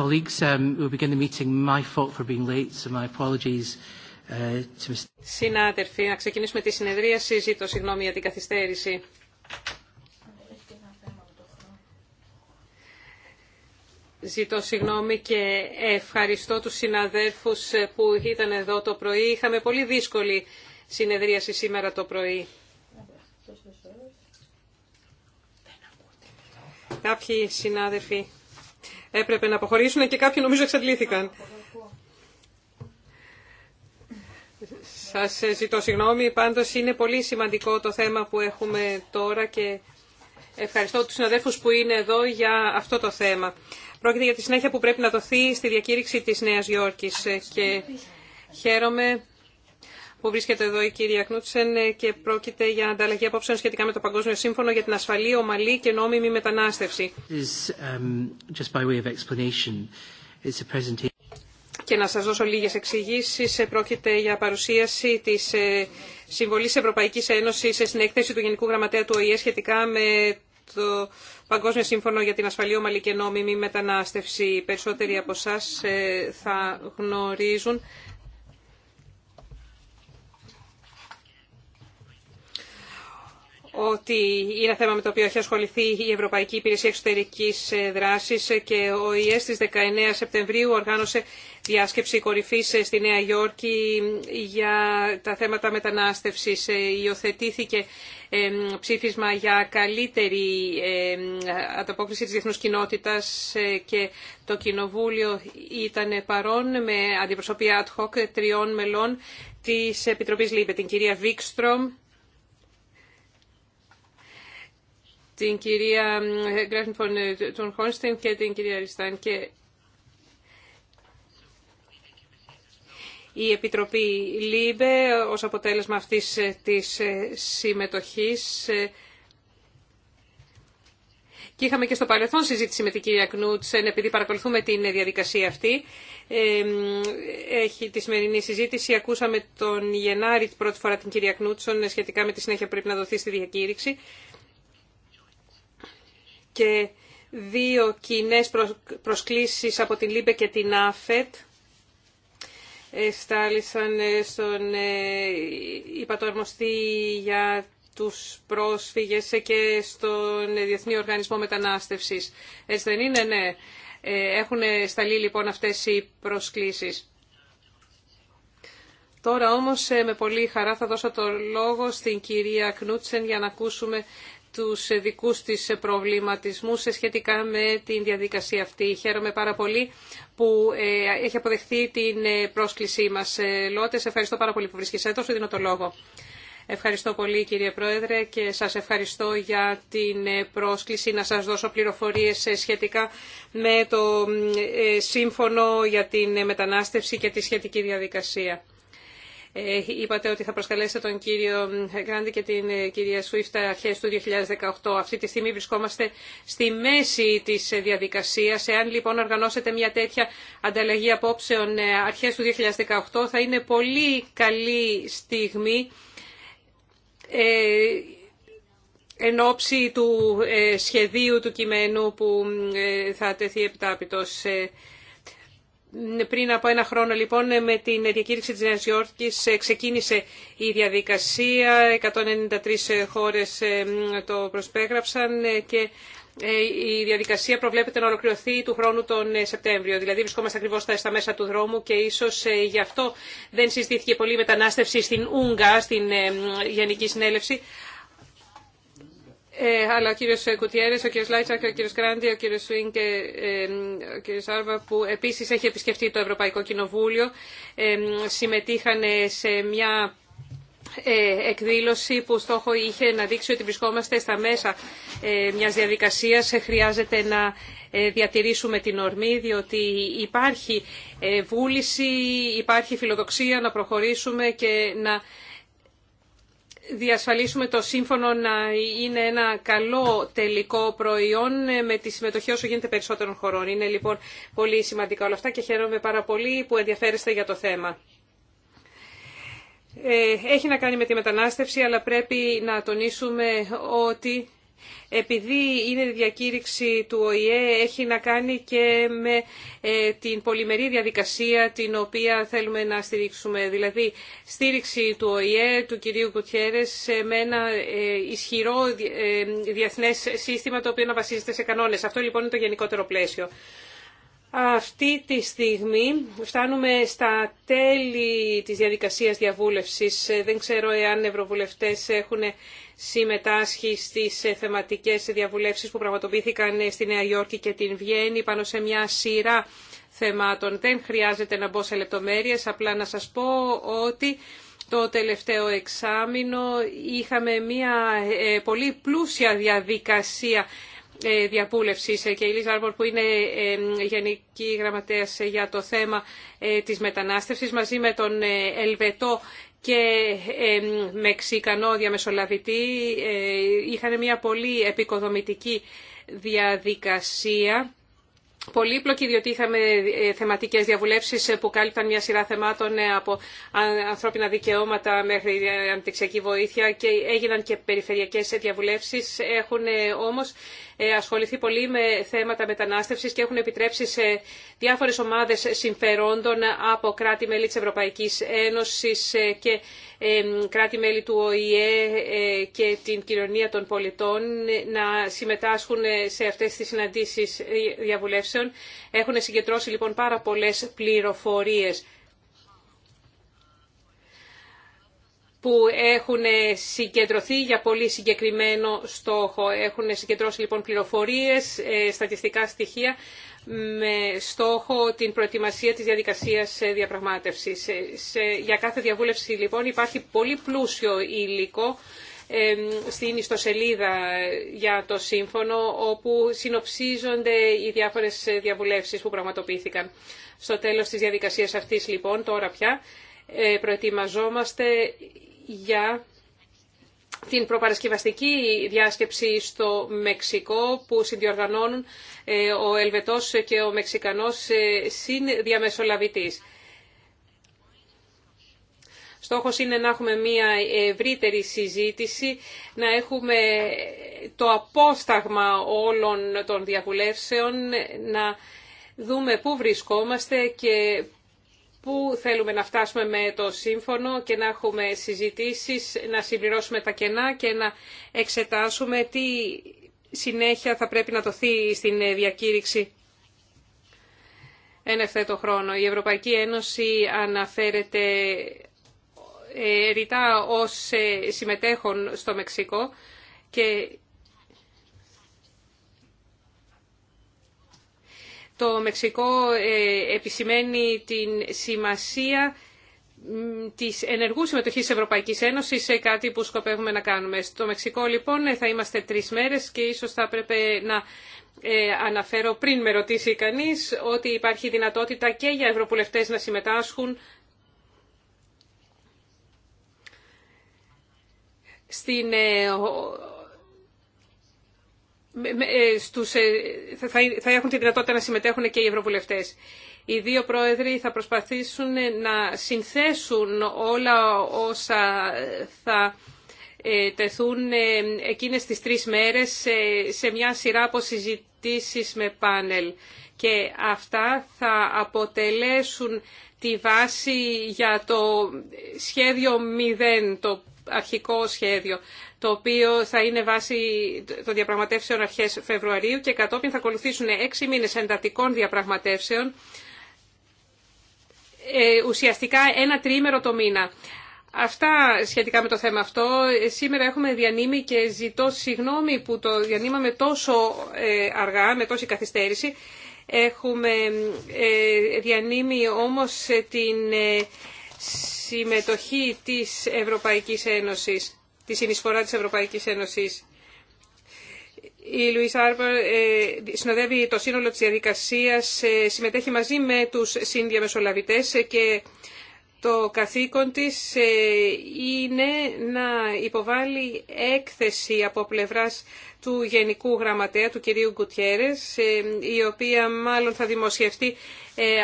colleagues, Συνάδελφοι, να ξεκινήσουμε τη συνεδρίαση. Ζήτω συγγνώμη για την καθυστέρηση. Ζητώ συγγνώμη και ευχαριστώ τους συναδέλφους που ήταν εδώ το πρωί. Είχαμε πολύ δύσκολη συνεδρίαση σήμερα το πρωί. Κάποιοι συνάδελφοι έπρεπε να αποχωρήσουν και κάποιοι νομίζω εξαντλήθηκαν. Σας ζητώ συγγνώμη, πάντως είναι πολύ σημαντικό το θέμα που έχουμε τώρα και ευχαριστώ τους συναδέλφους που είναι εδώ για αυτό το θέμα. Πρόκειται για τη συνέχεια που πρέπει να δοθεί στη διακήρυξη της Νέας Υόρκης και χαίρομαι που βρίσκεται εδώ η κυρία Κνούτσεν ε, και πρόκειται για ανταλλαγή απόψεων σχετικά με το Παγκόσμιο Σύμφωνο για την ασφαλή, ομαλή και νόμιμη μετανάστευση. Um, και να σας δώσω λίγες εξηγήσεις. Ε, πρόκειται για παρουσίαση της ε, Συμβολής Ευρωπαϊκής Ένωσης σε έκθεση του Γενικού Γραμματέα του ΟΗΕ σχετικά με το Παγκόσμιο Σύμφωνο για την Ασφαλή Ομαλή και Νόμιμη Μετανάστευση. περισσότεροι από εσά θα γνωρίζουν ότι είναι θέμα με το οποίο έχει ασχοληθεί η Ευρωπαϊκή Υπηρεσία Εξωτερική ε, Δράση και ο ΙΕΣ στις 19 Σεπτεμβρίου οργάνωσε διάσκεψη κορυφή ε, στη Νέα Υόρκη ε, για τα θέματα μετανάστευση. Υιοθετήθηκε ψήφισμα για καλύτερη ανταπόκριση τη διεθνούς κοινότητα και το Κοινοβούλιο ήταν παρόν με αντιπροσωπεία ad hoc τριών μελών τη επιτροπή ΛΥΠΕ, την κυρία Βίξτρομ. την κυρία Γκράφιν ε, Τον Χόνστιν και την κυρία Ριστάν. Και η Επιτροπή ΛΥΜΠΕ ως αποτέλεσμα αυτής ε, της ε, συμμετοχής και είχαμε και στο παρελθόν συζήτηση με την κυρία Κνούτσεν, επειδή παρακολουθούμε την διαδικασία αυτή. έχει τη σημερινή συζήτηση. Ακούσαμε τον Γενάρη πρώτη φορά την κυρία Κνούτσεν σχετικά με τη συνέχεια που πρέπει να δοθεί στη διακήρυξη και δύο κοινέ προσκλήσεις από την ΛΥΜΠΕ και την ΑΦΕΤ εστάλησαν ε, στον ε, υπατορμοστή για τους πρόσφυγες ε, και στον Διεθνή Οργανισμό Μετανάστευσης. Έτσι δεν είναι, ναι. Έχουν σταλεί λοιπόν αυτές οι προσκλήσεις. Τώρα όμως με πολύ χαρά θα δώσω το λόγο στην κυρία Κνούτσεν για να ακούσουμε τους δικούς της προβληματισμούς σχετικά με την διαδικασία αυτή. Χαίρομαι πάρα πολύ που ε, έχει αποδεχθεί την ε, πρόσκλησή μας. Ε, Λότε, ευχαριστώ πάρα πολύ που βρίσκεσαι εδώ. Σου δίνω το λόγο. Ευχαριστώ πολύ κύριε Πρόεδρε και σας ευχαριστώ για την πρόσκληση να σας δώσω πληροφορίες σχετικά με το σύμφωνο για την μετανάστευση και τη σχετική διαδικασία. Ε, είπατε ότι θα προσκαλέσετε τον κύριο Γκράντι και την ε, κυρία Σουίφτα αρχές του 2018. Αυτή τη στιγμή βρισκόμαστε στη μέση της ε, διαδικασίας. Εάν λοιπόν οργανώσετε μια τέτοια ανταλλαγή απόψεων αρχές του 2018 θα είναι πολύ καλή στιγμή εν ώψη του σχεδίου του κειμένου που θα τεθεί επιτάπητος. Πριν από ένα χρόνο λοιπόν με την διακήρυξη της Νέας Υόρκης ε, ξεκίνησε η διαδικασία, 193 ε, χώρες ε, το προσπέγραψαν και η διαδικασία προβλέπεται να ολοκληρωθεί του χρόνου τον Σεπτέμβριο. Δηλαδή βρισκόμαστε ακριβώ στα μέσα του δρόμου και ίσω γι' αυτό δεν συζητήθηκε πολύ η μετανάστευση στην Ούγκα, στην Γενική Συνέλευση. Ε, αλλά ο κύριος Κουτιέρης, ο κύριος Λάιτσακ, ο κύριος Κράντι, ο κύριος Σουίν και ε, ο κύριος Άρβα που επίσης έχει επισκεφτεί το Ευρωπαϊκό Κοινοβούλιο ε, συμμετείχαν σε μια εκδήλωση που στόχο είχε να δείξει ότι βρισκόμαστε στα μέσα μιας διαδικασίας. Χρειάζεται να διατηρήσουμε την ορμή διότι υπάρχει βούληση, υπάρχει φιλοδοξία να προχωρήσουμε και να διασφαλίσουμε το σύμφωνο να είναι ένα καλό τελικό προϊόν με τη συμμετοχή όσο γίνεται περισσότερων χωρών. Είναι λοιπόν πολύ σημαντικά όλα αυτά και χαίρομαι πάρα πολύ που ενδιαφέρεστε για το θέμα. Ε, έχει να κάνει με τη μετανάστευση, αλλά πρέπει να τονίσουμε ότι επειδή είναι διακήρυξη του ΟΗΕ, έχει να κάνει και με ε, την πολυμερή διαδικασία την οποία θέλουμε να στηρίξουμε. Δηλαδή, στήριξη του ΟΗΕ, του κυρίου Κουτιέρες, με ένα ε, ισχυρό ε, διεθνές σύστημα το οποίο να βασίζεται σε κανόνες. Αυτό λοιπόν είναι το γενικότερο πλαίσιο. Αυτή τη στιγμή φτάνουμε στα τέλη της διαδικασίας διαβούλευσης. Δεν ξέρω εάν ευρωβουλευτές έχουν συμμετάσχει στις ε, θεματικές διαβουλεύσεις που πραγματοποιήθηκαν ε, στη Νέα Υόρκη και την Βιέννη πάνω σε μια σειρά θεμάτων. Δεν χρειάζεται να μπω σε λεπτομέρειες, απλά να σας πω ότι το τελευταίο εξάμεινο είχαμε μια ε, πολύ πλούσια διαδικασία διαβούλευσης και η Λίζα Άρμπορ που είναι Γενική Γραμματέας για το θέμα της μετανάστευσης μαζί με τον Ελβετό και Μεξικανό διαμεσολαβητή ε, είχαν μια πολύ επικοδομητική διαδικασία πολύπλοκη, διότι είχαμε ε, θεματικές διαβουλεύσεις που κάλυπταν μια σειρά θεμάτων ε, από ανθρώπινα δικαιώματα μέχρι αντιξιακή βοήθεια και έγιναν και περιφερειακές διαβουλεύσεις. Έχουν όμως ε, ασχοληθεί πολύ με θέματα μετανάστευσης και έχουν επιτρέψει σε διάφορες ομάδες συμφερόντων από κράτη-μέλη της Ευρωπαϊκής Ένωσης ε, και ε, κράτη-μέλη του ΟΗΕ και την κοινωνία των πολιτών να συμμετάσχουν σε αυτές τις συναντήσεις διαβουλεύσεων. Έχουν συγκεντρώσει λοιπόν πάρα πολλές πληροφορίες. που έχουν συγκεντρωθεί για πολύ συγκεκριμένο στόχο. Έχουν συγκεντρώσει λοιπόν πληροφορίες, ε, στατιστικά στοιχεία με στόχο την προετοιμασία της διαδικασίας ε, διαπραγμάτευσης. Ε, για κάθε διαβούλευση λοιπόν υπάρχει πολύ πλούσιο υλικό στην ιστοσελίδα για το σύμφωνο όπου συνοψίζονται οι διάφορες διαβουλεύσεις που πραγματοποιήθηκαν. Στο τέλος της διαδικασίας αυτής λοιπόν τώρα πια προετοιμαζόμαστε για την προπαρασκευαστική διάσκεψη στο Μεξικό που συνδιοργανώνουν ε, ο Ελβετός και ο Μεξικανός ε, συνδιαμεσολαβητής. Στόχος είναι να έχουμε μια ευρύτερη συζήτηση, να έχουμε το απόσταγμα όλων των διαβουλεύσεων, να δούμε πού βρισκόμαστε και Πού θέλουμε να φτάσουμε με το σύμφωνο και να έχουμε συζητήσεις, να συμπληρώσουμε τα κενά και να εξετάσουμε τι συνέχεια θα πρέπει να δοθεί στην διακήρυξη εν ευθέτω χρόνο. Η Ευρωπαϊκή Ένωση αναφέρεται ε, ρητά ως ε, συμμετέχον στο Μεξικό και Το Μεξικό ε, επισημαίνει την σημασία της ενεργού συμμετοχής της Ευρωπαϊκής Ένωσης σε κάτι που σκοπεύουμε να κάνουμε. Στο Μεξικό λοιπόν θα είμαστε τρεις μέρες και ίσως θα έπρεπε να ε, αναφέρω πριν με ρωτήσει κανείς ότι υπάρχει δυνατότητα και για Ευρωπουλευτές να συμμετάσχουν στην ε, ε, στους, ε, θα έχουν τη δυνατότητα να συμμετέχουν και οι ευρωβουλευτές. Οι δύο πρόεδροι θα προσπαθήσουν ε, να συνθέσουν όλα όσα θα τεθούν εκείνες τις τρεις μέρες σε μια σειρά από συζητήσεις με πάνελ. Και αυτά θα αποτελέσουν τη βάση για το σχέδιο μηδέν το αρχικό σχέδιο το οποίο θα είναι βάση των διαπραγματεύσεων αρχές Φεβρουαρίου και κατόπιν θα ακολουθήσουν έξι μήνες εντατικών διαπραγματεύσεων, ε, ουσιαστικά ένα τριήμερο το μήνα. Αυτά σχετικά με το θέμα αυτό. Ε, σήμερα έχουμε διανύμει και ζητώ συγγνώμη που το διανύμαμε τόσο ε, αργά, με τόση καθυστέρηση. Έχουμε διανύμει όμως την συμμετοχή της Ευρωπαϊκής Ένωσης τη συνεισφορά της Ευρωπαϊκής Ένωσης. Η Λουίς Άρμπερ ε, συνοδεύει το σύνολο της διαδικασίας, ε, συμμετέχει μαζί με τους συνδιαμεσολαβητές και το καθήκον της ε, είναι να υποβάλει έκθεση από πλευράς του Γενικού Γραμματέα, του κυρίου Γκουτιέρες, η οποία μάλλον θα δημοσιευτεί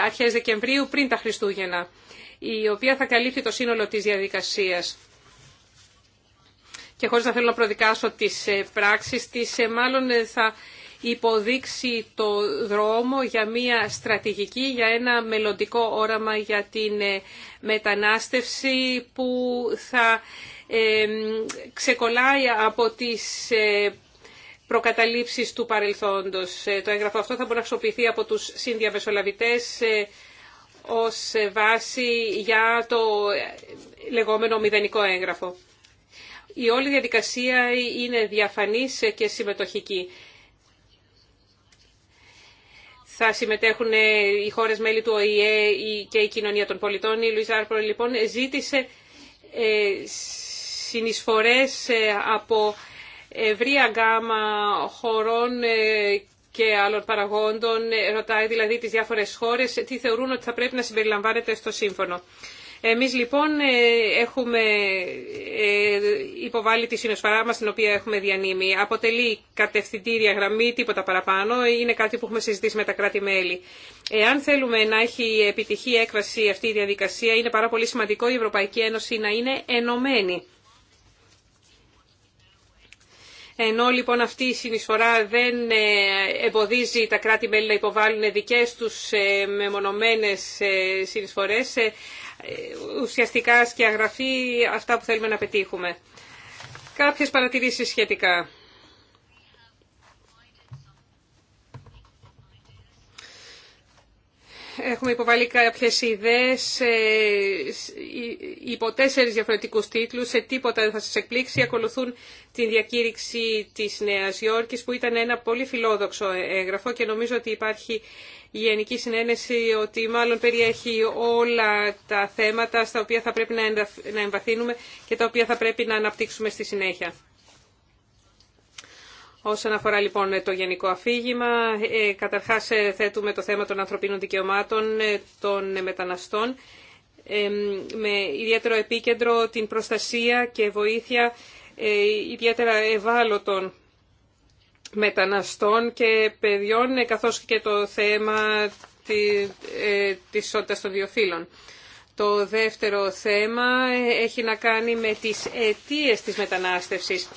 αρχές Δεκεμβρίου πριν τα Χριστούγεννα, η οποία θα καλύπτει το σύνολο της διαδικασίας και χωρίς να θέλω να προδικάσω τις ε, πράξεις της, ε, μάλλον ε, θα υποδείξει το δρόμο για μια στρατηγική, για ένα μελλοντικό όραμα για την μετανάστευση που θα ξεκολλάει από τις προκαταλήψεις του παρελθόντος. Το έγγραφο αυτό θα μπορεί να χρησιμοποιηθεί από τους συνδιαμεσολαβητές ως βάση για το λεγόμενο μηδενικό έγγραφο. Η όλη διαδικασία είναι διαφανής και συμμετοχική. Θα συμμετέχουν οι χώρες μέλη του ΟΗΕ και η κοινωνία των πολιτών. Η Λουίζα Άρπορ λοιπόν ζήτησε ε, συνεισφορές ε, από ευρία γκάμα χωρών ε, και άλλων παραγόντων. Ρωτάει δηλαδή τις διάφορες χώρες τι θεωρούν ότι θα πρέπει να συμπεριλαμβάνεται στο σύμφωνο. Εμείς λοιπόν ε, έχουμε ε, υποβάλει τη συνοσφαρά μας την οποία έχουμε διανύμει. Αποτελεί κατευθυντήρια γραμμή, τίποτα παραπάνω. Είναι κάτι που έχουμε συζητήσει με τα κράτη-μέλη. Εάν θέλουμε να έχει επιτυχή έκβαση αυτή η διαδικασία, είναι πάρα πολύ σημαντικό η Ευρωπαϊκή Ένωση να είναι ενωμένη. Ενώ λοιπόν αυτή η συνεισφορά δεν ε, εμποδίζει τα κράτη-μέλη να υποβάλουν δικές τους μεμονωμένες συνεισφορές, ε, ουσιαστικά σκιαγραφεί αυτά που θέλουμε να πετύχουμε. Κάποιες παρατηρήσεις σχετικά. Έχουμε υποβάλει κάποιε ιδέε ε, υπό τέσσερι διαφορετικού τίτλου. Σε τίποτα δεν θα σα εκπλήξει. Ακολουθούν τη διακήρυξη τη Νέα Υόρκη, που ήταν ένα πολύ φιλόδοξο έγγραφο και νομίζω ότι υπάρχει γενική συνένεση ότι μάλλον περιέχει όλα τα θέματα στα οποία θα πρέπει να εμβαθύνουμε και τα οποία θα πρέπει να αναπτύξουμε στη συνέχεια. Όσον αφορά λοιπόν το γενικό αφήγημα, ε, καταρχάς ε, θέτουμε το θέμα των ανθρωπίνων δικαιωμάτων ε, των μεταναστών με ιδιαίτερο επίκεντρο την προστασία και βοήθεια ιδιαίτερα ευάλωτων μεταναστών και παιδιών, καθώς και το θέμα της ισότητας των δύο φύλων. Το δεύτερο θέμα έχει να κάνει με τις αιτίες της μετανάστευσης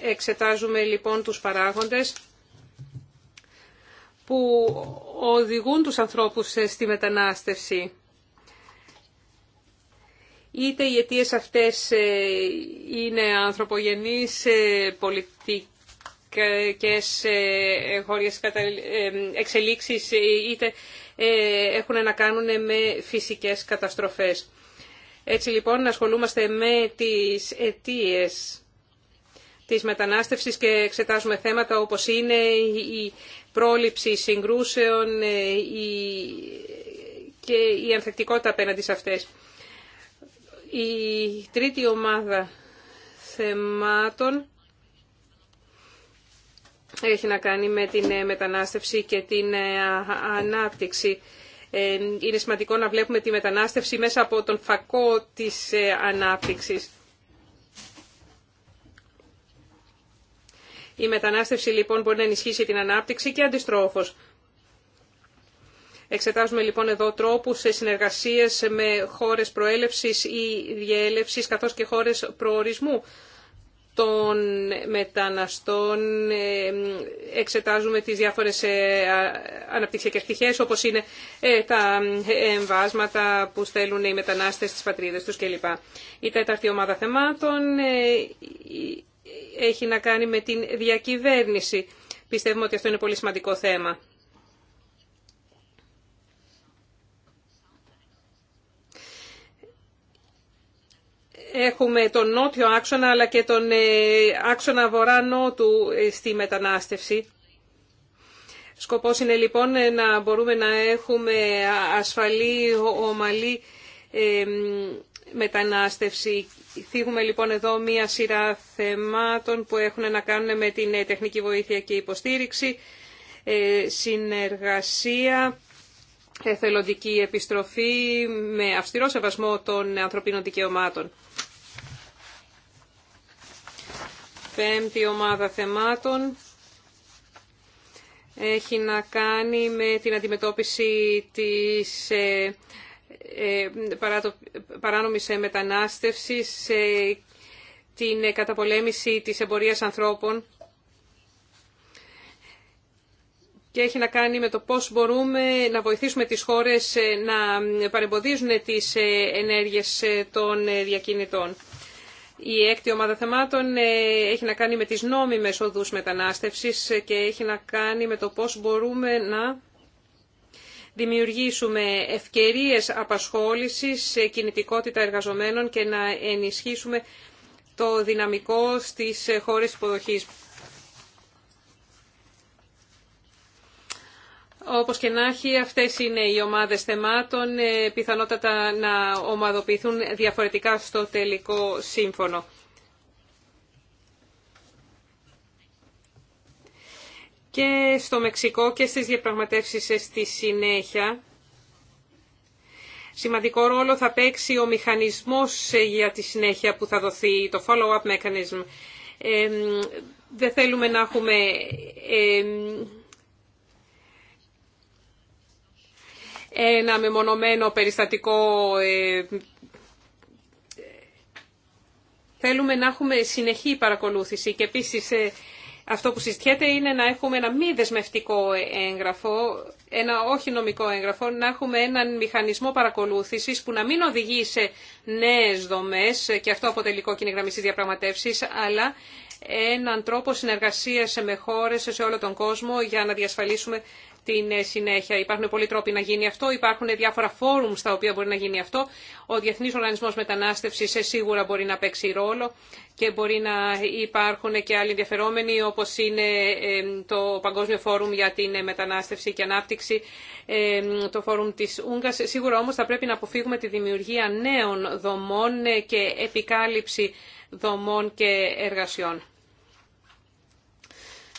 Εξετάζουμε λοιπόν τους παράγοντες που οδηγούν τους ανθρώπους στη μετανάστευση. Είτε οι αιτίες αυτές ε, είναι ανθρωπογενείς, ε, πολιτικές, ε, εγχώριες εξελίξεις, είτε έχουν να κάνουν με φυσικές καταστροφές. Έτσι λοιπόν ασχολούμαστε με τις αιτίες της μετανάστευσης και εξετάζουμε θέματα όπως είναι η πρόληψη συγκρούσεων ε, η... και η ανθεκτικότητα απέναντι σε αυτές. Η τρίτη ομάδα θεμάτων έχει να κάνει με την ε, μετανάστευση και την ε, ανάπτυξη. Είναι σημαντικό να βλέπουμε τη μετανάστευση μέσα από τον φακό της ανάπτυξης. Η μετανάστευση λοιπόν μπορεί να ενισχύσει την ανάπτυξη και αντιστρόφως. Εξετάζουμε λοιπόν εδώ τρόπους σε συνεργασίες με χώρες προέλευσης ή διέλευσης καθώς και χώρες προορισμού των μεταναστών. Ε, εξετάζουμε τις διάφορες ε, αναπτυξιακές πτυχές όπως είναι ε, τα εμβάσματα που στέλνουν οι μετανάστες στις πατρίδες τους κλπ. Η τέταρτη ομάδα θεμάτων έχει να κάνει με την διακυβέρνηση. Πιστεύουμε ότι αυτό είναι πολύ σημαντικό θέμα. Έχουμε τον νότιο άξονα αλλά και τον ε, άξονα βορρά-νότου ε, στη μετανάστευση. Σκοπός είναι λοιπόν ε, να μπορούμε να έχουμε ασφαλή, ομαλή μετανάστευση. Θίγουμε λοιπόν εδώ μία σειρά θεμάτων που έχουν να κάνουν με την ε, τεχνική βοήθεια και υποστήριξη, ε, συνεργασία, εθελοντική επιστροφή με αυστηρό σεβασμό των ανθρωπίνων δικαιωμάτων. Πέμπτη ομάδα θεμάτων έχει να κάνει με την αντιμετώπιση της ε, ε, παράνομης μετανάστευσης, την καταπολέμηση της εμπορίας ανθρώπων και έχει να κάνει με το πώς μπορούμε να βοηθήσουμε τις χώρες ε, να παρεμποδίζουν τις ε, ενέργειες των διακινητών. Η έκτη ομάδα θεμάτων έχει να κάνει με τις νόμιμες οδούς μετανάστευσης και έχει να κάνει με το πώς μπορούμε να δημιουργήσουμε ευκαιρίες απασχόλησης, κινητικότητα εργαζομένων και να ενισχύσουμε το δυναμικό στις χώρες υποδοχής. Όπως και να έχει, αυτές είναι οι ομάδες θεμάτων, ε, πιθανότατα να ομαδοποιηθούν διαφορετικά στο τελικό σύμφωνο. και στο Μεξικό και στις διαπραγματεύσεις στη συνέχεια. Σημαντικό ρόλο θα παίξει ο μηχανισμός ε, για τη συνέχεια που θα δοθεί, το follow-up mechanism. Ε, δεν θέλουμε να έχουμε... ένα μεμονωμένο περιστατικό ε, θέλουμε να έχουμε συνεχή παρακολούθηση και επίσης ε, αυτό που συζητιέται είναι να έχουμε ένα μη δεσμευτικό έγγραφο, ένα όχι νομικό έγγραφο, να έχουμε έναν μηχανισμό παρακολούθησης που να μην οδηγεί σε νέες δομές και αυτό αποτελεί κόκκινη γραμμή στις διαπραγματεύσεις, αλλά έναν τρόπο συνεργασίας με χώρες σε όλο τον κόσμο για να διασφαλίσουμε την ε, συνέχεια. Υπάρχουν πολλοί τρόποι να γίνει αυτό, υπάρχουν διάφορα φόρουμ στα οποία μπορεί να γίνει αυτό. Ο Διεθνής Οργανισμός Μετανάστευσης ε, σίγουρα μπορεί να παίξει ρόλο και μπορεί να υπάρχουν και άλλοι ενδιαφερόμενοι όπως είναι ε, το Παγκόσμιο Φόρουμ για την Μετανάστευση και Ανάπτυξη, το Φόρουμ τη Ούγκα. Σίγουρα όμω θα πρέπει να αποφύγουμε τη δημιουργία νέων δομών και επικάλυψη δομών και εργασιών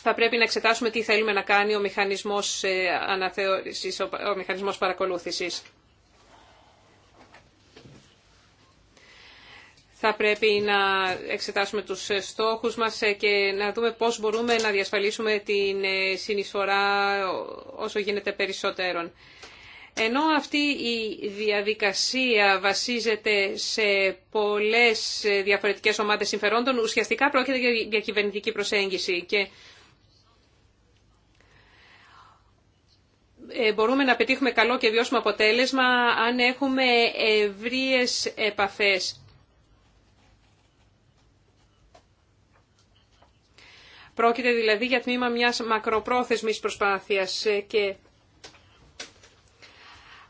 θα πρέπει να εξετάσουμε τι θέλουμε να κάνει ο μηχανισμός ε, αναθεώρησης, ο μηχανισμός παρακολούθησης. θα πρέπει να εξετάσουμε τους ε, στόχους μας ε, και να δούμε πώς μπορούμε να διασφαλίσουμε την συνεισφορά όσο γίνεται περισσότερον. Ενώ αυτή η διαδικασία βασίζεται σε πολλές διαφορετικές ομάδες συμφερόντων, ουσιαστικά πρόκειται για κυβερνητική προσέγγιση και Ε, μπορούμε να πετύχουμε καλό και βιώσιμο αποτέλεσμα αν έχουμε ευρείες επαφές. Πρόκειται δηλαδή για τμήμα μιας μακροπρόθεσμης προσπάθειας ε, και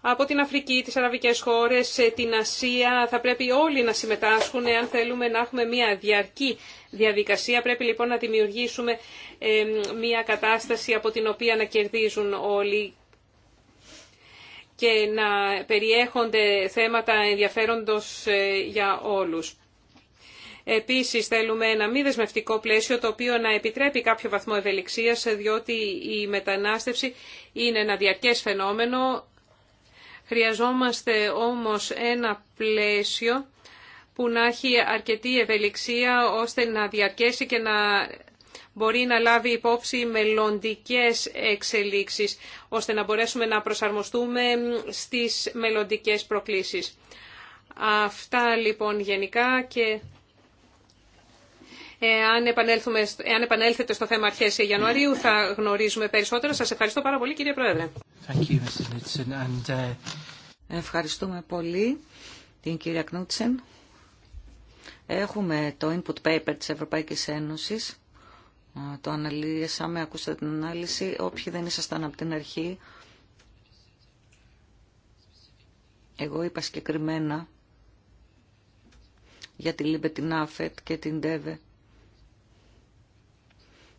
από την Αφρική, τις Αραβικές χώρες, ε, την Ασία θα πρέπει όλοι να συμμετάσχουν αν θέλουμε να έχουμε μια διαρκή διαδικασία. Πρέπει λοιπόν να δημιουργήσουμε μια κατάσταση από την οποία να κερδίζουν όλοι και να περιέχονται θέματα ενδιαφέροντος ε, για όλους. Επίσης θέλουμε ένα μη δεσμευτικό πλαίσιο το οποίο να επιτρέπει κάποιο βαθμό ευελιξίας διότι η μετανάστευση είναι ένα διαρκές φαινόμενο. Χρειαζόμαστε όμως ένα πλαίσιο που να έχει αρκετή ευελιξία ώστε να διαρκέσει και να μπορεί να λάβει υπόψη μελλοντικέ εξελίξεις, ώστε να μπορέσουμε να προσαρμοστούμε στις μελλοντικέ προκλήσεις. Αυτά λοιπόν γενικά και εάν, επανέλθουμε, εάν επανέλθετε στο θέμα αρχές Ιανουαρίου θα γνωρίζουμε περισσότερο. Σας ευχαριστώ πάρα πολύ κύριε Πρόεδρε. Uh, Ευχαριστούμε πολύ την κυρία Κνούτσεν. Έχουμε το input paper της Ευρωπαϊκής Ένωσης το αναλύσαμε, ακούσατε την ανάλυση. Όποιοι δεν ήσασταν από την αρχή, εγώ είπα συγκεκριμένα για τη Λίμπε, την Άφετ και την ΤΕΒΕ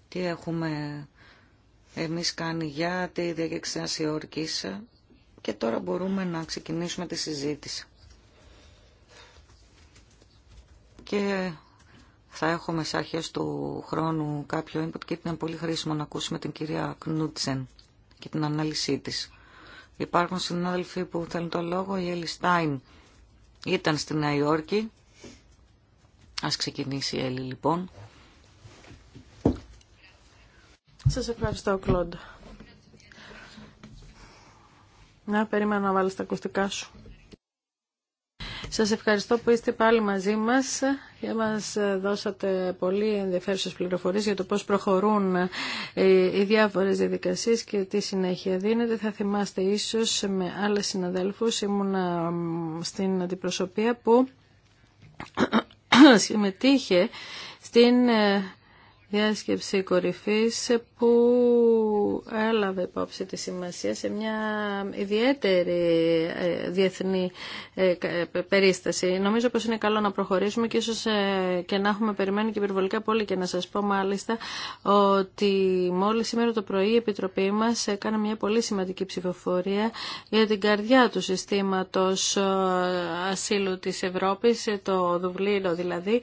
Τι έχουμε εμείς κάνει για τη διαγεξιάση ορκής και τώρα μπορούμε να ξεκινήσουμε τη συζήτηση. Και θα έχουμε σε αρχές του χρόνου κάποιο input και ήταν πολύ χρήσιμο να ακούσουμε την κυρία Κνούτσεν και την ανάλυση της. Υπάρχουν συνάδελφοι που θέλουν το λόγο. Η Έλλη Στάιν ήταν στη Νέα Υόρκη. Ας ξεκινήσει η Έλλη λοιπόν. Σας ευχαριστώ Κλοντ. Να περίμενα να βάλεις τα ακουστικά σου. Σας ευχαριστώ που είστε πάλι μαζί μας και μας δώσατε πολύ ενδιαφέρουσες πληροφορίες για το πώς προχωρούν οι διάφορες διαδικασίες και τι συνέχεια δίνεται. Θα θυμάστε ίσως με άλλες συναδέλφους, ήμουνα στην αντιπροσωπεία που συμμετείχε στην ε, διάσκεψη κορυφής που έλαβε υπόψη τη σημασία σε μια ιδιαίτερη διεθνή περίσταση. Νομίζω πως είναι καλό να προχωρήσουμε και ίσως και να έχουμε περιμένει και υπερβολικά πολύ και να σας πω μάλιστα ότι μόλις σήμερα το πρωί η Επιτροπή μας έκανε μια πολύ σημαντική ψηφοφορία για την καρδιά του συστήματος ασύλου της Ευρώπης, το Δουβλίνο δηλαδή,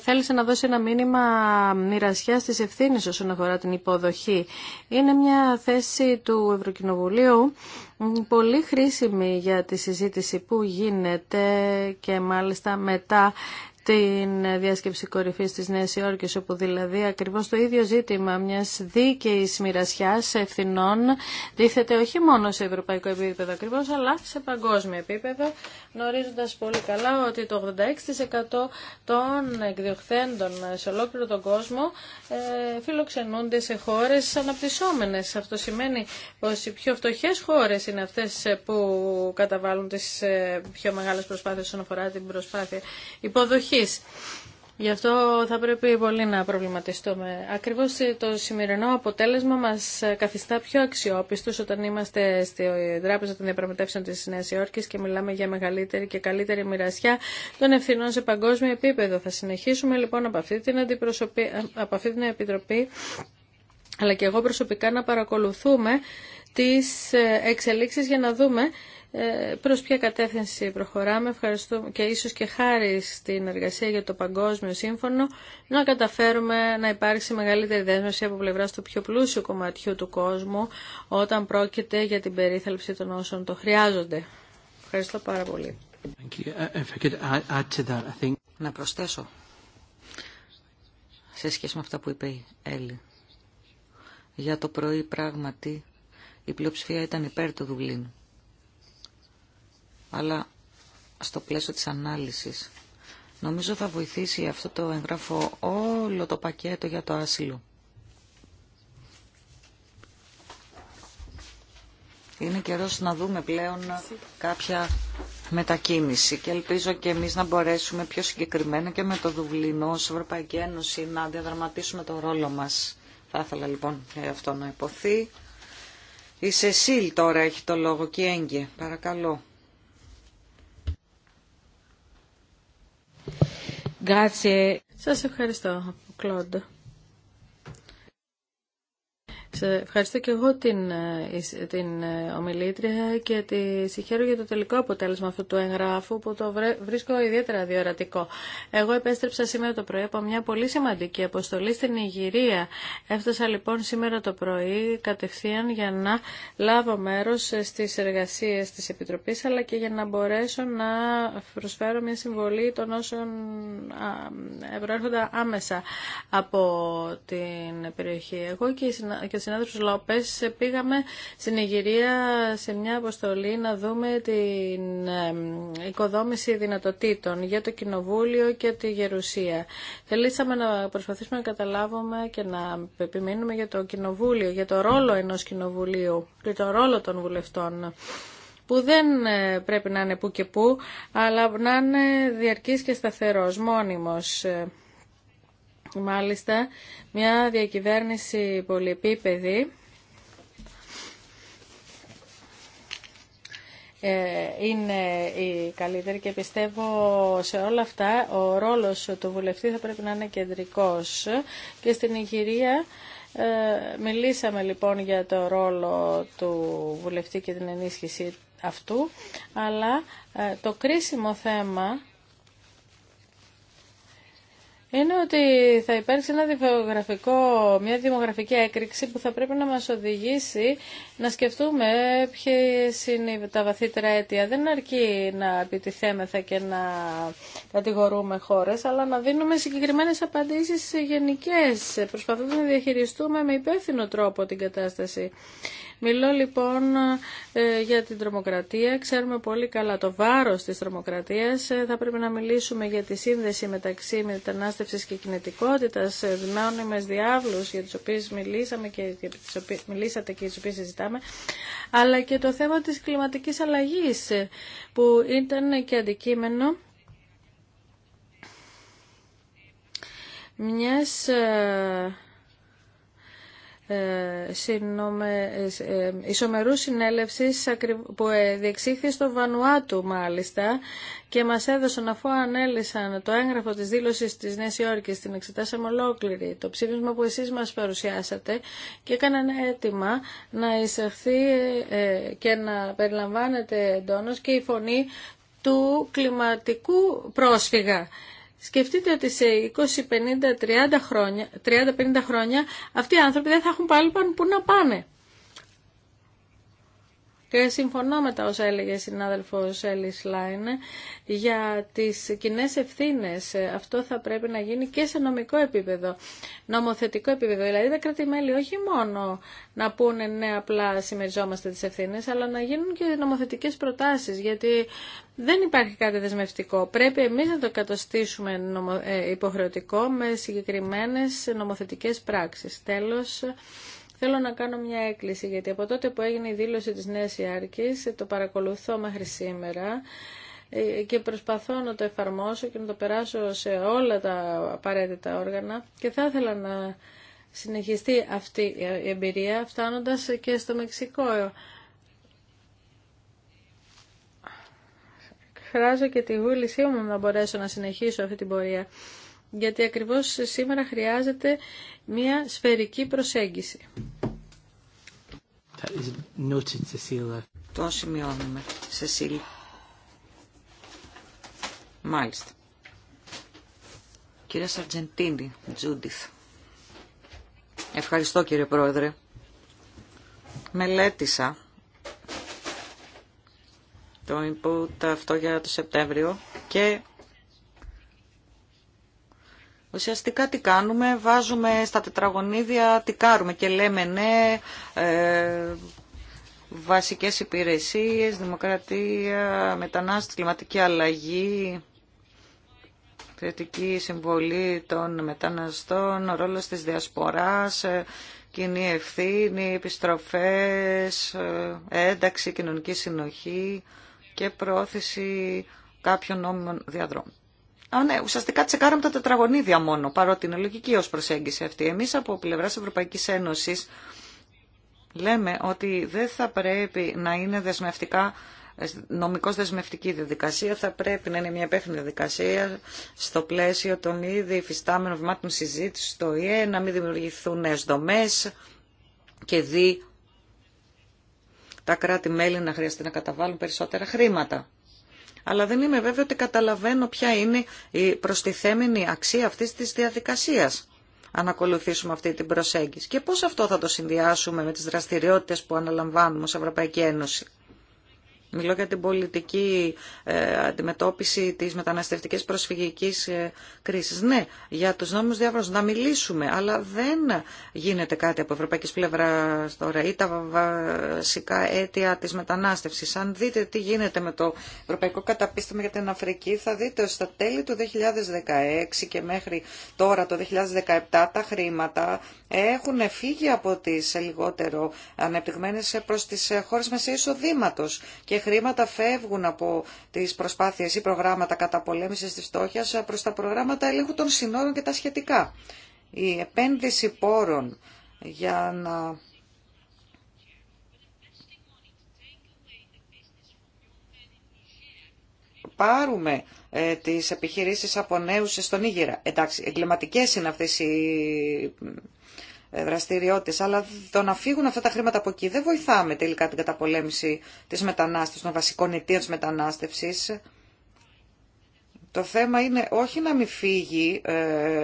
θέλησε να δώσει δώσει ένα μήνυμα μοιρασιά τη ευθύνη όσον αφορά την υποδοχή. Είναι μια θέση του Ευρωκοινοβουλίου πολύ χρήσιμη για τη συζήτηση που γίνεται και μάλιστα μετά την διάσκεψη κορυφή της Νέας Υόρκη, όπου δηλαδή ακριβώς το ίδιο ζήτημα μιας δίκαιης μοιρασιά, ευθυνών τίθεται όχι μόνο σε ευρωπαϊκό επίπεδο ακριβώ, αλλά σε παγκόσμιο επίπεδο, γνωρίζοντα πολύ καλά ότι το 86% των εκδιοχθέντων σε ολόκληρο τον κόσμο ε, φιλοξενούνται σε χώρε αναπτυσσόμενες. Αυτό σημαίνει πω οι πιο φτωχέ χώρε είναι αυτέ που καταβάλουν τις ε, πιο μεγάλε προσπάθειε όσον αφορά την προσπάθεια υποδοχή Γι' αυτό θα πρέπει πολύ να προβληματιστούμε. Ακριβώς το σημερινό αποτέλεσμα μας καθιστά πιο αξιόπιστο όταν είμαστε στη Τράπεζα των Διαπραγματεύσεων της Νέας Υόρκη και μιλάμε για μεγαλύτερη και καλύτερη μοιρασιά των ευθυνών σε παγκόσμιο επίπεδο. Θα συνεχίσουμε λοιπόν από αυτή την, από αυτή την Επιτροπή αλλά και εγώ προσωπικά να παρακολουθούμε τις εξελίξεις για να δούμε ε, προς ποια κατεύθυνση προχωράμε ευχαριστώ και ίσως και χάρη στην εργασία για το Παγκόσμιο Σύμφωνο να καταφέρουμε να υπάρξει μεγαλύτερη δέσμευση από πλευρά του πιο πλούσιου κομματιού του κόσμου όταν πρόκειται για την περίθαλψη των όσων το χρειάζονται. Ευχαριστώ πάρα πολύ. Να προσθέσω σε σχέση με αυτά που είπε η Έλλη. Για το πρωί πράγματι η πλειοψηφία ήταν υπέρ του Δουβλίνου αλλά στο πλαίσιο της ανάλυσης. Νομίζω θα βοηθήσει αυτό το εγγράφο όλο το πακέτο για το άσυλο. Είναι καιρός να δούμε πλέον κάποια μετακίνηση και ελπίζω και εμείς να μπορέσουμε πιο συγκεκριμένα και με το Δουβλινό ως Ευρωπαϊκή Ένωση να διαδραματίσουμε το ρόλο μας. Θα ήθελα λοιπόν ε, αυτό να υποθεί. Η Σεσίλ τώρα έχει το λόγο και έγκυε. Παρακαλώ. Σας ευχαριστώ, Κλόντ. Σε ευχαριστώ και εγώ την, ε, την ε, ομιλήτρια και τη συγχαίρω για το τελικό αποτέλεσμα αυτού του εγγράφου που το βρίσκω ιδιαίτερα διορατικό. Εγώ επέστρεψα σήμερα το πρωί από μια πολύ σημαντική αποστολή στην Ιγυρία. Έφτασα λοιπόν σήμερα το πρωί κατευθείαν για να λάβω μέρος στις εργασίες της Επιτροπής αλλά και για να μπορέσω να προσφέρω μια συμβολή των όσων προέρχονται άμεσα από την περιοχή. Εγώ και ο συνάδελφο Λόπες πήγαμε στην Ιγυρία σε μια αποστολή να δούμε την οικοδόμηση δυνατοτήτων για το Κοινοβούλιο και τη Γερουσία. Θελήσαμε να προσπαθήσουμε να καταλάβουμε και να επιμείνουμε για το Κοινοβούλιο, για το ρόλο ενό Κοινοβουλίου και το ρόλο των βουλευτών που δεν ε, πρέπει να είναι που και που, αλλά να είναι διαρκής και σταθερός, μόνιμος. Μάλιστα, μια διακυβέρνηση πολυεπίπεδη ε, είναι η καλύτερη και πιστεύω σε όλα αυτά ο ρόλος του βουλευτή θα πρέπει να είναι κεντρικός και στην Ιγυρία ε, μιλήσαμε λοιπόν για το ρόλο του βουλευτή και την ενίσχυση αυτού αλλά ε, το κρίσιμο θέμα είναι ότι θα υπάρξει ένα δημογραφικό, μια δημογραφική έκρηξη που θα πρέπει να μας οδηγήσει να σκεφτούμε ποιε είναι τα βαθύτερα αίτια. Δεν αρκεί να επιτιθέμεθα και να κατηγορούμε χώρες, αλλά να δίνουμε συγκεκριμένες απαντήσεις γενικές, προσπαθούμε να διαχειριστούμε με υπεύθυνο τρόπο την κατάσταση. Μιλώ λοιπόν ε, για την τρομοκρατία. Ξέρουμε πολύ καλά το βάρος της τρομοκρατίας. Ε, θα πρέπει να μιλήσουμε για τη σύνδεση μεταξύ μετανάστευσης και κινητικότητας, δυνάμιμες ε, διάβλους για τις οποίες μιλήσαμε και για τις οποίες, μιλήσατε και τι οποίε συζητάμε, αλλά και το θέμα της κλιματικής αλλαγής που ήταν και αντικείμενο μιας ε, ε, ε, ισομερού συνέλευσης που διεξήχθη στο Βανουάτου μάλιστα και μας έδωσαν αφού ανέλησαν το έγγραφο της δήλωσης της Νέας Υόρκης, την εξετάσαμε ολόκληρη, το ψήφισμα που εσείς μας παρουσιάσατε και έκαναν έτοιμα να εισαχθεί και να περιλαμβάνεται εντόνως και η φωνή του κλιματικού πρόσφυγα. Σκεφτείτε ότι σε 20, 50, 30 χρονια 30-50 χρόνια αυτοί οι άνθρωποι δεν θα έχουν πάλι πάνω που να πάνε. Και συμφωνώ με τα όσα έλεγε η συνάδελφος Έλλης Λάιν για τις κοινέ ευθύνε. Αυτό θα πρέπει να γίνει και σε νομικό επίπεδο, νομοθετικό επίπεδο. Δηλαδή τα κρατημέλη όχι μόνο να πούνε ναι απλά συμμεριζόμαστε τις ευθύνε, αλλά να γίνουν και νομοθετικές προτάσεις γιατί δεν υπάρχει κάτι δεσμευτικό. Πρέπει εμείς να το κατοστήσουμε ε, υποχρεωτικό με συγκεκριμένες νομοθετικές πράξεις. Τέλος, Θέλω να κάνω μια έκκληση, γιατί από τότε που έγινε η δήλωση της Νέας Ιάρκης, το παρακολουθώ μέχρι σήμερα ε, και προσπαθώ να το εφαρμόσω και να το περάσω σε όλα τα απαραίτητα όργανα και θα ήθελα να συνεχιστεί αυτή η εμπειρία φτάνοντας και στο Μεξικό. Χράζω και τη βούλησή μου να μπορέσω να συνεχίσω αυτή την πορεία γιατί ακριβώς σήμερα χρειάζεται μια σφαιρική προσέγγιση. το σημειώνουμε, Σεσίλ. Μάλιστα. Κύριε Σαρτζεντίνη, Τζούντιθ. Ευχαριστώ κύριε Πρόεδρε. Μελέτησα το input αυτό για το Σεπτέμβριο και Ουσιαστικά τι κάνουμε, βάζουμε στα τετραγωνίδια, τι κάνουμε και λέμε ναι, ε, βασικές υπηρεσίες, δημοκρατία, μετανάστες, κλιματική αλλαγή, θετική συμβολή των μεταναστών, ο ρόλος της διασποράς, ε, κοινή ευθύνη, επιστροφές, ε, ένταξη, κοινωνική συνοχή και πρόθεση κάποιων νόμιμων διαδρόμων. Α, ναι, ουσιαστικά τσεκάραμε τα τετραγωνίδια μόνο, παρότι είναι λογική ω προσέγγιση αυτή. Εμεί από πλευρά Ευρωπαϊκή Ένωση λέμε ότι δεν θα πρέπει να είναι δεσμευτικά νομικώς δεσμευτική διαδικασία θα πρέπει να είναι μια υπεύθυνη διαδικασία στο πλαίσιο των ήδη υφιστάμενων βημάτων συζήτηση στο ΙΕ, να μην δημιουργηθούν νέες δομές και δι τα κράτη-μέλη να χρειαστεί να καταβάλουν περισσότερα χρήματα αλλά δεν είμαι βέβαιο ότι καταλαβαίνω ποια είναι η προστιθέμενη αξία αυτής της διαδικασίας αν ακολουθήσουμε αυτή την προσέγγιση. Και πώς αυτό θα το συνδυάσουμε με τις δραστηριότητες που αναλαμβάνουμε ως Ευρωπαϊκή Ένωση. Μιλώ για την πολιτική ε, αντιμετώπιση της μεταναστευτικής προσφυγικής ε, κρίσης. Ναι, για τους νόμους διάβρος να μιλήσουμε, αλλά δεν γίνεται κάτι από ευρωπαϊκής πλευρά τώρα ή τα βασικά αίτια της μετανάστευσης. Αν δείτε τι γίνεται με το Ευρωπαϊκό Καταπίστημα για την Αφρική, θα δείτε ότι στα τέλη του 2016 και μέχρι τώρα το 2017 τα χρήματα έχουν φύγει από τις λιγότερο ανεπτυγμένες προς τις ε, χώρες μεσαίου εισοδήματος και και χρήματα φεύγουν από τις προσπάθειες ή προγράμματα καταπολέμησης τη φτώχεια προ τα προγράμματα ελέγχου των συνόρων και τα σχετικά. Η επένδυση πόρων για να πάρουμε ε, τις επιχειρήσεις από νέους στον Ήγηρα. Εντάξει, εγκληματικές είναι αυτές οι ε, δραστηριότητες, αλλά το να φύγουν αυτά τα χρήματα από εκεί δεν βοηθάμε τελικά την καταπολέμηση της μετανάστευσης, των βασικών αιτίων τη μετανάστευση. Το θέμα είναι όχι να μην φύγει ε,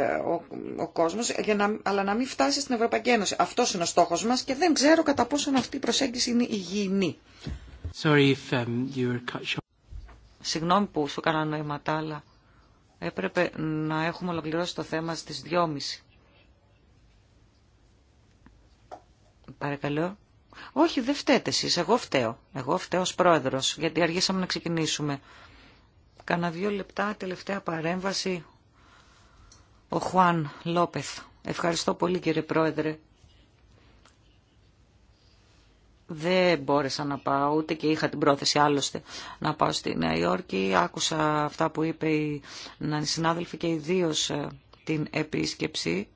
ο, ο κόσμος, αλλά να μην φτάσει στην Ευρωπαϊκή Ένωση. Αυτός είναι ο στόχος μας και δεν ξέρω κατά πόσο αυτή η προσέγγιση είναι υγιεινή. Sorry if, um, you were cut Συγγνώμη που σου έκανα νοήματα, αλλά έπρεπε να έχουμε ολοκληρώσει το θέμα στις 2.30. Παρακαλώ. Όχι, δεν φταίτε εσεί. Εγώ φταίω. Εγώ φταίω ως πρόεδρος, γιατί αργήσαμε να ξεκινήσουμε. Κάνα δύο λεπτά, τελευταία παρέμβαση. Ο Χουάν Λόπεθ. Ευχαριστώ πολύ κύριε πρόεδρε. Δεν μπόρεσα να πάω, ούτε και είχα την πρόθεση άλλωστε να πάω στη Νέα Υόρκη. Άκουσα αυτά που είπε η συνάδελφοι και ιδίω ε, την επίσκεψη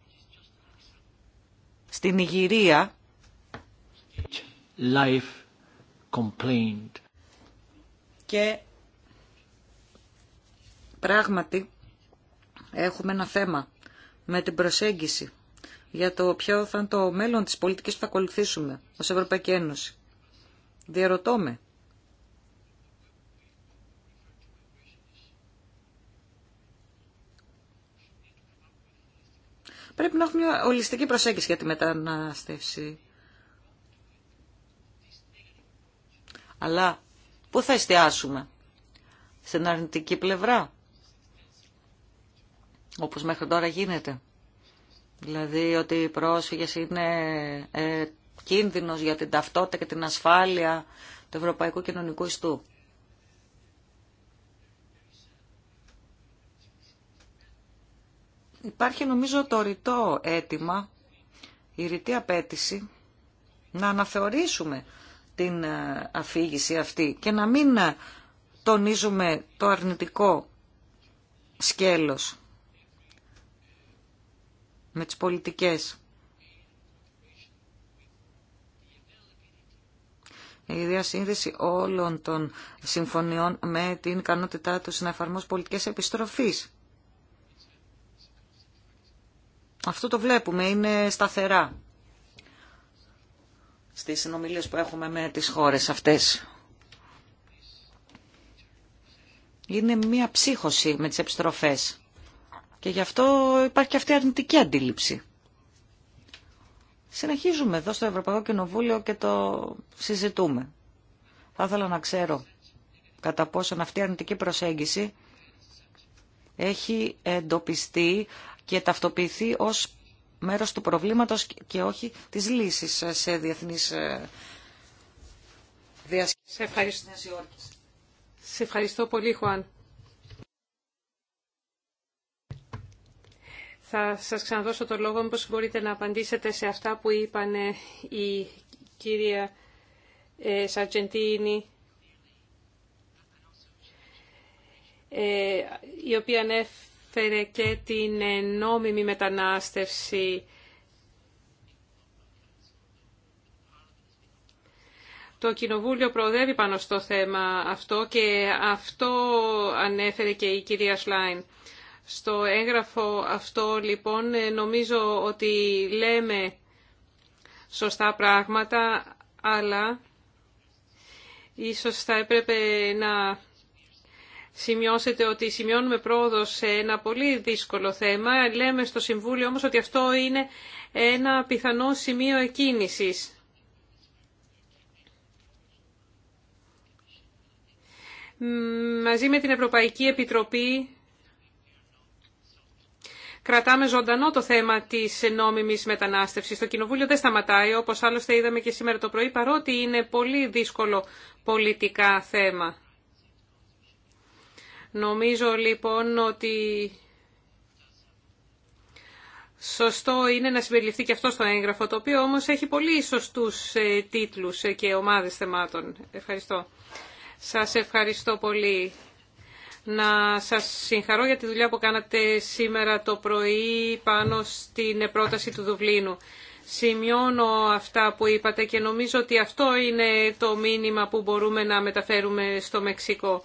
στην Ιγυρία Life complained. Και πράγματι έχουμε ένα θέμα με την προσέγγιση για το ποιο θα είναι το μέλλον της πολιτικής που θα ακολουθήσουμε ως Ευρωπαϊκή Ένωση. Διαρωτώ με. Πρέπει να έχουμε μια ολιστική προσέγγιση για τη μετανάστευση. Αλλά πού θα εστιάσουμε, στην αρνητική πλευρά, όπως μέχρι τώρα γίνεται. Δηλαδή ότι οι πρόσφυγες είναι ε, κίνδυνος για την ταυτότητα και την ασφάλεια του ευρωπαϊκού κοινωνικού ιστού. Υπάρχει νομίζω το ρητό αίτημα, η ρητή απέτηση να αναθεωρήσουμε την ε, αφήγηση αυτή και να μην ε, τονίζουμε το αρνητικό σκέλος με τις πολιτικές. η διασύνδεση όλων των συμφωνιών με την ικανότητά του να εφαρμόσουν πολιτικές επιστροφής. Αυτό το βλέπουμε, είναι σταθερά στις συνομιλίες που έχουμε με τις χώρες αυτές. Είναι μία ψύχωση με τις επιστροφές και γι' αυτό υπάρχει και αυτή η αρνητική αντίληψη. Συνεχίζουμε εδώ στο Ευρωπαϊκό Κοινοβούλιο και το συζητούμε. Θα ήθελα να ξέρω κατά πόσον αυτή η αρνητική προσέγγιση έχει εντοπιστεί και ταυτοποιηθεί ως μέρος του προβλήματος και όχι της λύσης σε διεθνείς ε, διασκέψεις. Σε ευχαριστώ πολύ, Χουάν. Θα σας ξαναδώσω το λόγο, μήπως μπορείτε να απαντήσετε σε αυτά που είπαν ε, η κυρία ε, Σαρτζεντίνη, η οποία ανέφερε και την ε, νόμιμη μετανάστευση. Το Κοινοβούλιο προοδεύει πάνω στο θέμα αυτό και αυτό ανέφερε και η κυρία Σλάιν. Στο έγγραφο αυτό λοιπόν ε, νομίζω ότι λέμε σωστά πράγματα, αλλά ίσως θα έπρεπε να Σημειώσετε ότι σημειώνουμε πρόοδο σε ένα πολύ δύσκολο θέμα. Λέμε στο Συμβούλιο όμως ότι αυτό είναι ένα πιθανό σημείο εκκίνησης. Μαζί με την Ευρωπαϊκή Επιτροπή κρατάμε ζωντανό το θέμα της νόμιμης μετανάστευσης. Το Κοινοβούλιο δεν σταματάει, όπως άλλωστε είδαμε και σήμερα το πρωί, παρότι είναι πολύ δύσκολο πολιτικά θέμα. Νομίζω λοιπόν ότι σωστό είναι να συμπεριληφθεί και αυτό στο έγγραφο, το οποίο όμως έχει πολύ σωστούς ε, τίτλους ε, και ομάδες θεμάτων. Ευχαριστώ. Σας ευχαριστώ πολύ. Να σας συγχαρώ για τη δουλειά που κάνατε σήμερα το πρωί πάνω στην πρόταση του Δουβλίνου. Σημειώνω αυτά που είπατε και νομίζω ότι αυτό είναι το μήνυμα που μπορούμε να μεταφέρουμε στο Μεξικό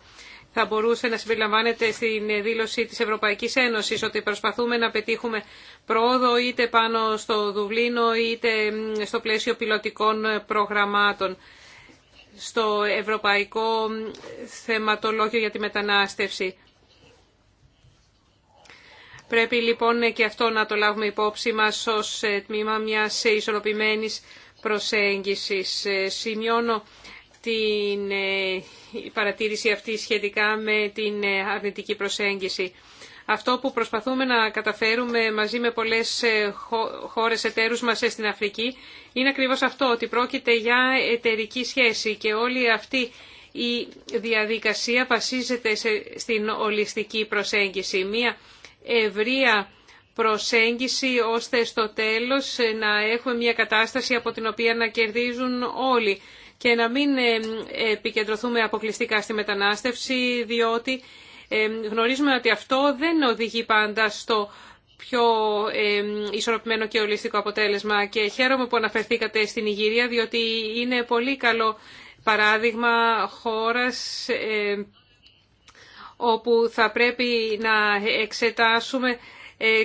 θα μπορούσε να συμπεριλαμβάνεται στην δήλωση της Ευρωπαϊκής Ένωσης ότι προσπαθούμε να πετύχουμε πρόοδο είτε πάνω στο Δουβλίνο είτε στο πλαίσιο πιλωτικών προγραμμάτων στο Ευρωπαϊκό Θεματολόγιο για τη Μετανάστευση. Πρέπει λοιπόν και αυτό να το λάβουμε υπόψη μας ως ε, τμήμα μιας ισορροπημένης προσέγγισης. Ε, σημειώνω την ε, παρατήρηση αυτή σχετικά με την ε, αρνητική προσέγγιση. Αυτό που προσπαθούμε να καταφέρουμε μαζί με πολλές ε, χώρες εταίρους μας στην Αφρική είναι ακριβώς αυτό, ότι πρόκειται για εταιρική σχέση και όλη αυτή η διαδικασία βασίζεται στην ολιστική προσέγγιση. Μία ευρεία προσέγγιση ώστε στο τέλος να έχουμε μια κατάσταση από την οποία να κερδίζουν όλοι και να μην ε, επικεντρωθούμε αποκλειστικά στη μετανάστευση, διότι ε, γνωρίζουμε ότι αυτό δεν οδηγεί πάντα στο πιο ε, ισορροπημένο και ολιστικό αποτέλεσμα. Και χαίρομαι που αναφερθήκατε στην Ιγυρία, διότι είναι πολύ καλό παράδειγμα χώρας όπου θα πρέπει να εξετάσουμε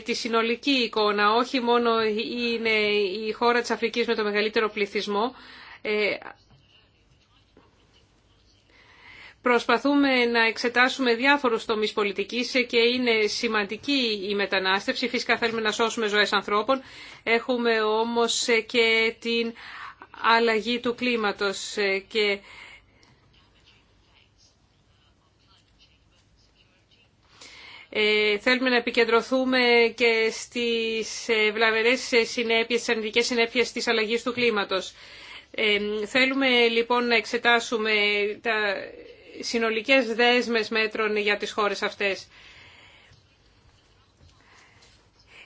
τη συνολική εικόνα. Όχι μόνο είναι η χώρα της Αφρικής με το μεγαλύτερο πληθυσμό, Προσπαθούμε να εξετάσουμε διάφορους τομείς πολιτικής και είναι σημαντική η μετανάστευση. Φυσικά θέλουμε να σώσουμε ζωές ανθρώπων. Έχουμε όμως και την αλλαγή του κλίματος και ε, θέλουμε να επικεντρωθούμε και στις ε, βλαβερές συνέπειες, στις αρνητικές συνέπειες της αλλαγής του κλίματος. Ε, θέλουμε λοιπόν να εξετάσουμε τα συνολικές δέσμες μέτρων για τις χώρες αυτές.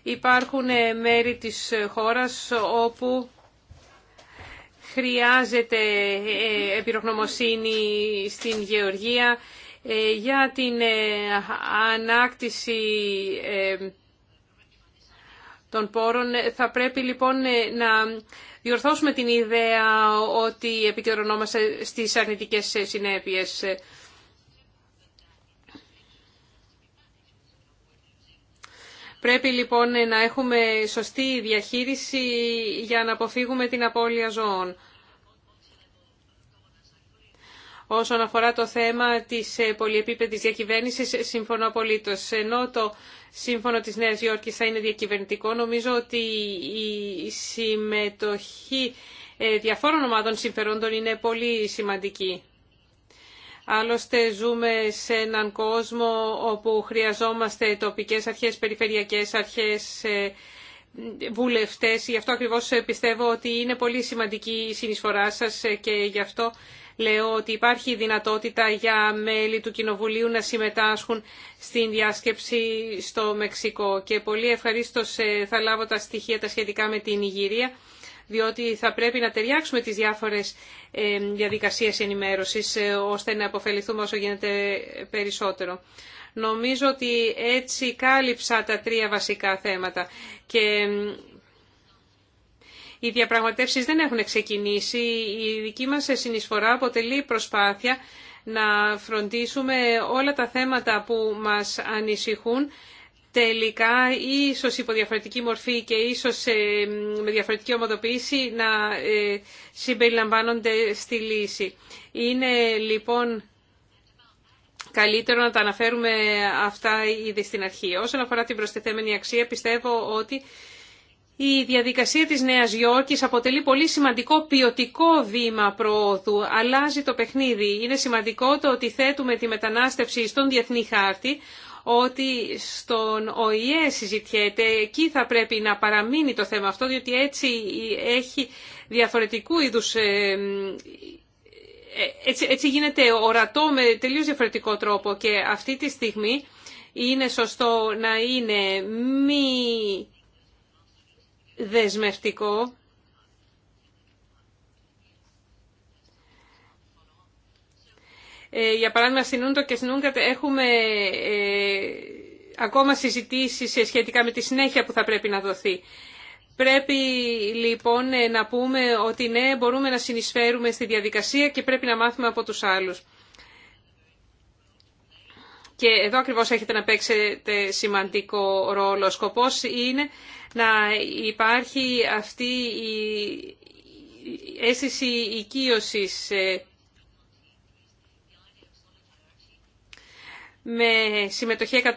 Υπάρχουν ε, μέρη της χώρας όπου χρειάζεται επιροχνομοσύνη στην γεωργία ε, για την ε, ανάκτηση των πόρων. Θα πρέπει λοιπόν να διορθώσουμε την ιδέα ότι επικαιρωνόμαστε στις αρνητικές συνέπειες. Πρέπει λοιπόν να έχουμε σωστή διαχείριση για να αποφύγουμε την απώλεια ζώων. Όσον αφορά το θέμα της ε, πολυεπίπεδης διακυβέρνησης, ε, συμφωνώ απολύτως. Ενώ το σύμφωνο της Νέας Υόρκης θα είναι διακυβερνητικό, νομίζω ότι η συμμετοχή ε, διαφόρων ομάδων συμφερόντων είναι πολύ σημαντική. Άλλωστε ζούμε σε έναν κόσμο όπου χρειαζόμαστε τοπικές αρχές, περιφερειακές αρχές, βουλευτές. Γι' αυτό ακριβώς πιστεύω ότι είναι πολύ σημαντική η συνεισφορά σας και γι' αυτό λέω ότι υπάρχει δυνατότητα για μέλη του Κοινοβουλίου να συμμετάσχουν στην διάσκεψη στο Μεξικό. Και πολύ ευχαρίστως ε, θα λάβω τα στοιχεία τα σχετικά με την Ιγυρία, διότι θα πρέπει να ταιριάξουμε τις διάφορες ε, διαδικασίες ενημέρωσης, ε, ώστε να αποφεληθούμε όσο γίνεται περισσότερο. Νομίζω ότι έτσι κάλυψα τα τρία βασικά θέματα. Οι διαπραγματεύσεις δεν έχουν ξεκινήσει. Η δική μας συνεισφορά αποτελεί προσπάθεια να φροντίσουμε όλα τα θέματα που μας ανησυχούν τελικά ίσως υπό διαφορετική μορφή και ίσως ε, με διαφορετική ομοδοποίηση να ε, συμπεριλαμβάνονται στη λύση. Είναι λοιπόν καλύτερο να τα αναφέρουμε αυτά ήδη στην αρχή. Όσον αφορά την προστιθέμενη αξία πιστεύω ότι η διαδικασία της Νέας Υόρκης αποτελεί πολύ σημαντικό ποιοτικό βήμα προόδου. Αλλάζει το παιχνίδι. Είναι σημαντικό το ότι θέτουμε τη μετανάστευση στον Διεθνή Χάρτη, ότι στον ΟΗΕ συζητιέται, εκεί θα πρέπει να παραμείνει το θέμα αυτό, διότι έτσι έχει διαφορετικού είδους... Ε, ε, έτσι, έτσι γίνεται ορατό με τελείως διαφορετικό τρόπο και αυτή τη στιγμή είναι σωστό να είναι μη δεσμευτικό ε, για παράδειγμα στην Ούντο και στην έχουμε ε, ακόμα συζητήσεις ε, σχετικά με τη συνέχεια που θα πρέπει να δοθεί. Πρέπει λοιπόν να πούμε ότι ναι μπορούμε να συνεισφέρουμε στη διαδικασία και πρέπει να μάθουμε από τους άλλους. Και εδώ ακριβώς έχετε να παίξετε σημαντικό ρόλο. Ο σκοπός είναι να υπάρχει αυτή η αίσθηση οικείωσης ε, με συμμετοχή 193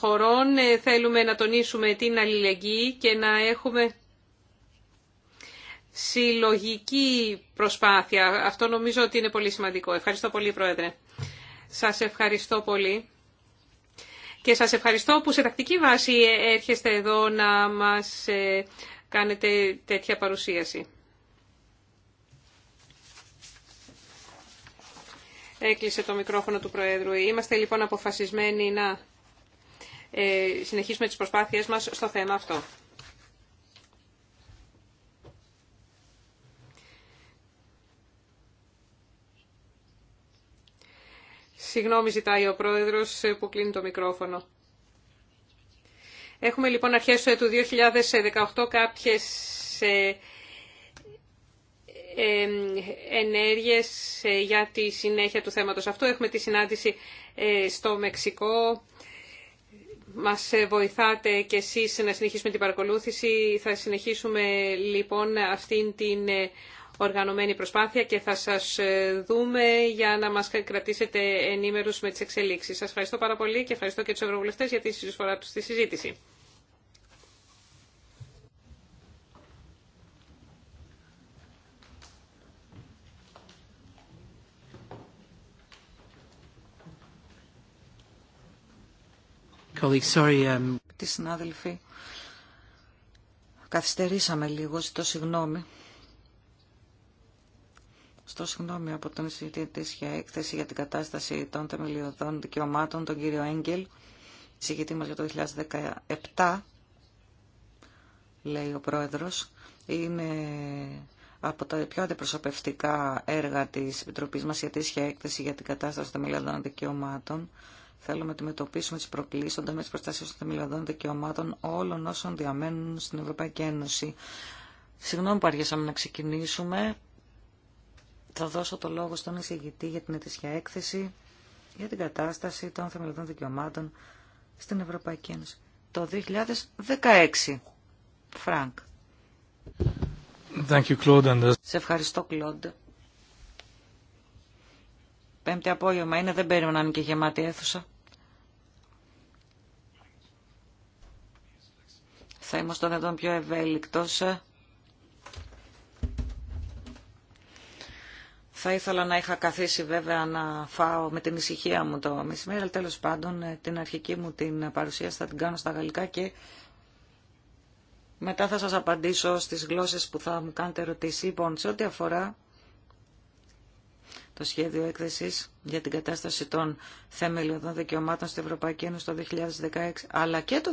χωρών ε, θέλουμε να τονίσουμε την αλληλεγγύη και να έχουμε συλλογική προσπάθεια. Αυτό νομίζω ότι είναι πολύ σημαντικό. Ευχαριστώ πολύ, Πρόεδρε. Σας ευχαριστώ πολύ. Και σας ευχαριστώ που σε τακτική βάση έρχεστε εδώ να μας ε, κάνετε τέτοια παρουσίαση. Έκλεισε το μικρόφωνο του Προέδρου. Είμαστε λοιπόν αποφασισμένοι να ε, συνεχίσουμε τις προσπάθειές μας στο θέμα αυτό. Συγγνώμη ζητάει ο πρόεδρος ε, που κλείνει το μικρόφωνο. Έχουμε λοιπόν αρχές του 2018 κάποιες ε, ε, ενέργειες για τη συνέχεια του θέματος αυτού. Έχουμε τη συνάντηση στο Μεξικό. Μας βοηθάτε και εσείς να συνεχίσουμε την παρακολούθηση. Θα συνεχίσουμε λοιπόν αυτήν την οργανωμένη προσπάθεια και θα σας ε, δούμε για να μας κρατήσετε ενήμερους με τις εξελίξεις. Σας ευχαριστώ πάρα πολύ και ευχαριστώ και τους ευρωβουλευτές για τη συζητησή τους στη συζήτηση. Um, τη συνάδελφοι, καθυστερήσαμε λίγο, ζητώ συγγνώμη στο συγγνώμη από τον εισηγητή για έκθεση για την κατάσταση των θεμελιωδών δικαιωμάτων, τον κύριο Έγγελ, εισηγητή μα για το 2017, λέει ο πρόεδρο, είναι από τα πιο αντιπροσωπευτικά έργα τη Επιτροπή μα για τη έκθεση για την κατάσταση των θεμελιωδών δικαιωμάτων. Θέλουμε να αντιμετωπίσουμε τι προκλήσει στον τομέα τη προστασία των θεμελιωδών δικαιωμάτων όλων όσων διαμένουν στην Ευρωπαϊκή Ένωση. Συγγνώμη που αργήσαμε να ξεκινήσουμε. Θα δώσω το λόγο στον εισηγητή για την ετήσια έκθεση για την κατάσταση των θεμελιωδών δικαιωμάτων στην Ευρωπαϊκή Ένωση. Το 2016. Φρανκ. Thank you, Claude. Σε ευχαριστώ, Κλοντ. Πέμπτη απόγευμα είναι, δεν περίμενα και γεμάτη αίθουσα. Θα είμαι στον πιο ευέλικτος Θα ήθελα να είχα καθίσει βέβαια να φάω με την ησυχία μου το μεσημέρι, αλλά τέλος πάντων ε, την αρχική μου την παρουσίαση θα την κάνω στα γαλλικά και μετά θα σας απαντήσω στις γλώσσες που θα μου κάνετε ερωτήσει. Λοιπόν, σε ό,τι αφορά το σχέδιο έκθεσης για την κατάσταση των θεμελιωδών δικαιωμάτων στην Ευρωπαϊκή Ένωση το 2016, αλλά και το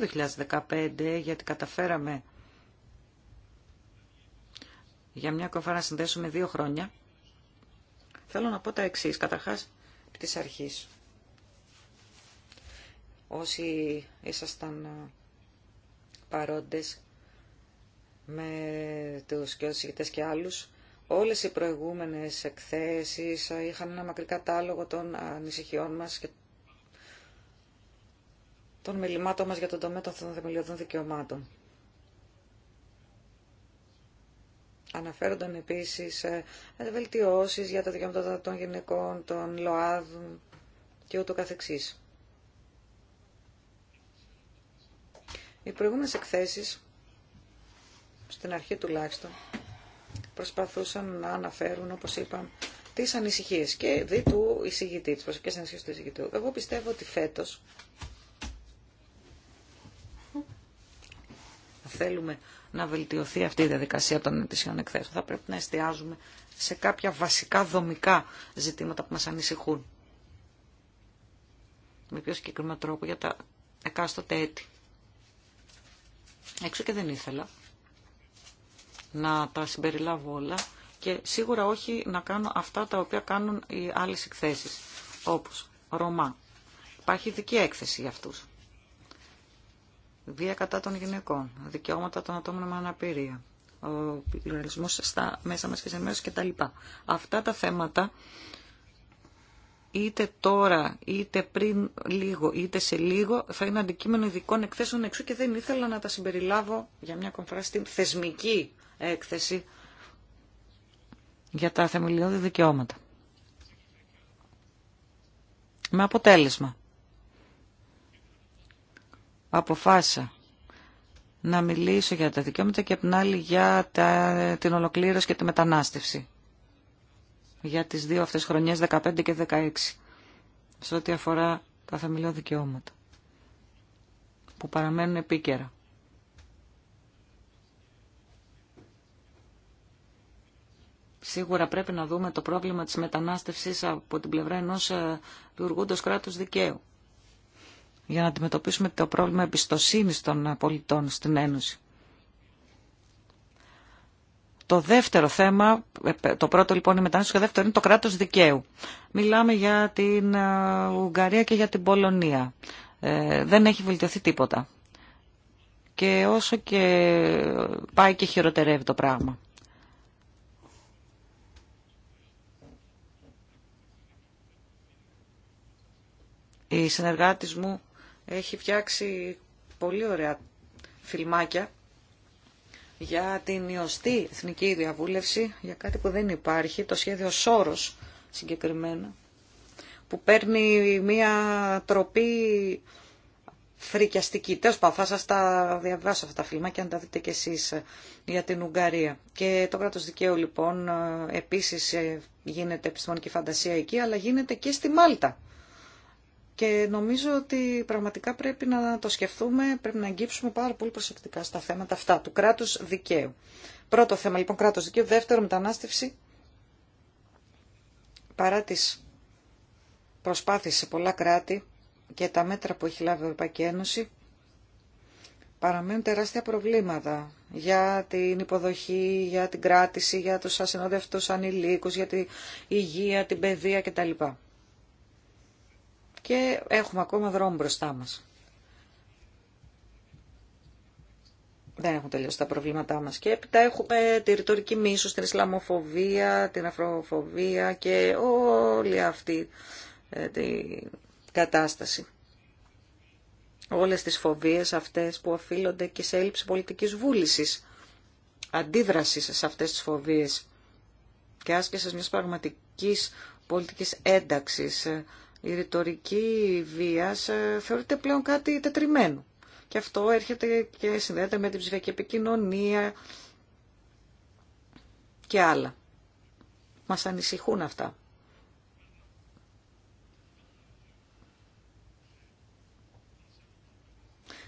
2015, γιατί καταφέραμε για μια κοφά να συνδέσουμε δύο χρόνια, Θέλω να πω τα εξής, καταρχά τη αρχής. Όσοι ήσασταν ε, παρόντες με τους και και άλλους, όλες οι προηγούμενες εκθέσεις ε, είχαν ένα μακρύ κατάλογο των ανησυχιών μας και των μιλημάτων μας για τον τομέα των θεμελιωδών δικαιωμάτων. Αναφέρονταν επίσης ε, ε, βελτιώσεις για τα δικαιώματα των γυναικών, των ΛΟΑΔ και ούτω καθεξής. Οι προηγούμενες εκθέσεις, στην αρχή τουλάχιστον, προσπαθούσαν να αναφέρουν, όπως είπα, τις ανησυχίες και δι του εισηγητή, τις προσωπικές ανησυχίες του εισηγητού. Εγώ πιστεύω ότι φέτος θέλουμε να βελτιωθεί αυτή η διαδικασία των αιτησιών εκθέσεων, θα πρέπει να εστιάζουμε σε κάποια βασικά δομικά ζητήματα που μας ανησυχούν. Με πιο συγκεκριμένο τρόπο για τα εκάστοτε έτη. Έξω και δεν ήθελα να τα συμπεριλάβω όλα και σίγουρα όχι να κάνω αυτά τα οποία κάνουν οι άλλες εκθέσεις, όπως Ρωμά. Υπάρχει ειδική έκθεση για αυτούς. Βία κατά των γυναικών, δικαιώματα των ατόμων με αναπηρία, ο πλουραλισμό στα μέσα μα και τα κτλ. Αυτά τα θέματα είτε τώρα, είτε πριν λίγο, είτε σε λίγο, θα είναι αντικείμενο ειδικών εκθέσεων εξού και δεν ήθελα να τα συμπεριλάβω για μια κομφρά στην θεσμική έκθεση για τα θεμελιώδη δικαιώματα. Με αποτέλεσμα αποφάσισα να μιλήσω για τα δικαιώματα και απ' την άλλη για τα, την ολοκλήρωση και τη μετανάστευση. Για τις δύο αυτές χρονιές, 15 και 16, σε ό,τι αφορά τα θεμελιώδη δικαιώματα, που παραμένουν επίκαιρα. Σίγουρα πρέπει να δούμε το πρόβλημα της μετανάστευσης από την πλευρά ενός ε, δουργούντος κράτους δικαίου για να αντιμετωπίσουμε το πρόβλημα εμπιστοσύνης των πολιτών στην Ένωση. Το δεύτερο θέμα, το πρώτο λοιπόν είναι η μετανάστευση και το δεύτερο είναι το κράτος δικαίου. Μιλάμε για την ε, Ουγγαρία και για την Πολωνία. Ε, δεν έχει βελτιωθεί τίποτα. Και όσο και πάει και χειροτερεύει το πράγμα. Οι συνεργάτες μου έχει φτιάξει πολύ ωραία φιλμάκια για την ιωστή εθνική διαβούλευση, για κάτι που δεν υπάρχει, το σχέδιο Σόρος συγκεκριμένα, που παίρνει μια τροπή φρικιαστική. Τέλος πάντων, θα σας τα διαβάσω αυτά τα φιλμάκια, αν τα δείτε κι εσείς ε, για την Ουγγαρία. Και το κράτος δικαίου λοιπόν ε, επίσης ε, γίνεται επιστημονική φαντασία εκεί, αλλά γίνεται και στη Μάλτα. Και νομίζω ότι πραγματικά πρέπει να το σκεφτούμε, πρέπει να αγγίψουμε πάρα πολύ προσεκτικά στα θέματα αυτά του κράτους δικαίου. Πρώτο θέμα λοιπόν κράτος δικαίου, δεύτερο μετανάστευση. Παρά τις προσπάθειες σε πολλά κράτη και τα μέτρα που έχει λάβει η Ευρωπαϊκή Ένωση, παραμένουν τεράστια προβλήματα για την υποδοχή, για την κράτηση, για τους ασυνόδευτους ανηλίκους, για την υγεία, την παιδεία κτλ και έχουμε ακόμα δρόμο μπροστά μας. Δεν έχουν τελειώσει τα προβλήματά μας. Και έπειτα έχουμε τη ρητορική μίσος, την Ισλαμοφοβία, την Αφροφοβία και όλη αυτή ε, τη κατάσταση. Όλες τις φοβίες αυτές που οφείλονται και σε έλλειψη πολιτικής βούλησης, Αντίδραση σε αυτές τις φοβίες και άσκησης μιας πραγματικής πολιτικής ένταξης ε, η ρητορική βία ε, θεωρείται πλέον κάτι τετριμένο. Και αυτό έρχεται και συνδέεται με την ψηφιακή επικοινωνία και άλλα. Μας ανησυχούν αυτά.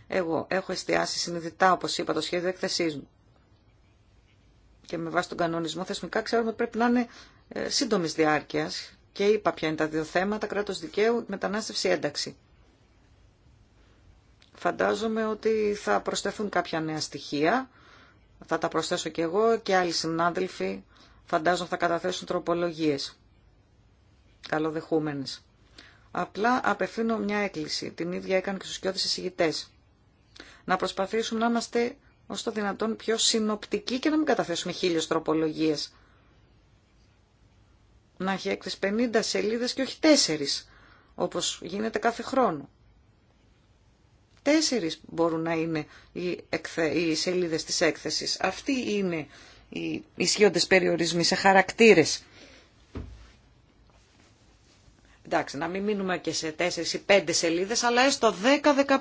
Εγώ έχω εστιάσει συνειδητά, όπως είπα, το σχέδιο έκθεσής μου. Και με βάση τον κανονισμό θεσμικά ξέρουμε ότι πρέπει να είναι ε, σύντομης διάρκειας και είπα ποια είναι τα δύο θέματα, κράτος δικαίου, μετανάστευση, ένταξη. Φαντάζομαι ότι θα προσθεθούν κάποια νέα στοιχεία, θα τα προσθέσω και εγώ και άλλοι συνάδελφοι φαντάζομαι θα καταθέσουν τροπολογίες καλοδεχούμενες. Απλά απευθύνω μια έκκληση, την ίδια έκανε και στους κοιότητες εισηγητές. Να προσπαθήσουμε να είμαστε όσο το δυνατόν πιο συνοπτικοί και να μην καταθέσουμε χίλιες τροπολογίες να έχει έκθεση 50 σελίδες και όχι 4, όπως γίνεται κάθε χρόνο. Τέσσερις μπορούν να είναι οι, εκθε... οι σελίδες της έκθεσης. Αυτοί είναι οι ισχύοντες περιορισμοί σε χαρακτήρες. Εντάξει, να μην μείνουμε και σε 4 ή 5 σελίδες, αλλά έστω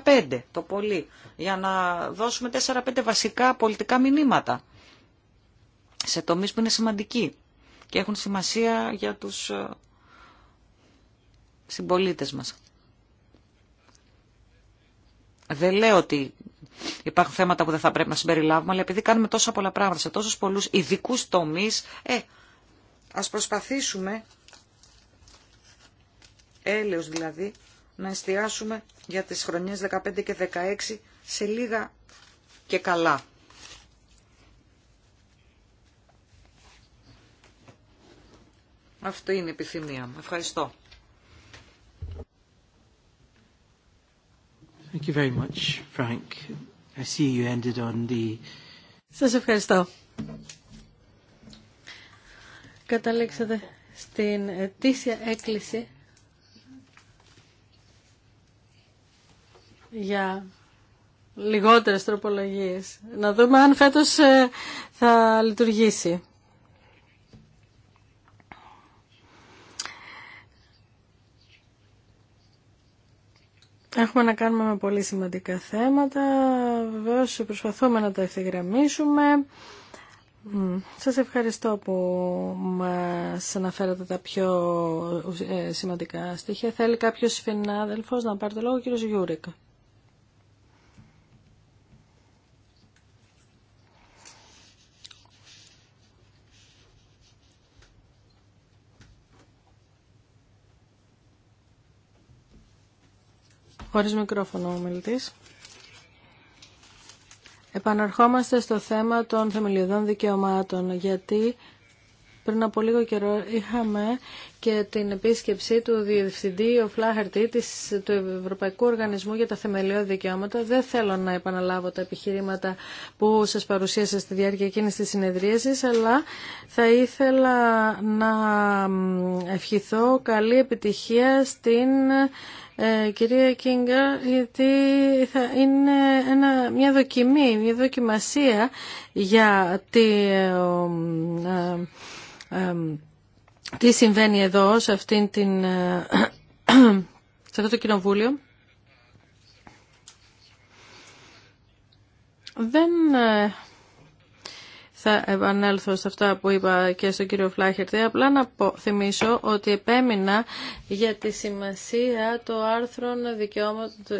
10-15 το πολύ, για να δώσουμε 4-5 βασικά πολιτικά μηνύματα σε τομείς που είναι σημαντικοί και έχουν σημασία για τους ε, συμπολίτες μας. Δεν λέω ότι υπάρχουν θέματα που δεν θα πρέπει να συμπεριλάβουμε, αλλά επειδή κάνουμε τόσα πολλά πράγματα σε τόσους πολλούς ειδικού τομείς, ε, ας προσπαθήσουμε, έλεος δηλαδή, να εστιάσουμε για τις χρονιές 15 και 16 σε λίγα και καλά. Αυτό είναι η επιθυμία μου. Ευχαριστώ. Thank you very much, Frank. I see you ended on the... Σας ευχαριστώ. Καταλήξατε στην ετήσια έκκληση για λιγότερες τροπολογίες. Να δούμε αν φέτος ε, θα λειτουργήσει. Έχουμε να κάνουμε με πολύ σημαντικά θέματα. Βεβαίω προσπαθούμε να τα ευθυγραμμίσουμε. Σας ευχαριστώ που μας αναφέρατε τα πιο ε, σημαντικά στοιχεία. Θέλει κάποιο συνάδελφο να πάρει το λόγο, κύριος Γιούρικ. Χωρίς μικρόφωνο ο μιλητής. Επαναρχόμαστε στο θέμα των θεμελιωδών δικαιωμάτων, γιατί πριν από λίγο καιρό είχαμε και την επίσκεψη του Διευθυντή ο Φλάχαρτη της, του Ευρωπαϊκού Οργανισμού για τα Θεμελιώδη Δικαιώματα. Δεν θέλω να επαναλάβω τα επιχειρήματα που σας παρουσίασα στη διάρκεια εκείνης της συνεδρίασης, αλλά θα ήθελα να ευχηθώ καλή επιτυχία στην ε, κυρία Κίνγκα, γιατί θα είναι μια δοκιμή, μια δοκιμασία για τη... Ε, ε, ε τι συμβαίνει εδώ σε, αυτήν την, ε, σε αυτό το κοινοβούλιο. Δεν ε, θα επανέλθω σε αυτά που είπα και στον κύριο Φλάχερτη. Απλά να θυμίσω ότι επέμεινα για τη σημασία το άρθρο 2,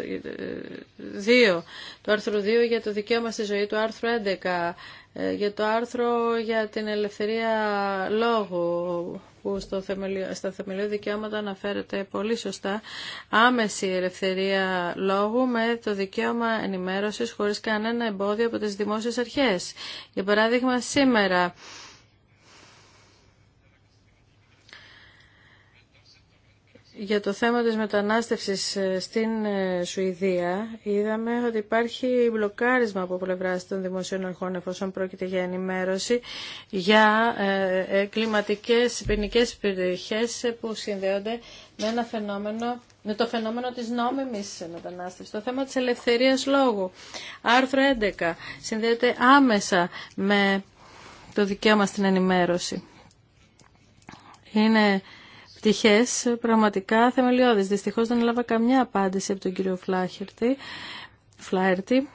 ε, το άρθρο 2 για το δικαίωμα στη ζωή, του άρθρου 11 ε, για το άρθρο για την ελευθερία λόγου που στο θεμελιο... στα θεμελιώδη δικαιώματα αναφέρεται πολύ σωστά άμεση ελευθερία λόγου με το δικαίωμα ενημέρωσης χωρίς κανένα εμπόδιο από τις δημόσιες αρχές. Για παράδειγμα σήμερα για το θέμα της μετανάστευσης ε, στην ε, Σουηδία είδαμε ότι υπάρχει μπλοκάρισμα από πλευρά των δημοσίων αρχών εφόσον πρόκειται για ενημέρωση για ε, κλιματικές ποινικές περιοχές που συνδέονται με, ένα φαινόμενο, με το φαινόμενο της νόμιμης μετανάστευσης. Το θέμα της ελευθερίας λόγου. Άρθρο 11 συνδέεται άμεσα με το δικαίωμα στην ενημέρωση. Είναι Πτυχέ πραγματικά θεμελιώδεις. Δυστυχώ δεν έλαβα καμιά απάντηση από τον κύριο Φλάχερτη. Φλάερτη.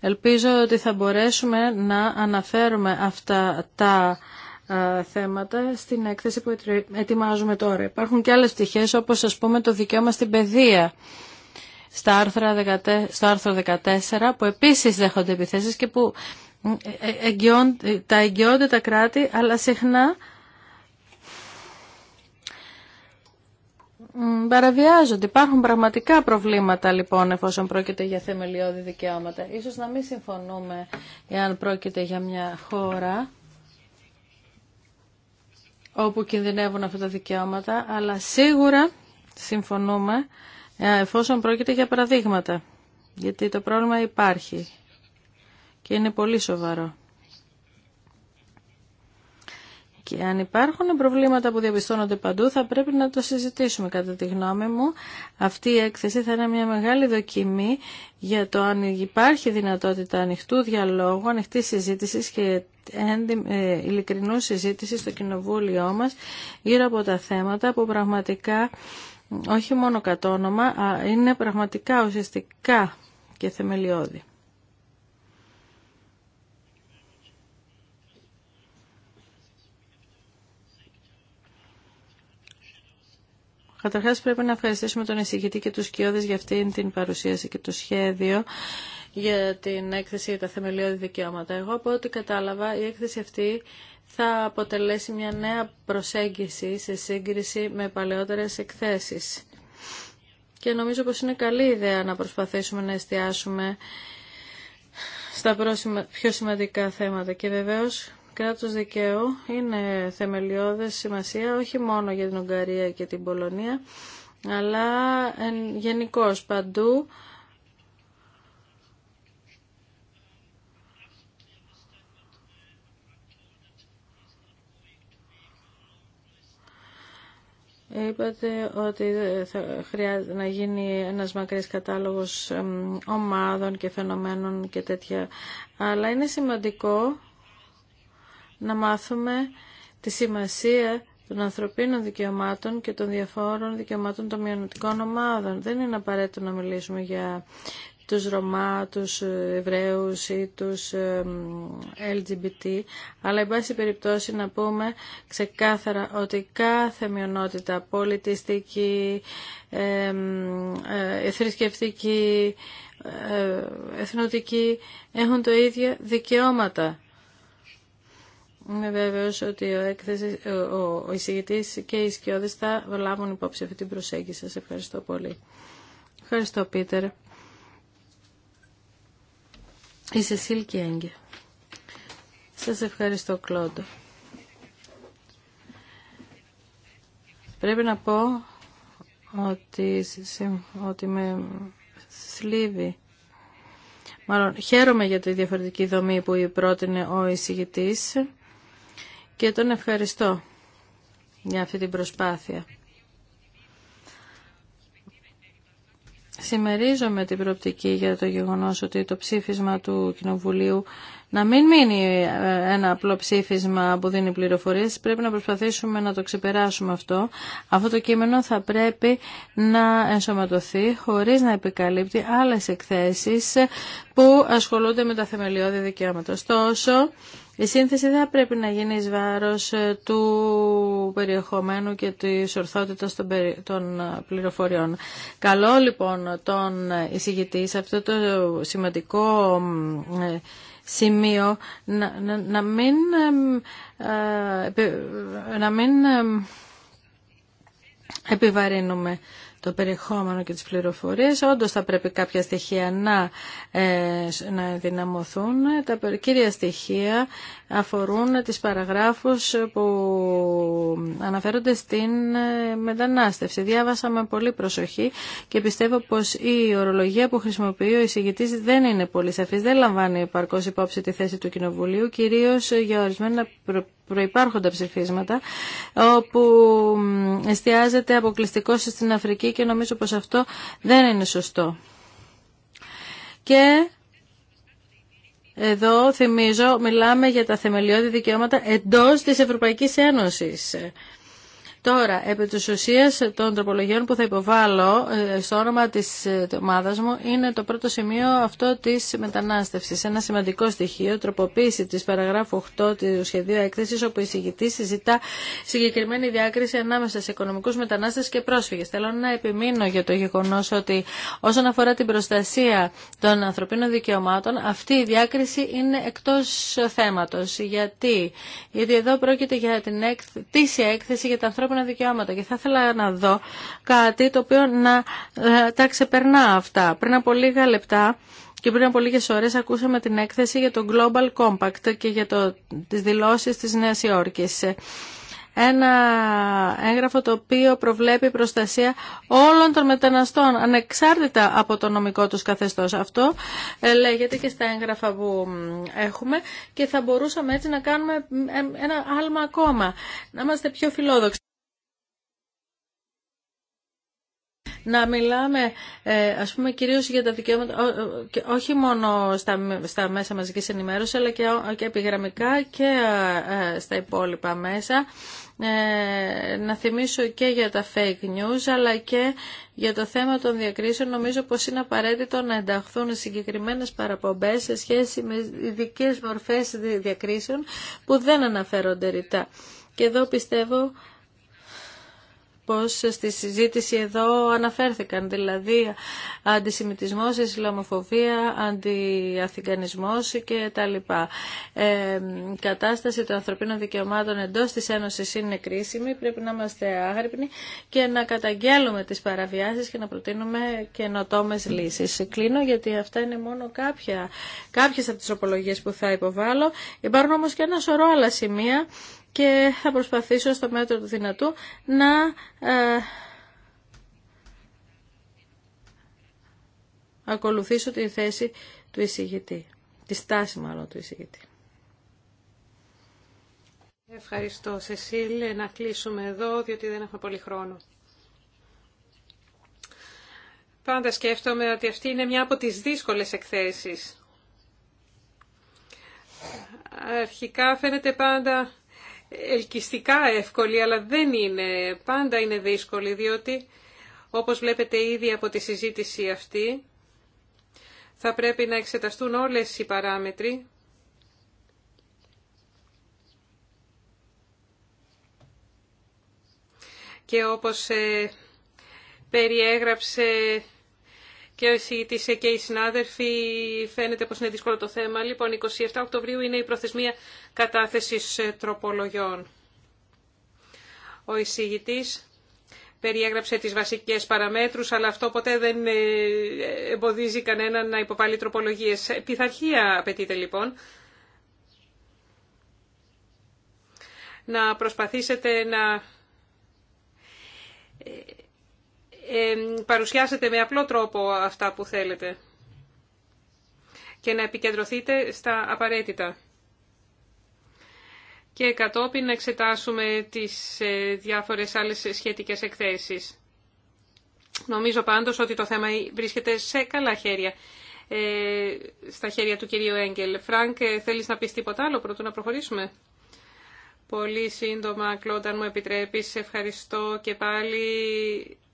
Ελπίζω ότι θα μπορέσουμε να αναφέρουμε αυτά τα ε, θέματα στην έκθεση που ετοιμάζουμε τώρα. Υπάρχουν και άλλες πτυχέ, όπως ας πούμε το δικαίωμα στην παιδεία στο άρθρο 14 που επίσης δέχονται επιθέσεις και που τα εγγυώνται τα κράτη, αλλά συχνά παραβιάζονται. Υπάρχουν πραγματικά προβλήματα λοιπόν εφόσον πρόκειται για θεμελιώδη δικαιώματα. Ίσως να μην συμφωνούμε εάν πρόκειται για μια χώρα όπου κινδυνεύουν αυτά τα δικαιώματα, αλλά σίγουρα συμφωνούμε ε, εφόσον πρόκειται για παραδείγματα. Γιατί το πρόβλημα υπάρχει και είναι πολύ σοβαρό. Και αν υπάρχουν προβλήματα που διαπιστώνονται παντού, θα πρέπει να το συζητήσουμε. Κατά τη γνώμη μου, αυτή η έκθεση θα είναι μια μεγάλη δοκιμή για το αν υπάρχει δυνατότητα ανοιχτού διαλόγου, ανοιχτή συζήτηση και ε, ειλικρινού συζήτηση στο κοινοβούλιο μας γύρω από τα θέματα που πραγματικά, όχι μόνο όνομα, είναι πραγματικά ουσιαστικά και θεμελιώδη. Καταρχά πρέπει να ευχαριστήσουμε τον εισηγητή και τους κοιόδες για αυτήν την παρουσίαση και το σχέδιο για την έκθεση για τα θεμελιώδη δικαιώματα. Εγώ από ό,τι κατάλαβα η έκθεση αυτή θα αποτελέσει μια νέα προσέγγιση σε σύγκριση με παλαιότερες εκθέσεις. Και νομίζω πως είναι καλή ιδέα να προσπαθήσουμε να εστιάσουμε στα πιο σημαντικά θέματα. Και κράτος δικαίου είναι θεμελιώδες σημασία όχι μόνο για την Ουγγαρία και την Πολωνία, αλλά γενικώ παντού Είπατε ότι θα χρειάζεται να γίνει ένας μακρύς κατάλογος ομάδων και φαινομένων και τέτοια. Αλλά είναι σημαντικό να μάθουμε τη σημασία των ανθρωπίνων δικαιωμάτων και των διαφόρων δικαιωμάτων των μειονοτικών ομάδων. Δεν είναι απαραίτητο να μιλήσουμε για τους Ρωμά, τους Εβραίους ή τους LGBT, αλλά εν πάση περιπτώσει να πούμε ξεκάθαρα ότι κάθε μειονότητα πολιτιστική, ε, θρησκευτική, ε, εθνοτική έχουν το ίδιο δικαιώματα Είμαι βέβαιο ότι ο, έκθεση, εισηγητής και οι σκιώδες θα λάβουν υπόψη αυτή την προσέγγιση. Σας ευχαριστώ πολύ. Ευχαριστώ, Πίτερ. Η Σεσίλ Έγκαι. Σας ευχαριστώ, Κλόντο. Πρέπει να πω ότι, ότι με σλίβει. Μάλλον χαίρομαι για τη διαφορετική δομή που πρότεινε ο εισηγητής και τον ευχαριστώ για αυτή την προσπάθεια. Σημερίζομαι την προοπτική για το γεγονός ότι το ψήφισμα του Κοινοβουλίου να μην μείνει ε, ένα απλό ψήφισμα που δίνει πληροφορίες. Πρέπει να προσπαθήσουμε να το ξεπεράσουμε αυτό. Αυτό το κείμενο θα πρέπει να ενσωματωθεί χωρίς να επικαλύπτει άλλες εκθέσεις που ασχολούνται με τα θεμελιώδη δικαιώματα. Ωστόσο, η σύνθεση δεν πρέπει να γίνει εις βάρος ε, του περιεχομένου και της ορθότητας των ε, πληροφοριών. Καλό λοιπόν τον εισηγητή σε αυτό το σημαντικό ε, σημείο να, να μην, να μην επιβαρύνουμε το περιεχόμενο και τις πληροφορίες. Όντως θα πρέπει κάποια στοιχεία να, ε, να δυναμωθούν. Τα κύρια στοιχεία αφορούν τις παραγράφους που αναφέρονται στην ε, μετανάστευση. Διάβασα με πολύ προσοχή και πιστεύω πως η ορολογία που χρησιμοποιεί ο εισηγητής δεν είναι πολύ σαφής. Δεν λαμβάνει επαρκώς υπόψη τη θέση του Κοινοβουλίου, κυρίως για ορισμένα προϋπάρχοντα ψηφίσματα όπου εστιάζεται αποκλειστικώς στην Αφρική και νομίζω πως αυτό δεν είναι σωστό. Και εδώ θυμίζω μιλάμε για τα θεμελιώδη δικαιώματα εντός της Ευρωπαϊκής Ένωσης. Τώρα, επί τη ουσία των τροπολογιών που θα υποβάλω ε, στο όνομα της ε, ομάδα μου είναι το πρώτο σημείο αυτό τη μετανάστευση. Ένα σημαντικό στοιχείο, τροποποίηση τη παραγράφου 8 του σχεδίου έκθεση όπου η συγκητή συζητά συγκεκριμένη διάκριση ανάμεσα σε οικονομικούς μετανάστες και πρόσφυγε. Θέλω να επιμείνω για το γεγονό ότι όσον αφορά την προστασία των ανθρωπίνων δικαιωμάτων αυτή η διάκριση είναι εκτό θέματο Γιατί, Γιατί εδώ πρόκειται για την έκθεση για τα ανθρώπινα ανθρώπινα δικαιώματα και θα ήθελα να δω κάτι το οποίο να ε, τα ξεπερνά αυτά. Πριν από λίγα λεπτά και πριν από λίγες ώρες ακούσαμε την έκθεση για το Global Compact και για το, τις δηλώσεις της Νέας Υόρκης. Ένα έγγραφο το οποίο προβλέπει προστασία όλων των μεταναστών ανεξάρτητα από το νομικό τους καθεστώς. Αυτό ε, λέγεται και στα έγγραφα που έχουμε και θα μπορούσαμε έτσι να κάνουμε ένα άλμα ακόμα, να είμαστε πιο φιλόδοξοι. να μιλάμε ε, ας πούμε κυρίως για τα δικαιώματα όχι μόνο στα, στα μέσα μαζικής ενημέρωσης αλλά και, και επιγραμμικά και ε, στα υπόλοιπα μέσα ε, να θυμίσω και για τα fake news αλλά και για το θέμα των διακρίσεων νομίζω πως είναι απαραίτητο να ενταχθούν συγκεκριμένες παραπομπές σε σχέση με ειδικέ μορφές διακρίσεων που δεν αναφέρονται ρητά. Και εδώ πιστεύω πως στη συζήτηση εδώ αναφέρθηκαν, δηλαδή αντισημιτισμός, ισλαμοφοβία, αντιαθηγανισμός και τα λοιπά. Ε, κατάσταση των ανθρωπίνων δικαιωμάτων εντός της Ένωσης είναι κρίσιμη, πρέπει να είμαστε άγρυπνοι και να καταγγέλουμε τις παραβιάσεις και να προτείνουμε καινοτόμε λύσεις. Κλείνω γιατί αυτά είναι μόνο κάποια, κάποιες από τις τροπολογίες που θα υποβάλω. Υπάρχουν όμως και ένα σωρό άλλα σημεία και θα προσπαθήσω στο μέτρο του δυνατού να ε, ακολουθήσω τη θέση του εισηγητή, τη στάση μάλλον του εισηγητή. Ευχαριστώ, Σεσίλ. Να κλείσουμε εδώ, διότι δεν έχουμε πολύ χρόνο. Πάντα σκέφτομαι ότι αυτή είναι μια από τις δύσκολες εκθέσεις. Αρχικά φαίνεται πάντα ελκυστικά εύκολη, αλλά δεν είναι. Πάντα είναι δύσκολη, διότι όπως βλέπετε ήδη από τη συζήτηση αυτή, θα πρέπει να εξεταστούν όλες οι παράμετροι και όπως ε, περιέγραψε και ο εισηγητής και οι συνάδελφοι φαίνεται πως είναι δύσκολο το θέμα. Λοιπόν, 27 Οκτωβρίου είναι η προθεσμία κατάθεσης ε, τροπολογιών. Ο εισηγητή περιέγραψε τις βασικές παραμέτρους, αλλά αυτό ποτέ δεν ε, εμποδίζει κανέναν να υποβάλει τροπολογίες. Ε, πειθαρχία απαιτείται λοιπόν. Να προσπαθήσετε να παρουσιάσετε με απλό τρόπο αυτά που θέλετε και να επικεντρωθείτε στα απαραίτητα. Και κατόπιν να εξετάσουμε τις ε, διάφορες άλλες σχετικές εκθέσεις. Νομίζω πάντως ότι το θέμα βρίσκεται σε καλά χέρια, ε, στα χέρια του κυρίου Έγκελ. Φρανκ, ε, θέλεις να πεις τίποτα άλλο πρώτο να προχωρήσουμε. Πολύ σύντομα, Κλόντα, μου επιτρέπεις, ευχαριστώ και πάλι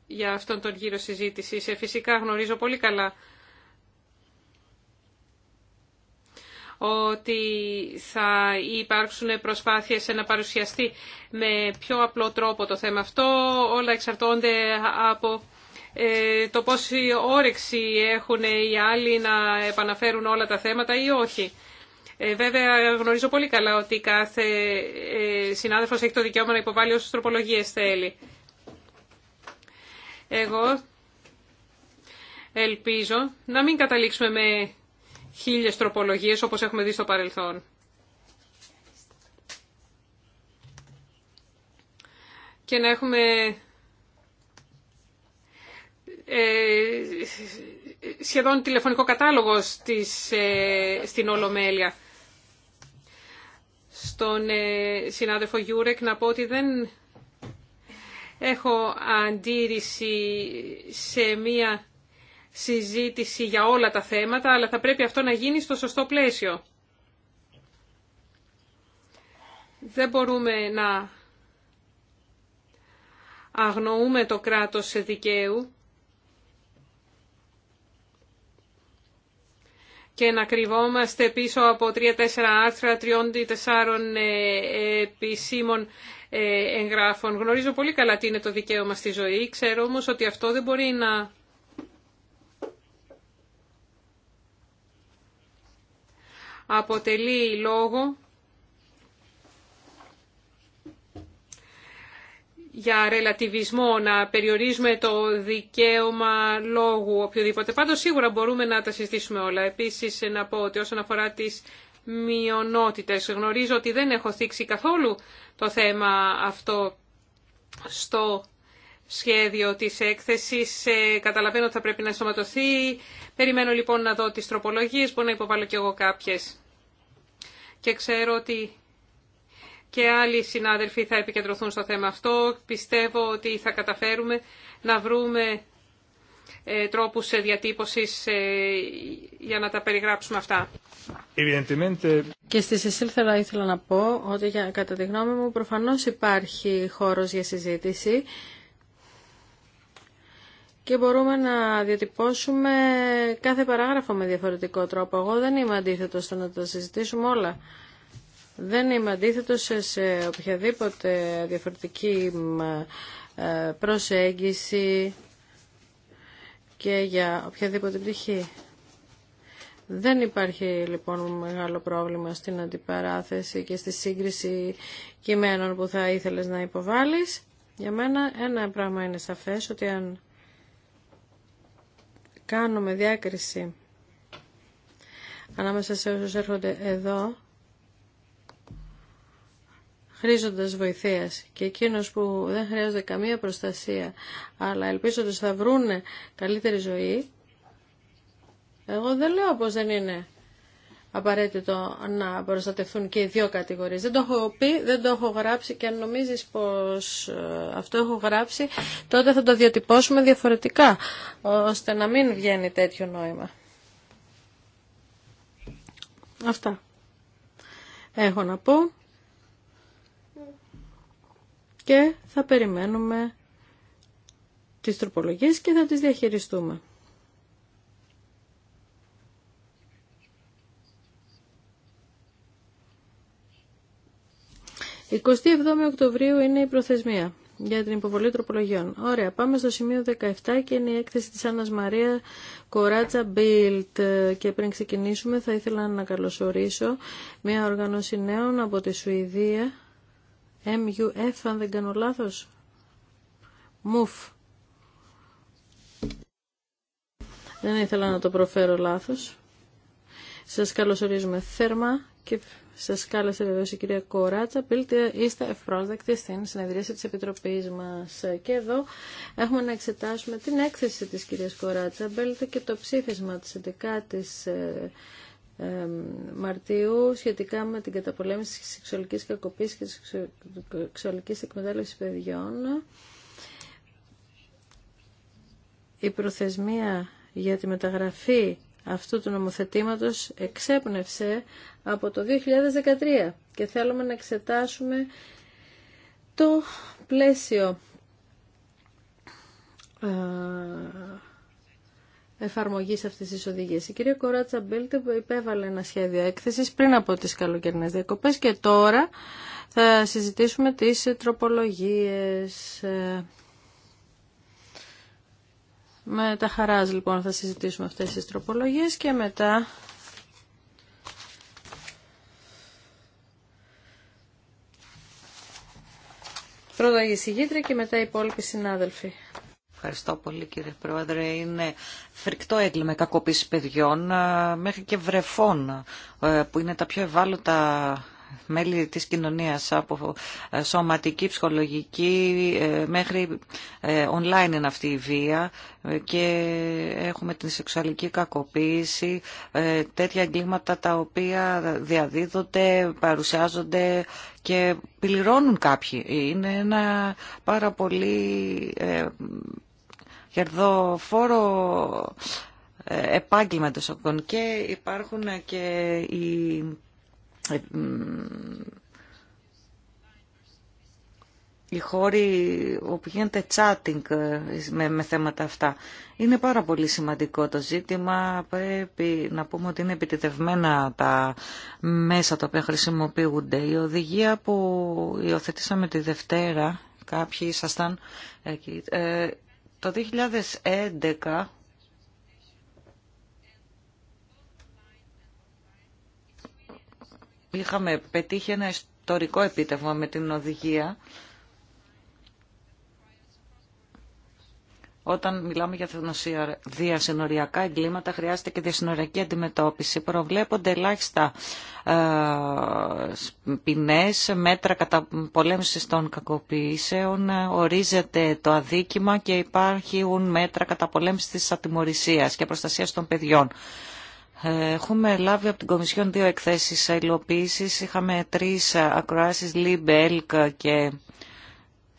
για αυτόν τον γύρο συζήτησης. Ε, φυσικά γνωρίζω πολύ καλά ότι θα υπάρξουν προσπάθειες να παρουσιαστεί με πιο απλό τρόπο το θέμα αυτό. Όλα εξαρτώνται από ε, το πόση όρεξη έχουν οι άλλοι να επαναφέρουν όλα τα θέματα ή όχι. Ε, βέβαια γνωρίζω πολύ καλά ότι κάθε συνάδελφος έχει το δικαίωμα να υποβάλει όσες τροπολογίες θέλει. Εγώ ελπίζω να μην καταλήξουμε με χίλιες τροπολογίες όπως έχουμε δει στο παρελθόν. Και να έχουμε ε, σχεδόν τηλεφωνικό κατάλογο στις, ε, στην Ολομέλεια. Στον ε, συνάδελφο Γιούρεκ να πω ότι δεν έχω αντίρρηση σε μία συζήτηση για όλα τα θέματα, αλλά θα πρέπει αυτό να γίνει στο σωστό πλαίσιο. Δεν μπορούμε να αγνοούμε το κράτος σε δικαίου και να κρυβόμαστε πίσω από τρία-τέσσερα άρθρα τριών-τεσσάρων ε, ε, επισήμων ε, εγγράφων. Γνωρίζω πολύ καλά τι είναι το δικαίωμα στη ζωή. Ξέρω όμως ότι αυτό δεν μπορεί να αποτελεί λόγο για ρελατιβισμό, να περιορίζουμε το δικαίωμα λόγου οποιοδήποτε. Πάντως σίγουρα μπορούμε να τα συζητήσουμε όλα. Επίσης να πω ότι όσον αφορά τις μειονότητες. Γνωρίζω ότι δεν έχω θίξει καθόλου το θέμα αυτό στο σχέδιο της έκθεσης. Ε, καταλαβαίνω ότι θα πρέπει να ενσωματωθεί. Περιμένω λοιπόν να δω τις τροπολογίες, μπορώ να υποβάλω κι εγώ κάποιες. Και ξέρω ότι και άλλοι συνάδελφοι θα επικεντρωθούν στο θέμα αυτό. Πιστεύω ότι θα καταφέρουμε να βρούμε ε, τρόπους ε, διατύπωσης ε, για να τα περιγράψουμε αυτά. Και στη Σεσίλ θα ήθελα να πω ότι για, κατά τη γνώμη μου προφανώς υπάρχει χώρος για συζήτηση και μπορούμε να διατυπώσουμε κάθε παράγραφο με διαφορετικό τρόπο. Εγώ δεν είμαι αντίθετο στο να τα συζητήσουμε όλα. Δεν είμαι αντίθετο σε οποιαδήποτε διαφορετική προσέγγιση και για οποιαδήποτε πτυχή. Δεν υπάρχει λοιπόν μεγάλο πρόβλημα στην αντιπαράθεση και στη σύγκριση κειμένων που θα ήθελες να υποβάλεις. Για μένα ένα πράγμα είναι σαφές ότι αν κάνουμε διάκριση ανάμεσα σε όσους έρχονται εδώ χρήζοντας βοηθείας και εκείνος που δεν χρειάζονται καμία προστασία αλλά ελπίζοντας θα βρούνε καλύτερη ζωή εγώ δεν λέω πως δεν είναι απαραίτητο να προστατευτούν και οι δύο κατηγορίες. Δεν το έχω πει, δεν το έχω γράψει και αν νομίζεις πως ε, αυτό έχω γράψει, τότε θα το διατυπώσουμε διαφορετικά, ώστε να μην βγαίνει τέτοιο νόημα. Αυτά. Έχω να πω και θα περιμένουμε τις τροπολογίες και θα τις διαχειριστούμε. Η 27 Οκτωβρίου είναι η προθεσμία για την υποβολή τροπολογιών. Ωραία, πάμε στο σημείο 17 και είναι η έκθεση της Άννας Μαρία Κοράτσα Μπίλτ. Και πριν ξεκινήσουμε θα ήθελα να καλωσορίσω μια οργανώση νέων από τη Σουηδία MUF αν δεν κάνω λάθος. MUF. Δεν ήθελα να το προφέρω λάθος. Σας καλωσορίζουμε θέρμα και σας κάλεσε βεβαίως η κυρία Κοράτσα. Πείτε, είστε ευπρόσδεκτοι στην συνεδρίαση της Επιτροπής μας. Και εδώ έχουμε να εξετάσουμε την έκθεση της κυρίας Κοράτσα. Πείτε και το ψήφισμα της 11 Μαρτίου σχετικά με την καταπολέμηση της σεξουαλικής κακοποίησης και της σεξουαλικής εκμετάλλευσης παιδιών. Η προθεσμία για τη μεταγραφή αυτού του νομοθετήματος εξέπνευσε από το 2013 και θέλουμε να εξετάσουμε το πλαίσιο ε, εφαρμογής αυτής της οδηγίας. Η κυρία Κοράτσα Μπίλτε υπέβαλε ένα σχέδιο έκθεσης πριν από τις καλοκαιρινές διακοπές και τώρα θα συζητήσουμε τις τροπολογίες. Με τα χαράς λοιπόν θα συζητήσουμε αυτές τις τροπολογίες και μετά πρώτα η συγγήτρια και μετά οι υπόλοιποι συνάδελφοι. Ευχαριστώ πολύ κύριε Πρόεδρε. Είναι φρικτό έγκλημα κακοποίηση παιδιών ε, μέχρι και βρεφών ε, που είναι τα πιο ευάλωτα μέλη της κοινωνίας από ε, σωματική, ψυχολογική μέχρι online είναι αυτή η βία και έχουμε την σεξουαλική κακοποίηση τέτοια εγκλήματα τα οποία διαδίδονται, παρουσιάζονται και πληρώνουν κάποιοι. Είναι ένα πάρα πολύ κερδοφόρο ε, επάγγελμα εντός και υπάρχουν και οι ε, οι χώροι όπου γίνεται chatting ε, με, με θέματα αυτά. Είναι πάρα πολύ σημαντικό το ζήτημα. Πρέπει να πούμε ότι είναι επιτετευμένα τα μέσα τα οποία χρησιμοποιούνται. Η οδηγία που υιοθετήσαμε τη Δευτέρα, κάποιοι ήσασταν εκεί, το 2011 είχαμε πετύχει ένα ιστορικό επίτευγμα με την οδηγία Όταν μιλάμε για διασυνοριακά εγκλήματα, χρειάζεται και διασυνοριακή αντιμετώπιση. Προβλέπονται ελάχιστα ε, μέτρα κατά πολέμησης των κακοποιήσεων, ορίζεται το αδίκημα και υπάρχουν μέτρα κατά πολέμησης της ατιμορρησίας και προστασίας των παιδιών. Ε, έχουμε λάβει από την Κομισιόν δύο εκθέσεις υλοποίησης. Είχαμε τρεις ακροάσεις, Λιμπελκ και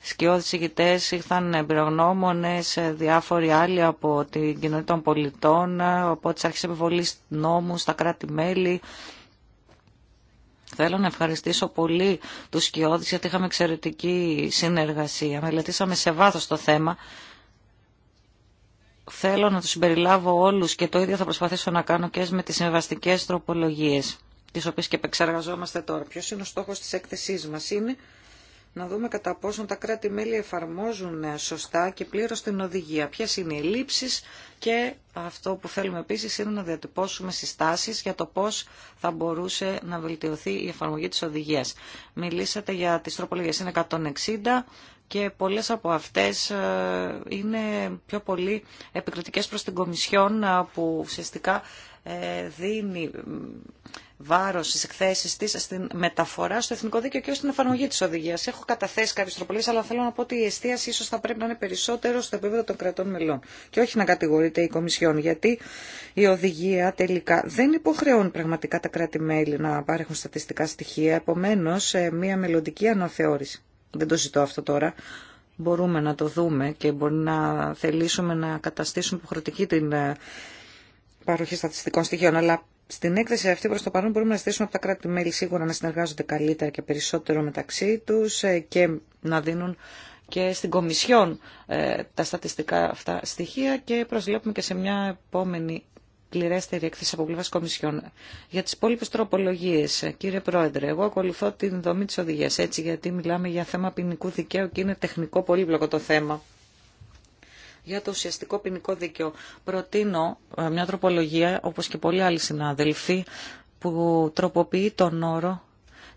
σκιώδεις ηγητές, ήρθαν εμπειρογνώμονες, διάφοροι άλλοι από την κοινωνία των πολιτών, από τις αρχές επιβολής νόμου στα κράτη-μέλη. Θέλω να ευχαριστήσω πολύ τους σκιώδεις γιατί είχαμε εξαιρετική συνεργασία. Μελετήσαμε σε βάθος το θέμα. Θέλω να τους συμπεριλάβω όλους και το ίδιο θα προσπαθήσω να κάνω και με τις συμβαστικέ τροπολογίες τις οποίες και επεξεργαζόμαστε τώρα. Ποιος είναι ο στόχος της έκθεσής μας είναι να δούμε κατά πόσον τα κράτη-μέλη εφαρμόζουν ε, σωστά και πλήρως την οδηγία. Ποιες είναι οι λήψεις και αυτό που θέλουμε επίσης είναι να διατυπώσουμε συστάσεις για το πώς θα μπορούσε να βελτιωθεί η εφαρμογή της οδηγίας. Μιλήσατε για τις τροπολογίες, είναι 160 και πολλές από αυτές ε, είναι πιο πολύ επικριτικές προς την Κομισιόν ε, που ουσιαστικά δίνει βάρο στι εκθέσει τη στην μεταφορά στο εθνικό δίκαιο και στην εφαρμογή τη οδηγία. Έχω καταθέσει κάποιε τροπολίε, αλλά θέλω να πω ότι η εστίαση ίσω θα πρέπει να είναι περισσότερο στο επίπεδο των κρατών μελών. Και όχι να κατηγορείται η Κομισιόν, γιατί η οδηγία τελικά δεν υποχρεώνει πραγματικά τα κράτη-μέλη να παρέχουν στατιστικά στοιχεία. Επομένω, ε, μία μελλοντική αναθεώρηση. Δεν το ζητώ αυτό τώρα. Μπορούμε να το δούμε και μπορεί να θελήσουμε να καταστήσουμε υποχρεωτική την ε, παροχή στατιστικών στοιχείων, αλλά στην έκθεση αυτή προ το παρόν μπορούμε να στήσουμε από τα κράτη-μέλη σίγουρα να συνεργάζονται καλύτερα και περισσότερο μεταξύ του ε, και να δίνουν και στην Κομισιόν ε, τα στατιστικά αυτά στοιχεία και προσβλέπουμε και σε μια επόμενη πληρέστερη έκθεση από πλευρά Κομισιόν. Για τι υπόλοιπε τροπολογίε, ε, κύριε Πρόεδρε, εγώ ακολουθώ την δομή τη οδηγία έτσι, γιατί μιλάμε για θέμα ποινικού δικαίου και είναι τεχνικό πολύπλοκο το θέμα για το ουσιαστικό ποινικό δίκαιο. Προτείνω ε, μια τροπολογία, όπως και πολλοί άλλοι συνάδελφοι, που τροποποιεί τον όρο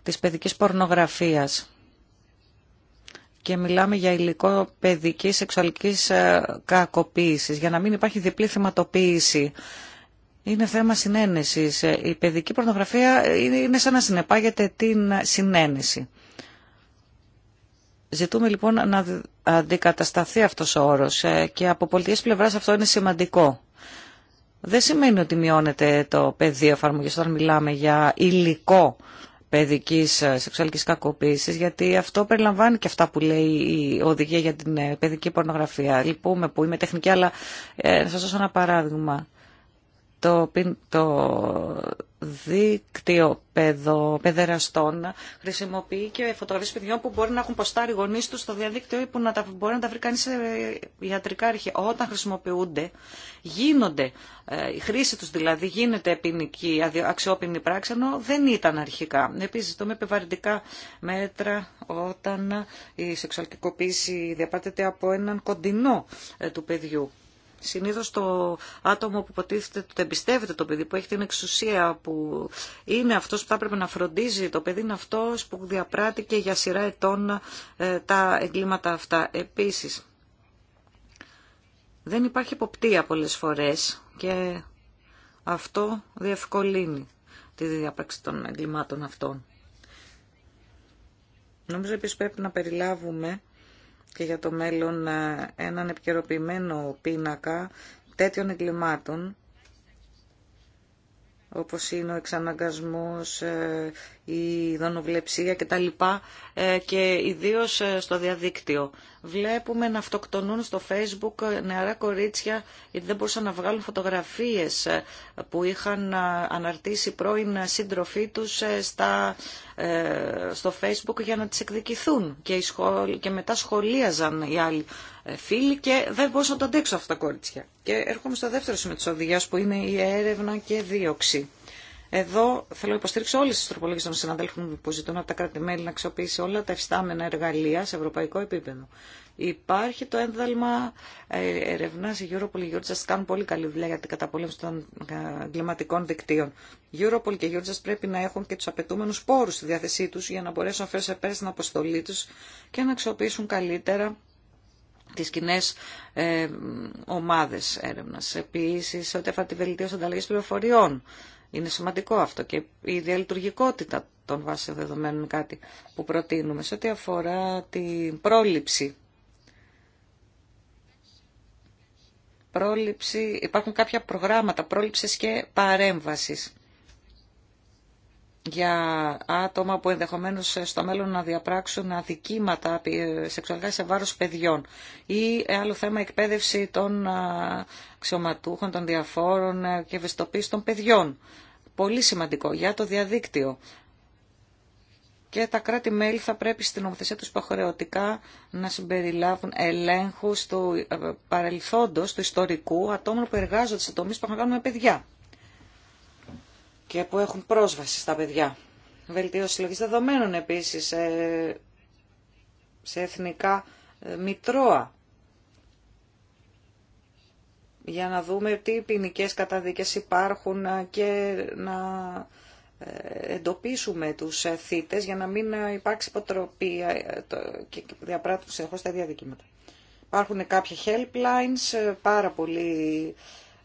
της παιδικής πορνογραφίας και μιλάμε για υλικό παιδικής σεξουαλικής ε, κακοποίησης, για να μην υπάρχει διπλή θεματοποίηση. Είναι θέμα συνένεσης. Η παιδική πορνογραφία ε, είναι σαν να συνεπάγεται την συνένεση. Ζητούμε λοιπόν να αντικατασταθεί αυτός ο όρος ε, και από πολιτικές πλευράς αυτό είναι σημαντικό. Δεν σημαίνει ότι μειώνεται το πεδίο εφαρμογής όταν μιλάμε για υλικό παιδικής ε, σεξουαλικής κακοποίησης, γιατί αυτό περιλαμβάνει και αυτά που λέει η οδηγία για την ε, παιδική πορνογραφία. Λυπούμε που είμαι τεχνική, αλλά ε, σας δώσω ένα παράδειγμα. Το, το δίκτυο παιδο, παιδεραστών χρησιμοποιεί και φωτογραφίες παιδιών που μπορεί να έχουν ποστάρει γονείς τους στο διαδίκτυο ή που να τα, μπορεί να τα βρει κανείς σε ιατρικά αρχεία. Όταν χρησιμοποιούνται, γίνονται, ε, η χρήση τους δηλαδή γίνεται ποινική, αξιόπινη πράξη, ενώ δεν ήταν αρχικά. Επίσης, το επιβαρυντικά μέτρα όταν η σεξουαλικοποίηση διαπράτεται από έναν κοντινό ε, του παιδιού. Συνήθως το άτομο που υποτίθεται ότι εμπιστεύεται το παιδί, που έχει την εξουσία, που είναι αυτός που θα έπρεπε να φροντίζει το παιδί, είναι αυτός που διαπράττει και για σειρά ετών ε, τα εγκλήματα αυτά. Επίσης, δεν υπάρχει υποπτία πολλές φορές και αυτό διευκολύνει τη διαπράξη των εγκλημάτων αυτών. Νομίζω επίσης πρέπει να περιλάβουμε και για το μέλλον ε, έναν επικαιροποιημένο πίνακα τέτοιων εγκλημάτων όπως είναι ο εξαναγκασμός, ε, η τα κτλ. Ε, και ιδίως ε, στο διαδίκτυο. Βλέπουμε να αυτοκτονούν στο facebook ε, νεαρά κορίτσια γιατί δεν μπορούσαν να βγάλουν φωτογραφίες που είχαν αναρτήσει πρώην σύντροφοί τους στα, στο facebook για να τις εκδικηθούν και, και μετά σχολίαζαν οι άλλοι φίλοι και δεν μπορούσαν να το αντέξουν αυτά τα κορίτσια. Και έρχομαι στο δεύτερο σημείο της οδηγίας που είναι η έρευνα και δίωξη. Εδώ θέλω να υποστήριξω όλε τι τροπολογίε των συναδέλφων που ζητούν από τα κράτη-μέλη να αξιοποιήσει όλα τα εφιστάμενα εργαλεία σε ευρωπαϊκό επίπεδο. Υπάρχει το ένδαλμα ε, ερευνά η Europol και η Eurojust κάνουν πολύ καλή δουλειά για την καταπολέμηση των ε, εγκληματικών δικτύων. Η Europol και η Eurojust πρέπει να έχουν και του απαιτούμενου πόρου στη διάθεσή του για να μπορέσουν να φέρουν σε πέρα στην αποστολή του και να αξιοποιήσουν καλύτερα τι κοινέ ε, ομάδες έρευνας. ό,τι αφορά τη βελτίωση ανταλλαγή πληροφοριών είναι σημαντικό αυτό και η διαλειτουργικότητα των βάσεων δεδομένων κάτι που προτείνουμε. Σε ό,τι αφορά την πρόληψη πρόληψη, υπάρχουν κάποια προγράμματα πρόληψης και παρέμβασης για άτομα που ενδεχομένως στο μέλλον να διαπράξουν αδικήματα σεξουαλικά σε βάρος παιδιών ή άλλο θέμα εκπαίδευση των αξιωματούχων, των διαφόρων ε, και ευαισθητοποίηση των παιδιών. Πολύ σημαντικό για το διαδίκτυο. Και τα κράτη-μέλη θα πρέπει στην νομοθεσία τους υποχρεωτικά να συμπεριλάβουν ελέγχους του ε, παρελθόντος, του ιστορικού, ατόμων που εργάζονται σε τομείς που έχουν να κάνουν με παιδιά και που έχουν πρόσβαση στα παιδιά. Βελτίωση συλλογή δεδομένων επίσης ε, σε εθνικά ε, μητρώα για να δούμε τι ποινικέ καταδίκες υπάρχουν ε, και να εντοπίσουμε τους θύτες για να μην υπάρξει υποτροπή και διαπράττουν συνεχώ τα ίδια Υπάρχουν κάποια helplines, πάρα πολύ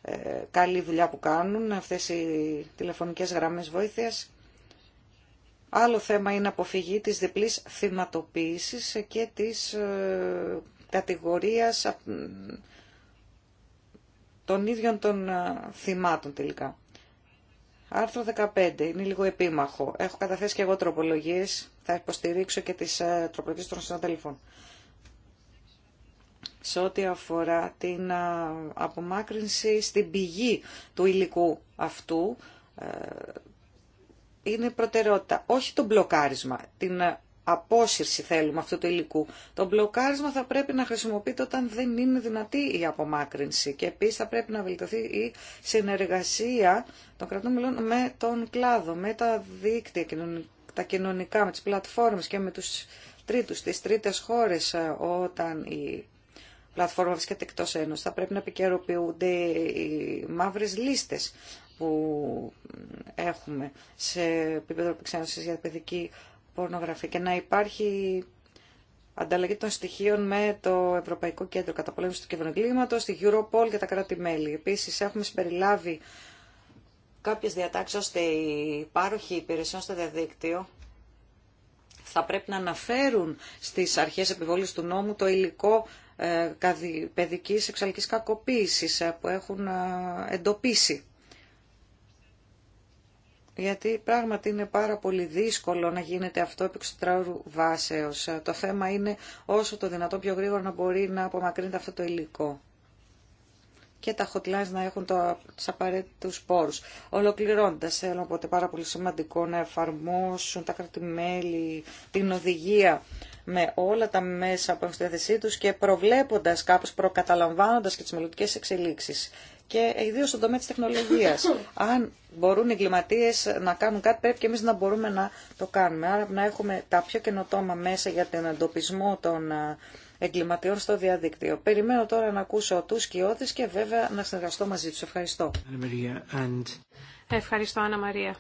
ε, καλή δουλειά που κάνουν αυτές οι τηλεφωνικές γραμμές βοήθειας. Άλλο θέμα είναι αποφυγή της διπλής θυματοποίησης και της ε, κατηγορίας των ίδιων των ε, θυμάτων τελικά. Άρθρο 15. Είναι λίγο επίμαχο. Έχω καταθέσει και εγώ τροπολογίες. Θα υποστηρίξω και τις τροπολογίες των συναδέλφων σε ό,τι αφορά την απομάκρυνση στην πηγή του υλικού αυτού ε, είναι προτεραιότητα. Όχι το μπλοκάρισμα, την ε, απόσυρση θέλουμε αυτού του υλικού. Το μπλοκάρισμα θα πρέπει να χρησιμοποιείται όταν δεν είναι δυνατή η απομάκρυνση και επίσης θα πρέπει να βελτιωθεί η συνεργασία των κρατών με τον κλάδο, με τα δίκτυα, τα κοινωνικά, με τις πλατφόρμες και με τους τρίτους, τις τρίτες χώρες ε, όταν η πλατφόρμα βρίσκεται εκτός ένωση, Θα πρέπει να επικαιροποιούνται οι μαύρες λίστες που έχουμε σε επίπεδο επεξένωσης για παιδική πορνογραφία και να υπάρχει ανταλλαγή των στοιχείων με το Ευρωπαϊκό Κέντρο Καταπολέμησης του Κυβερνογκλήματος, τη Europol και τα κράτη-μέλη. Επίσης έχουμε συμπεριλάβει κάποιες διατάξεις ώστε οι πάροχοι υπηρεσιών στο διαδίκτυο θα πρέπει να αναφέρουν στις αρχές επιβολής του νόμου το υλικό ε, παιδικής σεξουαλικής κακοποίησης ε, που έχουν ε, εντοπίσει. Γιατί πράγματι είναι πάρα πολύ δύσκολο να γίνεται αυτό επί εξωτράωρου βάσεως. Το θέμα είναι όσο το δυνατόν πιο γρήγορα να μπορεί να απομακρύνεται αυτό το υλικό και τα hotlines να έχουν το, τους απαραίτητους πόρους. Ολοκληρώντας, θέλω οπότε πάρα πολύ σημαντικό να εφαρμόσουν τα κρατημέλη την οδηγία με όλα τα μέσα που έχουν στη θέση τους και προβλέποντας κάπως, προκαταλαμβάνοντας και τις μελλοντικές εξελίξεις. Και ιδίως στον τομέα της τεχνολογίας. Αν μπορούν οι εγκληματίες να κάνουν κάτι, πρέπει και εμείς να μπορούμε να το κάνουμε. Άρα να έχουμε τα πιο καινοτόμα μέσα για τον εντοπισμό των ε, εγκληματιών στο διαδίκτυο. Περιμένω τώρα να ακούσω τους κοιότες και βέβαια να συνεργαστώ μαζί τους. Ευχαριστώ. Ευχαριστώ, Άννα Μαρία.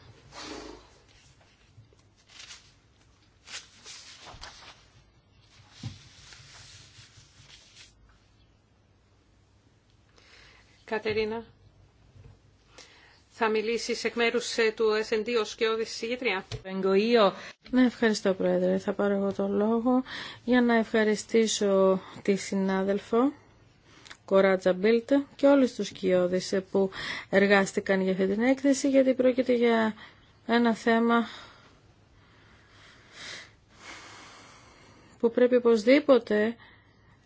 Κατερίνα, θα μιλήσεις εκ μέρους ε, του S&D ως και συγγετρία. Ναι, ευχαριστώ Πρόεδρε. Θα πάρω εγώ τον λόγο για να ευχαριστήσω τη συνάδελφο. Κοράτσα Μπίλτ και όλους τους κοιόδης ε, που εργάστηκαν για αυτή την έκθεση γιατί πρόκειται για ένα θέμα που πρέπει οπωσδήποτε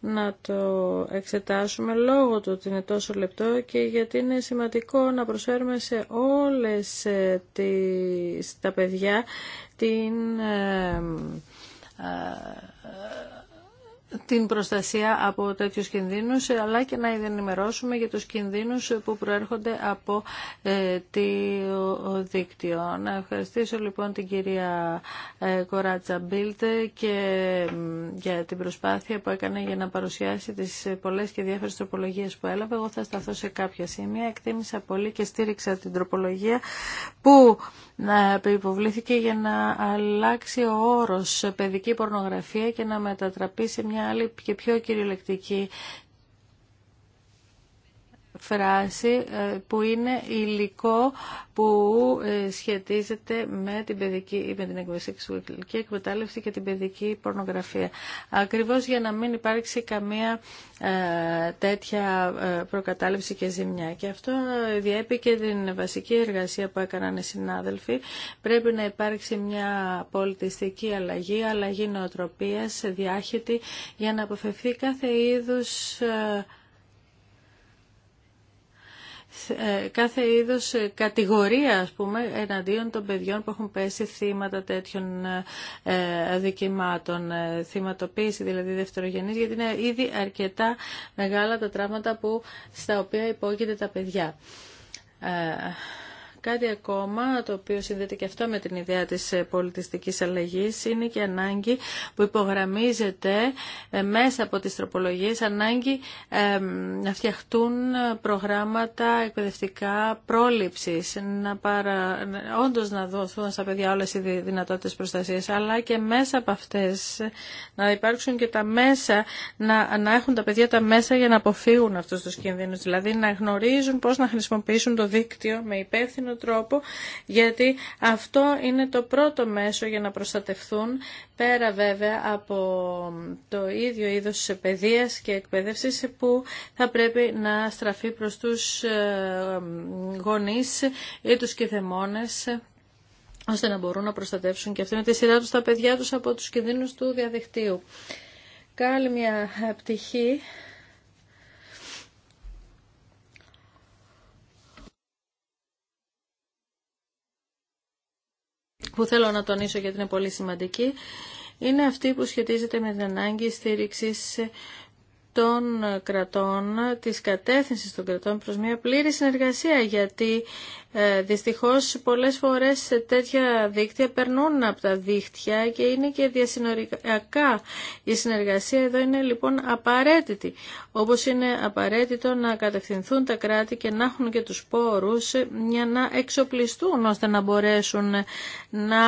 να το εξετάσουμε λόγω του ότι είναι τόσο λεπτό και γιατί είναι σημαντικό να προσφέρουμε σε όλες ε, τις, τα παιδιά την ε, ε, την προστασία από τέτοιου κινδύνους, αλλά και να ενημερώσουμε για τους κινδύνους που προέρχονται από ε, το δίκτυο. Να ευχαριστήσω λοιπόν την κυρία ε, Κοράτσα Μπίλτε και για την προσπάθεια που έκανε για να παρουσιάσει τις πολλές και διάφορες τροπολογίες που έλαβε. Εγώ θα σταθώ σε κάποια σημεία. Εκτίμησα πολύ και στήριξα την τροπολογία που ε, υποβλήθηκε για να αλλάξει ο όρος παιδική πορνογραφία και να μετατραπεί σε μια μια άλλη και πιο κυριολεκτική φράση ε, που είναι υλικό που ε, σχετίζεται με την, παιδική, με την εκβεσική εκμετάλλευση και την παιδική πορνογραφία. Ακριβώς για να μην υπάρξει καμία ε, τέτοια προκατάληψη και ζημιά. Και αυτό διέπει και την βασική εργασία που έκαναν οι συνάδελφοι. Πρέπει να υπάρξει μια πολιτιστική αλλαγή, αλλαγή νοοτροπίας, διάχυτη, για να αποφευθεί κάθε είδους κάθε είδος ε, κατηγορία ας πούμε εναντίον των παιδιών που έχουν πέσει θύματα τέτοιων ε, αδικημάτων ε, θυματοποίηση δηλαδή δευτερογενής γιατί είναι ήδη αρκετά μεγάλα τα τραύματα που, στα οποία υπόκειται τα παιδιά Κάτι ακόμα, το οποίο συνδέεται και αυτό με την ιδέα της ε, πολιτιστικής αλλαγής, είναι και ανάγκη που υπογραμμίζεται ε, μέσα από τις τροπολογίες, ανάγκη να φτιαχτούν προγράμματα εκπαιδευτικά πρόληψης, να παρα... όντως να δοθούν στα παιδιά όλες οι δυνατότητες προστασίας, αλλά και μέσα από αυτές να υπάρξουν και τα μέσα, να, να έχουν τα παιδιά τα μέσα για να αποφύγουν αυτούς τους κινδύνους, δηλαδή να γνωρίζουν πώς να χρησιμοποιήσουν το δίκτυο με υπεύθυνο τρόπο, γιατί αυτό είναι το πρώτο μέσο για να προστατευθούν, πέρα βέβαια από το ίδιο είδος παιδείας και εκπαίδευσης που θα πρέπει να στραφεί προς τους ε, γονείς ή τους κηδεμόνες ώστε να μπορούν να προστατεύσουν και αυτοί με τη σειρά τους τα παιδιά τους από τους κινδύνους του διαδικτύου. Κάλλη μια πτυχή που θέλω να τονίσω γιατί είναι πολύ σημαντική, είναι αυτή που σχετίζεται με την ανάγκη στήριξης των κρατών, της κατεύθυνσης των κρατών προς μια πλήρη συνεργασία, γιατί ε, δυστυχώς πολλές φορές τέτοια δίκτυα περνούν από τα δίκτυα και είναι και διασυνοριακά. Η συνεργασία εδώ είναι λοιπόν απαραίτητη, όπως είναι απαραίτητο να κατευθυνθούν τα κράτη και να έχουν και τους πόρους ε, για να εξοπλιστούν ώστε να μπορέσουν να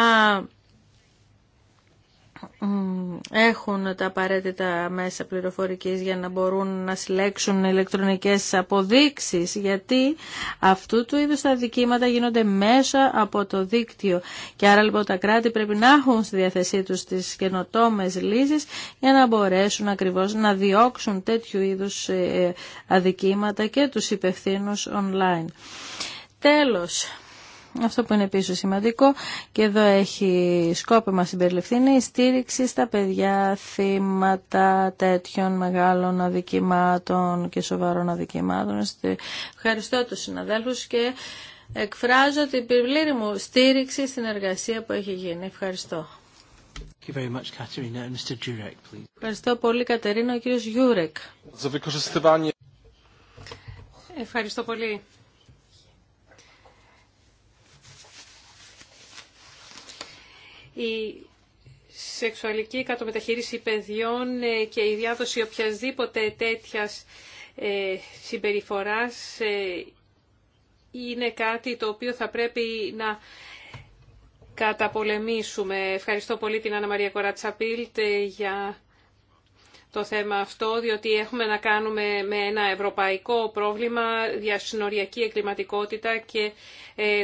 έχουν τα απαραίτητα μέσα πληροφορικής για να μπορούν να συλλέξουν ηλεκτρονικές αποδείξεις γιατί αυτού του είδους τα δικήματα γίνονται μέσα από το δίκτυο και άρα λοιπόν τα κράτη πρέπει να έχουν στη διαθεσή τους τις καινοτόμες λύσεις για να μπορέσουν ακριβώς να διώξουν τέτοιου είδους ε, αδικήματα και τους υπευθύνους online. Τέλος, αυτό που είναι επίσης σημαντικό και εδώ έχει σκόπο μα συμπεριληφθεί είναι η στήριξη στα παιδιά θύματα τέτοιων μεγάλων αδικημάτων και σοβαρών αδικημάτων. Ευχαριστώ του συναδέλφου και εκφράζω την πλήρη μου στήριξη στην εργασία που έχει γίνει. Ευχαριστώ. Ευχαριστώ πολύ Κατερίνα, ο κύριος Γιούρεκ. Ευχαριστώ πολύ. η σεξουαλική κατομεταχείριση παιδιών ε, και η διάδοση οποιασδήποτε τέτοιας ε, συμπεριφοράς ε, είναι κάτι το οποίο θα πρέπει να καταπολεμήσουμε. Ευχαριστώ πολύ την Άννα Μαρία Κορατσαπίλτ για το θέμα αυτό, διότι έχουμε να κάνουμε με ένα ευρωπαϊκό πρόβλημα, διασυνοριακή εγκληματικότητα και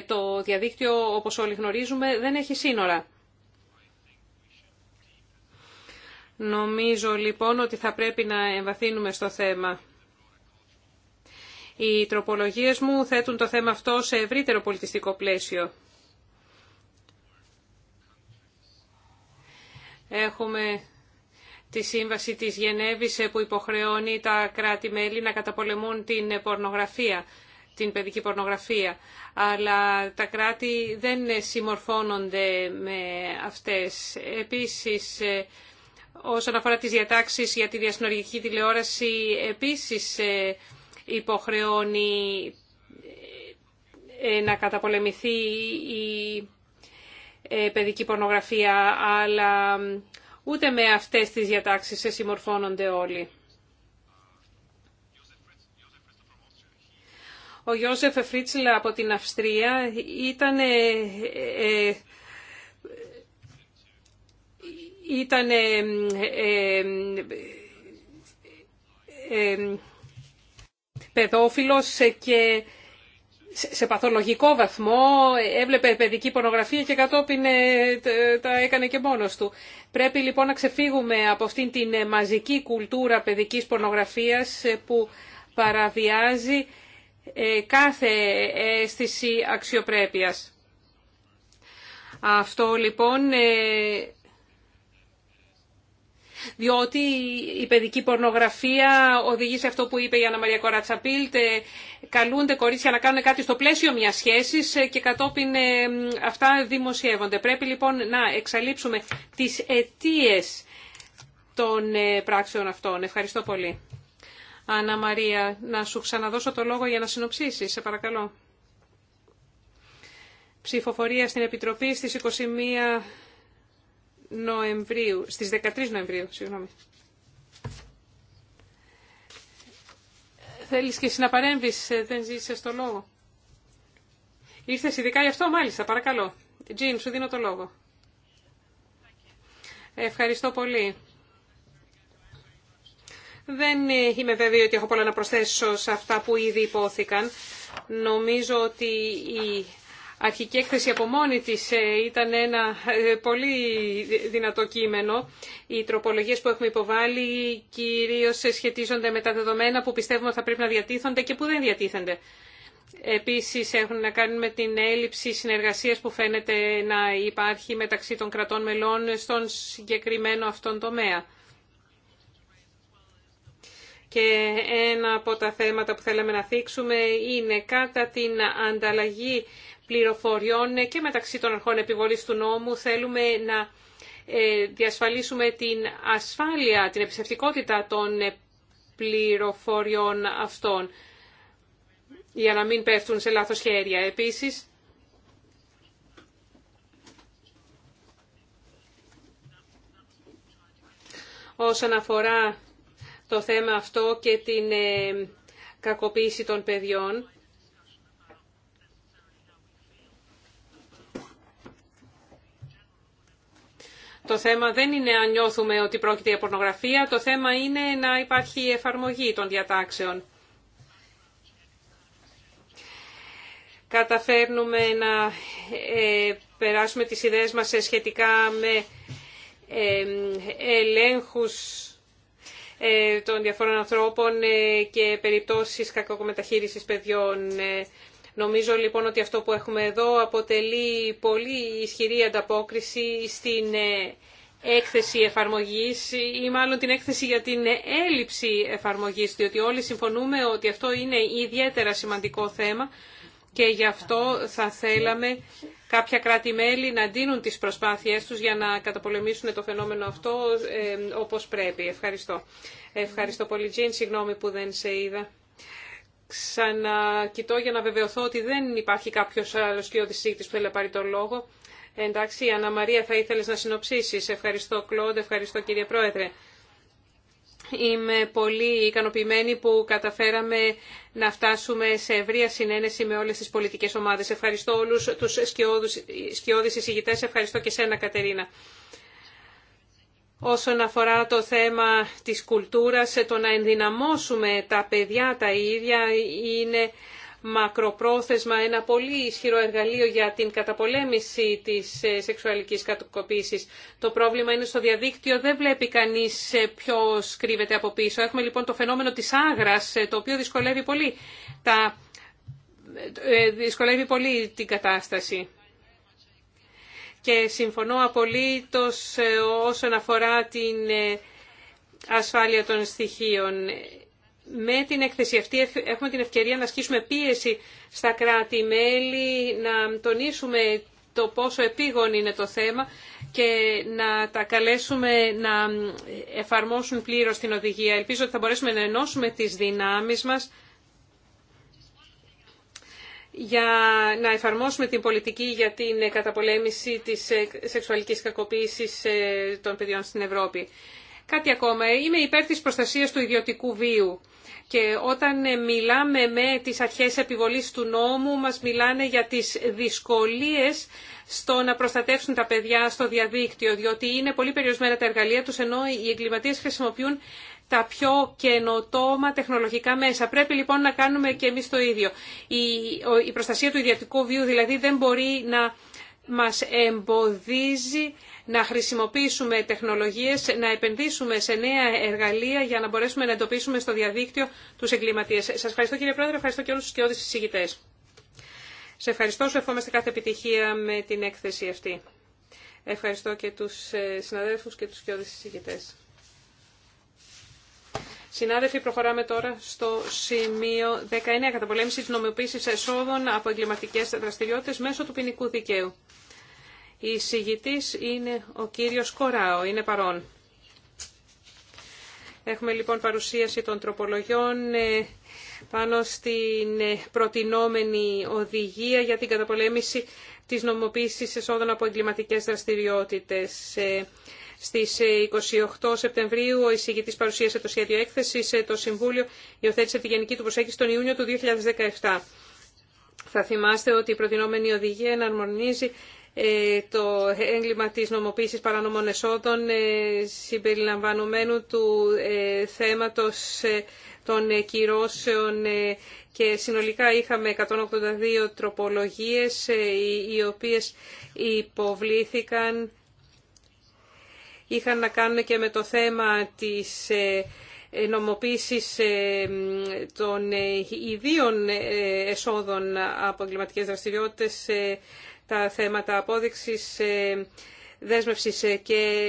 το διαδίκτυο, όπως όλοι γνωρίζουμε, δεν έχει σύνορα. Νομίζω λοιπόν ότι θα πρέπει να εμβαθύνουμε στο θέμα. Οι τροπολογίες μου θέτουν το θέμα αυτό σε ευρύτερο πολιτιστικό πλαίσιο. Έχουμε τη σύμβαση της Γενέβης που υποχρεώνει τα κράτη-μέλη να καταπολεμούν την πορνογραφία, την παιδική πορνογραφία. Αλλά τα κράτη δεν συμμορφώνονται με αυτές. Επίσης, Όσον αφορά τις διατάξεις για τη διασυνοργική τηλεόραση, επίσης ε, υποχρεώνει ε, να καταπολεμηθεί η ε, παιδική πορνογραφία, αλλά ούτε με αυτές τις διατάξεις σε συμμορφώνονται όλοι. Ο Γιώσεφ Φρίτσλα από την Αυστρία ήταν ήταν ε, ε, ε, παιδόφιλος και σε παθολογικό βαθμό έβλεπε παιδική πονογραφία και κατόπιν τα έκανε και μόνος του. Πρέπει λοιπόν να ξεφύγουμε από αυτήν την μαζική κουλτούρα παιδικής πορνογραφίας που παραβιάζει κάθε αίσθηση αξιοπρέπειας. Αυτό λοιπόν διότι η παιδική πορνογραφία οδηγεί σε αυτό που είπε η Άννα Μαρία Κορατσαπίλτ, ε, καλούνται κορίτσια να κάνουν κάτι στο πλαίσιο μιας σχέσης ε, και κατόπιν ε, αυτά δημοσιεύονται. Πρέπει λοιπόν να εξαλείψουμε τις αιτίε των πράξεων αυτών. Ευχαριστώ πολύ. Άννα Μαρία, να σου ξαναδώσω το λόγο για να συνοψίσεις, σε παρακαλώ. Ψηφοφορία στην Επιτροπή στις 21 Νοεμβρίου, στις 13 Νοεμβρίου, συγγνώμη. Θέλεις και εσύ να παρέμβεις, ε, δεν ζήτησε το λόγο. Ήρθες ειδικά γι' αυτό, μάλιστα, παρακαλώ. Τζιν, σου δίνω το λόγο. Ευχαριστώ πολύ. Δεν ε, είμαι βέβαιη ότι έχω πολλά να προσθέσω σε αυτά που ήδη υπόθηκαν. Νομίζω ότι η αρχική έκθεση από μόνη της ε, ήταν ένα ε, πολύ δυνατό κείμενο. Οι τροπολογίες που έχουμε υποβάλει κυρίως ε, σχετίζονται με τα δεδομένα που πιστεύουμε θα πρέπει να διατίθονται και που δεν διατίθενται. Επίσης έχουν να κάνουν με την έλλειψη συνεργασίας που φαίνεται να υπάρχει μεταξύ των κρατών μελών στον συγκεκριμένο αυτόν τομέα. Και ένα από τα θέματα που θέλαμε να θίξουμε είναι κατά την ανταλλαγή πληροφοριών ε, και μεταξύ των αρχών επιβολής του νόμου θέλουμε να ε, διασφαλίσουμε την ασφάλεια, την επισκεφτικότητα των ε, πληροφοριών αυτών για να μην πέφτουν σε λάθος χέρια. Επίσης, όσον αφορά το θέμα αυτό και την κακοποίηση των παιδιών, Το θέμα δεν είναι αν νιώθουμε ότι πρόκειται για πορνογραφία, το θέμα είναι να υπάρχει εφαρμογή των διατάξεων. Καταφέρνουμε να ε, περάσουμε τις ιδέες μας σχετικά με ε, ελέγχους ε, των διαφόρων ανθρώπων ε, και περιπτώσεις κακομεταχείρισης παιδιών. Νομίζω λοιπόν ότι αυτό που έχουμε εδώ αποτελεί πολύ ισχυρή ανταπόκριση στην ε, έκθεση εφαρμογής ή μάλλον την έκθεση για την ε, έλλειψη εφαρμογής, διότι όλοι συμφωνούμε ότι αυτό είναι ιδιαίτερα σημαντικό θέμα και γι' αυτό θα θέλαμε κάποια κράτη-μέλη να δίνουν τις προσπάθειές τους για να καταπολεμήσουν το φαινόμενο αυτό ε, όπως πρέπει. Ευχαριστώ. Ευχαριστώ πολύ, Τζιν. Συγγνώμη που δεν σε είδα ξανακοιτώ για να βεβαιωθώ ότι δεν υπάρχει κάποιος άλλος και που θέλει να πάρει το λόγο. Ε, εντάξει, Ανά Μαρία, θα ήθελες να συνοψίσεις. Ευχαριστώ, Κλόντ, ευχαριστώ, κύριε Πρόεδρε. Είμαι πολύ ικανοποιημένη που καταφέραμε να φτάσουμε σε ευρεία συνένεση με όλες τις πολιτικές ομάδες. Ευχαριστώ όλους τους σκιώδους, σκιώδεις εισηγητές. Ευχαριστώ και σένα, Κατερίνα όσον αφορά το θέμα της κουλτούρας, το να ενδυναμώσουμε τα παιδιά τα ίδια είναι μακροπρόθεσμα ένα πολύ ισχυρό εργαλείο για την καταπολέμηση της ε, σεξουαλικής κατοικοποίησης. Το πρόβλημα είναι στο διαδίκτυο, δεν βλέπει κανείς ε, ποιο κρύβεται από πίσω. Έχουμε λοιπόν το φαινόμενο της άγρας, ε, το οποίο δυσκολεύει πολύ, τα... δυσκολεύει πολύ την κατάσταση και συμφωνώ απολύτως ε, όσον αφορά την ε, ασφάλεια των στοιχείων. Με την έκθεση αυτή έχουμε την ευκαιρία να ασκήσουμε πίεση στα κράτη-μέλη, να τονίσουμε το πόσο επίγον είναι το θέμα και να τα καλέσουμε να ε, εφαρμόσουν πλήρως την οδηγία. Ελπίζω ότι θα μπορέσουμε να ενώσουμε τις δυνάμεις μας για να εφαρμόσουμε την πολιτική για την καταπολέμηση της ε, σεξουαλικής κακοποίησης ε, των παιδιών στην Ευρώπη. Κάτι ακόμα, είμαι υπέρ της προστασίας του ιδιωτικού βίου και όταν ε, μιλάμε με τις αρχές επιβολής του νόμου μας μιλάνε για τις δυσκολίες στο να προστατεύσουν τα παιδιά στο διαδίκτυο διότι είναι πολύ περιορισμένα τα εργαλεία τους ενώ οι εγκληματίες χρησιμοποιούν τα πιο καινοτόμα τεχνολογικά μέσα. Πρέπει λοιπόν να κάνουμε και εμείς το ίδιο. Η, η προστασία του ιδιωτικού βίου δηλαδή δεν μπορεί να μας εμποδίζει να χρησιμοποιήσουμε τεχνολογίες, να επενδύσουμε σε νέα εργαλεία για να μπορέσουμε να εντοπίσουμε στο διαδίκτυο τους εγκληματίες. Σας ευχαριστώ κύριε Πρόεδρε, ευχαριστώ και όλους τους κοιόδης συζητητές. Σε ευχαριστώ, σου ευχόμαστε κάθε επιτυχία με την έκθεση αυτή. Ευχαριστώ και τους ε, συναδέλφους και τους συζητητές. Συνάδελφοι, προχωράμε τώρα στο σημείο 19, καταπολέμηση της νομιμοποίησης εσόδων από εγκληματικές δραστηριότητες μέσω του ποινικού δικαίου. Η συγητής είναι ο κύριος Κοράο, είναι παρόν. Έχουμε λοιπόν παρουσίαση των τροπολογιών ε, πάνω στην ε, προτινόμενη οδηγία για την καταπολέμηση της νομοποίησης εσόδων από εγκληματικές δραστηριότητες. Ε, στις 28 ε, Σεπτεμβρίου ο εισηγητή παρουσίασε το σχέδιο Έκθεση. Ε, το Συμβούλιο υιοθέτησε τη γενική του προσέγγιση τον Ιούνιο του 2017. Θα θυμάστε ότι η προτινόμενη οδηγία εναρμονίζει ε, το έγκλημα της νομοποίησης παρανομών εσόδων συμπεριλαμβανομένου του θέματος των κυρώσεων και συνολικά είχαμε 182 τροπολογίες οι οποίες υποβλήθηκαν είχαν να κάνουν και με το θέμα της ε, ε, νομοποίησης ε, των ιδίων εσόδων από εγκληματικέ δραστηριότητες, τα θέματα απόδειξης, δέσμευσης και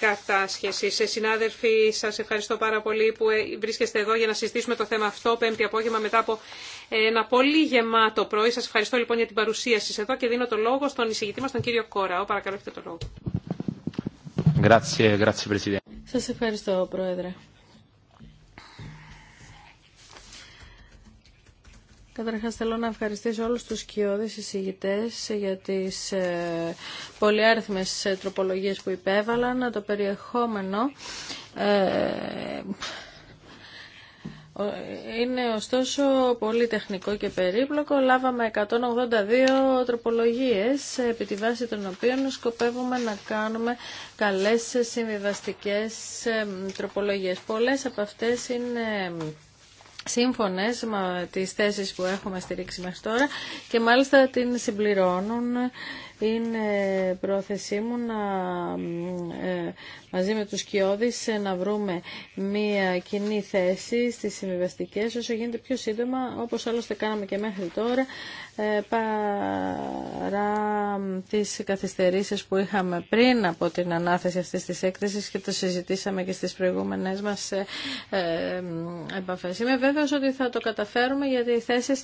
κατάσχεσης. Σε συνάδελφοι, σας ευχαριστώ πάρα πολύ που βρίσκεστε εδώ για να συζητήσουμε το θέμα αυτό πέμπτη απόγευμα μετά από ένα πολύ γεμάτο πρωί. Σας ευχαριστώ λοιπόν για την παρουσίαση εδώ και δίνω το λόγο στον εισηγητή μας, τον κύριο Κόραο. Παρακαλώ, έχετε το λόγο. Grazie, Σας ευχαριστώ, Πρόεδρε. Καταρχάς θέλω να ευχαριστήσω όλους τους σκιώδεις εισηγητές για τις ε, πολυάριθμες ε, τροπολογίες που υπέβαλαν. Το περιεχόμενο ε, είναι ωστόσο πολύ τεχνικό και περίπλοκο. Λάβαμε 182 τροπολογίες, επί τη βάση των οποίων σκοπεύουμε να κάνουμε καλές συμβιβαστικές τροπολογίες. Πολλές από αυτές είναι σύμφωνες με τις θέσεις που έχουμε στηρίξει μέχρι τώρα και μάλιστα την συμπληρώνουν είναι πρόθεσή μου να ε, μαζί με τους Κιώδης ε, να βρούμε μία κοινή θέση στις συμβιβαστικέ όσο γίνεται πιο σύντομα όπως άλλωστε κάναμε και μέχρι τώρα ε, παρά τις καθυστερήσεις που είχαμε πριν από την ανάθεση αυτής της έκθεσης και το συζητήσαμε και στις προηγούμενες μας επαφές. Είμαι βέβαιος ότι θα το καταφέρουμε γιατί οι θέσεις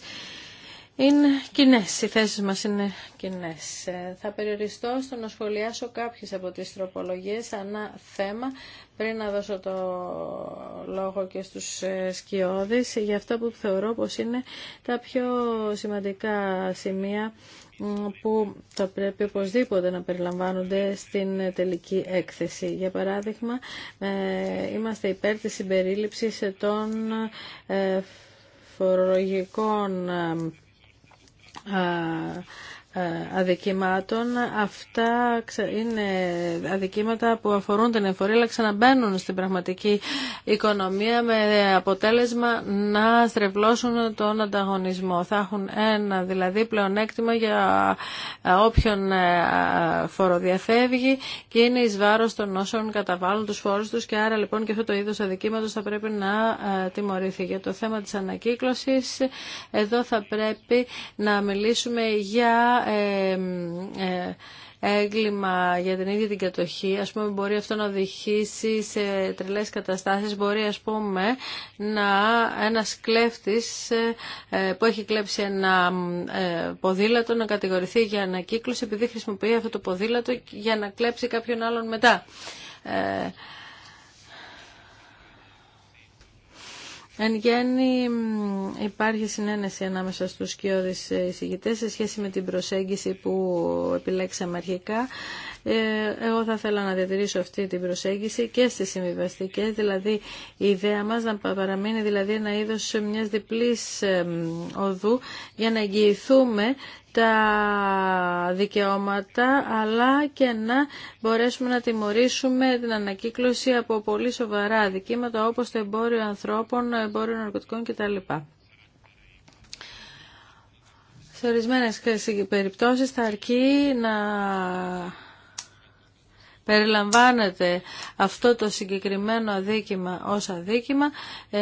είναι κοινέ. Οι θέσει μα είναι κοινέ. Ε, θα περιοριστώ στο να σχολιάσω κάποιε από τι τροπολογίε ανά θέμα πριν να δώσω το λόγο και στους ε, σκιώδει για αυτά που θεωρώ πως είναι τα πιο σημαντικά σημεία που θα πρέπει οπωσδήποτε να περιλαμβάνονται στην τελική έκθεση. Για παράδειγμα, ε, είμαστε υπέρ της συμπερίληψης των φορολογικών α ε, ε, αδικημάτων. Αυτά είναι αδικήματα που αφορούν την εφορία αλλά ξαναμπαίνουν στην πραγματική οικονομία με αποτέλεσμα να στρεβλώσουν τον ανταγωνισμό. Θα έχουν ένα δηλαδή πλεονέκτημα για όποιον ε, φοροδιαφεύγει και είναι εις βάρος των όσων καταβάλουν τους φόρους τους και άρα λοιπόν και αυτό το είδος αδικήματος θα πρέπει να ε, τιμωρηθεί. Για το θέμα της ανακύκλωσης εδώ θα πρέπει να μιλήσουμε για ε, έγκλημα για την ίδια την κατοχή, ας πούμε μπορεί αυτό να οδηγήσει σε τρελές καταστάσεις, μπορεί ας πούμε να ένας κλέφτης ε, που έχει κλέψει ένα ε, ποδήλατο να κατηγορηθεί για ανακύκλωση επειδή χρησιμοποιεί αυτό το ποδήλατο για να κλέψει κάποιον άλλον μετά. Εν γέννη υπάρχει συνένεση ανάμεσα στους σκιώδεις εισηγητές σε σχέση με την προσέγγιση που επιλέξαμε αρχικά. Ε, εγώ θα θέλω να διατηρήσω αυτή την προσέγγιση και στις συμβιβαστικές, δηλαδή η ιδέα μας να παραμείνει δηλαδή ένα είδος μιας διπλής ε, οδού για να εγγυηθούμε τα δικαιώματα αλλά και να μπορέσουμε να τιμωρήσουμε την ανακύκλωση από πολύ σοβαρά δικήματα όπως το εμπόριο ανθρώπων, εμπόριο ναρκωτικών κτλ. Σε ορισμένες περιπτώσεις θα αρκεί να περιλαμβάνεται αυτό το συγκεκριμένο αδίκημα ως αδίκημα ε,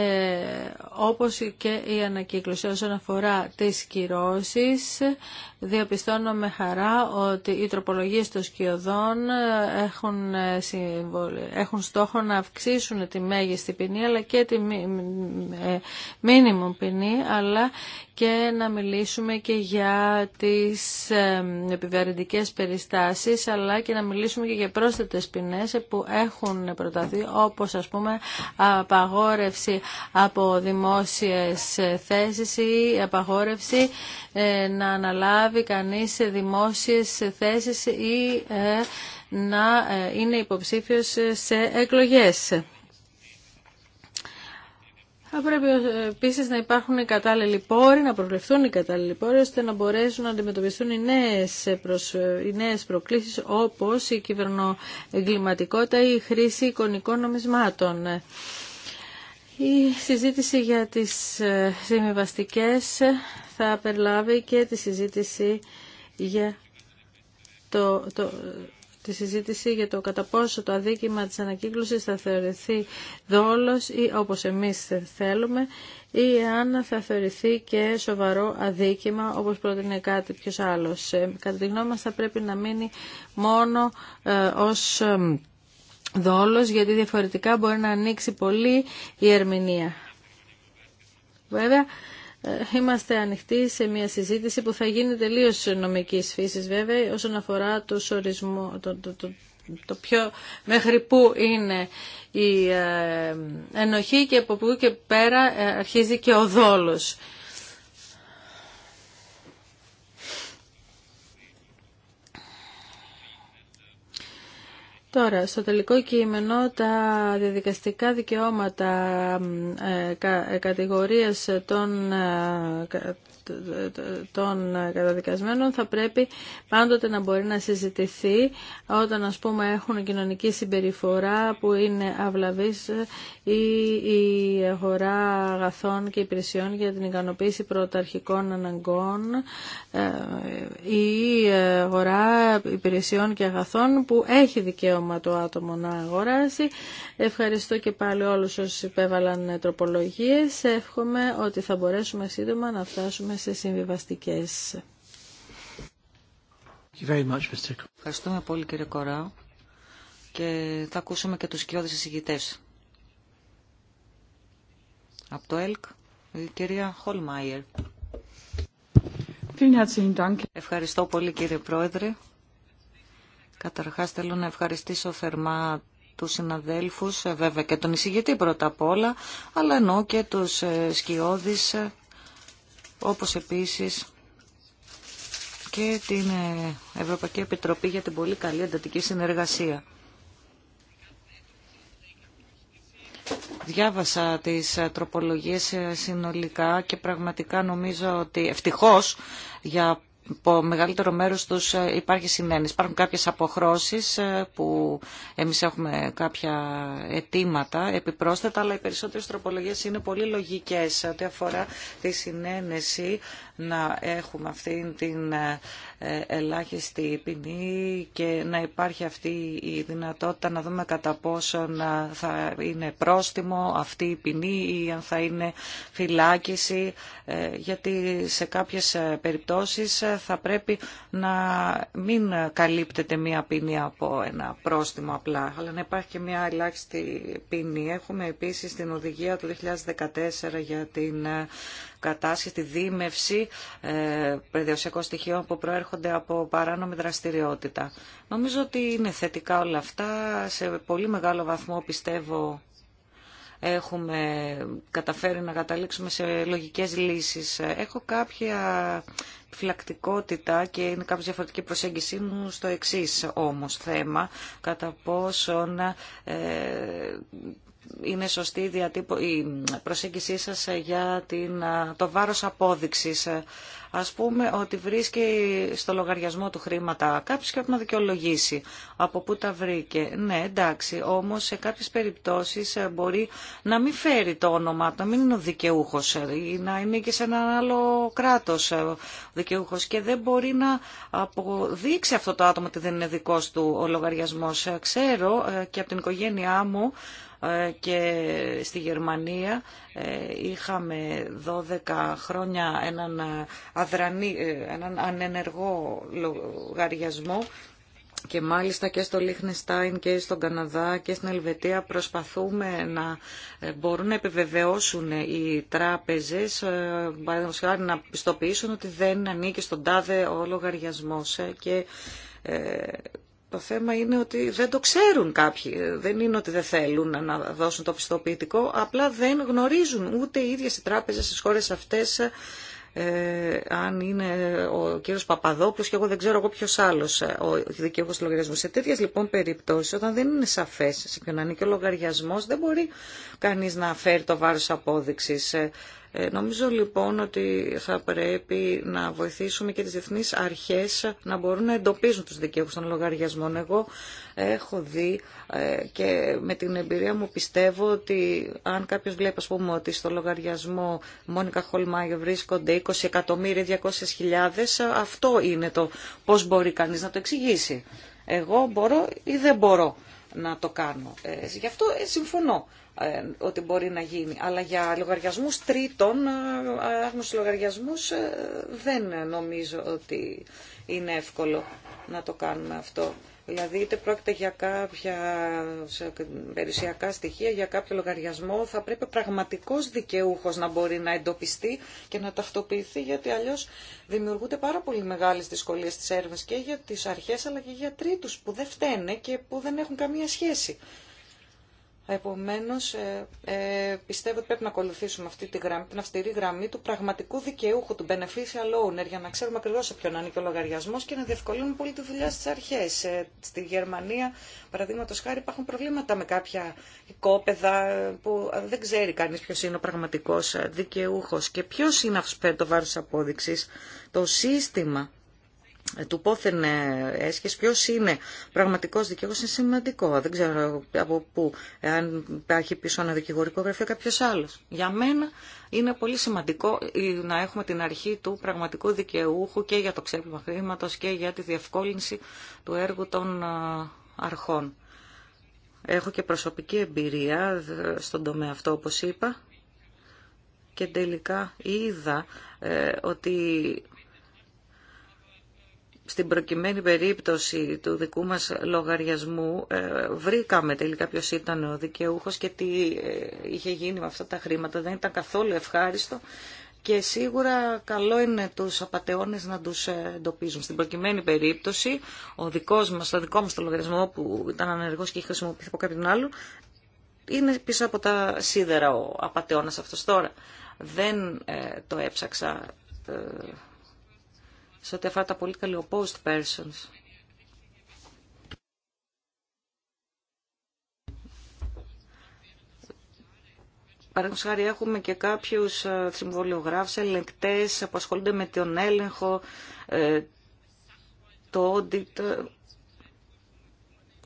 όπως και η ανακύκλωση. Όσον αφορά τις κυρώσεις διαπιστώνω με χαρά ότι οι τροπολογίες των σκιωδών έχουν, ε, έχουν στόχο να αυξήσουν τη μέγιστη ποινή αλλά και τη ε, μίνιμουμ ποινή αλλά και να μιλήσουμε και για τις επιβαρυντικές περιστάσεις αλλά και να μιλήσουμε και για πρόσθετες ποινές που έχουν προταθεί όπως ας πούμε απαγόρευση από δημόσιες θέσεις ή απαγόρευση ε, να αναλάβει κανείς δημόσιες θέσεις ή ε, να ε, είναι υποψήφιος σε εκλογές. Θα πρέπει ε, επίση να υπάρχουν οι κατάλληλοι πόροι, να προβλεφθούν οι κατάλληλοι πόροι, ώστε να μπορέσουν να αντιμετωπιστούν οι νέε ε, προσ... Ε, προκλήσει όπω η κυβερνοεγκληματικότητα ή η χρήση εικονικών νομισμάτων. Η συζήτηση για τι συμβιβαστικέ θα περιλάβει και τη συζήτηση για το, τη συζήτηση για το κατά πόσο το αδίκημα της ανακύκλωσης θα θεωρηθεί δόλος ή όπως εμείς θέλουμε ή αν θα θεωρηθεί και σοβαρό αδίκημα όπως προτείνει κάτι ποιος άλλος. Ε, κατά τη γνώμη μας θα πρέπει να μείνει μόνο ε, ως ε, δόλος γιατί διαφορετικά μπορεί να ανοίξει πολύ η ερμηνεία. Βέβαια, ε, είμαστε ανοιχτοί σε μια συζήτηση που θα γίνει τελείως νομικής φύσης βέβαια όσον αφορά το ορισμό, το, το πιο μέχρι που είναι η ε, ενοχή και από που και πέρα ε, αρχίζει και ο δόλος. Τώρα, στο τελικό κείμενο, τα διαδικαστικά δικαιώματα ε, ε κατηγορίας των, ε, των καταδικασμένων θα πρέπει πάντοτε να μπορεί να συζητηθεί όταν, ας πούμε, έχουν κοινωνική συμπεριφορά που είναι αυλαβής ή η αγορά αγαθών και υπηρεσιών για την ικανοποίηση πρωταρχικών αναγκών ε, ή αγορά υπηρεσιών και αγαθών που έχει δικαίωμα δικαίωμα το άτομο να αγοράσει. Ευχαριστώ και πάλι όλους όσους υπέβαλαν τροπολογίες. Εύχομαι ότι θα μπορέσουμε σύντομα να φτάσουμε σε συμβιβαστικές. Ευχαριστούμε πολύ κύριε Κορά και θα ακούσουμε και τους κοιόδες εισηγητές. Από το ΕΛΚ, η κυρία Χολμάιερ. Ευχαριστώ πολύ κύριε Πρόεδρε. Καταρχάς θέλω να ευχαριστήσω θερμά του συναδέλφους, ε, βέβαια και τον εισηγητή πρώτα απ' όλα, αλλά ενώ και τους ε, σκιώδεις, ε, όπως επίσης και την Ευρωπαϊκή Επιτροπή για την πολύ καλή εντατική συνεργασία. Διάβασα τις τροπολογίες συνολικά και πραγματικά νομίζω ότι ευτυχώς για το μεγαλύτερο μέρος τους ε, υπάρχει συνένεση. Υπάρχουν κάποιες αποχρώσεις ε, που εμείς έχουμε κάποια αιτήματα επιπρόσθετα, αλλά οι περισσότερες τροπολογίες είναι πολύ λογικές. Ό,τι αφορά τη συνένεση να έχουμε αυτή την ε, ε, ελάχιστη ποινή και να υπάρχει αυτή η δυνατότητα να δούμε κατά πόσο ε, θα είναι πρόστιμο αυτή η ποινή ή αν θα είναι φυλάκιση ε, γιατί σε κάποιες περιπτώσεις θα πρέπει να μην καλύπτεται μία ποινή από ένα πρόστιμο απλά αλλά να υπάρχει και μία ελάχιστη ποινή. Έχουμε επίσης την οδηγία του 2014 για την κατάσχεση, τη δίμευση ε, στοιχείων που προέρχονται από παράνομη δραστηριότητα. Νομίζω ότι είναι θετικά όλα αυτά. Σε πολύ μεγάλο βαθμό πιστεύω έχουμε καταφέρει να καταλήξουμε σε λογικές λύσεις. Έχω κάποια φυλακτικότητα και είναι κάπως διαφορετική προσέγγιση μου στο εξής όμως θέμα, κατά πόσον ε, είναι σωστή η, η προσέγγισή σας για την... το βάρος απόδειξης. Ας πούμε ότι βρίσκει στο λογαριασμό του χρήματα κάποιος και πρέπει να δικαιολογήσει από πού τα βρήκε. Ναι, εντάξει, όμως σε κάποιες περιπτώσεις ε, μπορεί να μην φέρει το όνομά του, να μην είναι ο δικαιούχος ε, ή να είναι και σε ένα άλλο κράτος ε, δικαιούχος και δεν μπορεί να αποδείξει αυτό το άτομο ότι δεν είναι δικός του ο λογαριασμός. Ξέρω και από την οικογένειά μου και στη Γερμανία ε, είχαμε 12 χρόνια έναν, αδρανή, ε, ανενεργό λογαριασμό και μάλιστα και στο Λίχνεστάιν και στον Καναδά και στην Ελβετία προσπαθούμε να ε, μπορούν να επιβεβαιώσουν οι τράπεζες να πιστοποιήσουν ότι δεν ανήκει στον τάδε ο λογαριασμός και το θέμα είναι ότι δεν το ξέρουν κάποιοι. Δεν είναι ότι δεν θέλουν να δώσουν το πιστοποιητικό, απλά δεν γνωρίζουν ούτε οι ίδιες οι τράπεζες στις χώρες αυτές ε, αν είναι ο κύριος Παπαδόπουλος και εγώ δεν ξέρω εγώ ποιος άλλος ε, ο δικαιούχος του λογαριασμού. Σε τέτοιες λοιπόν περιπτώσεις όταν δεν είναι σαφές σε ποιον ανήκει ο λογαριασμός δεν μπορεί κανείς να φέρει το βάρος απόδειξης. Ε, ε, νομίζω λοιπόν ότι θα πρέπει να βοηθήσουμε και τις διεθνείς αρχές να μπορούν να εντοπίζουν τους δικαίους των λογαριασμών. Εγώ έχω δει ε, και με την εμπειρία μου πιστεύω ότι αν κάποιος βλέπει ας πούμε ότι στο λογαριασμό Μόνικα Χολμάγε βρίσκονται 20 εκατομμύρια 200.000 αυτό είναι το πώς μπορεί κανείς να το εξηγήσει. Εγώ μπορώ ή δεν μπορώ να το κάνω. Ε, γι' αυτό συμφωνώ ε, ότι μπορεί να γίνει. Αλλά για λογαριασμούς τρίτων, ε, άγνωστους λογαριασμούς, ε, δεν νομίζω ότι είναι εύκολο να το κάνουμε αυτό. Δηλαδή είτε πρόκειται για κάποια περιουσιακά στοιχεία, για κάποιο λογαριασμό, θα πρέπει πραγματικός δικαιούχος να μπορεί να εντοπιστεί και να ταυτοποιηθεί, γιατί αλλιώς δημιουργούνται πάρα πολύ μεγάλες δυσκολίες της έρευνας και για τις αρχές αλλά και για τρίτους που δεν φταίνε και που δεν έχουν καμία σχέση Επομένως, ε, ε, πιστεύω ότι πρέπει να ακολουθήσουμε αυτή τη γραμμή, την αυστηρή γραμμή του πραγματικού δικαιούχου, του beneficial owner, για να ξέρουμε ακριβώ σε ποιον ανήκει ο λογαριασμό και να διευκολύνουμε πολύ τη δουλειά στις αρχές. Ε, στη Γερμανία, παραδείγματο χάρη, υπάρχουν προβλήματα με κάποια οικόπεδα που δεν ξέρει κανεί ποιο είναι ο πραγματικό δικαιούχο και ποιο είναι αυτό που παίρνει το βάρος της απόδειξης. Το σύστημα του πόθεν έσχες ποιος είναι πραγματικός δικηγόρος είναι σημαντικό. Δεν ξέρω από πού, αν υπάρχει πίσω ένα δικηγορικό γραφείο κάποιος άλλος. Για μένα είναι πολύ σημαντικό να έχουμε την αρχή του πραγματικού δικαιούχου και για το ξέπλυμα χρήματο και για τη διευκόλυνση του έργου των αρχών. Έχω και προσωπική εμπειρία στον τομέα αυτό όπως είπα και τελικά είδα ε, ότι στην προκειμένη περίπτωση του δικού μας λογαριασμού ε, βρήκαμε τελικά ποιος ήταν ο δικαιούχος και τι ε, είχε γίνει με αυτά τα χρήματα. Δεν ήταν καθόλου ευχάριστο και σίγουρα καλό είναι τους απαταιώνες να τους ε, εντοπίζουν. Στην προκειμένη περίπτωση, ο δικός μας, το δικό μας το λογαριασμό που ήταν ανεργός και είχε χρησιμοποιηθεί από κάποιον άλλο, είναι πίσω από τα σίδερα ο απαταιώνας αυτός τώρα. Δεν το έψαξα σε ό,τι αφορά τα καλή opposed persons. Παραδείγματο χάρη έχουμε και κάποιου συμβολιογράφου, ε, ελεγκτέ που ασχολούνται με τον έλεγχο, ε, το audit ε,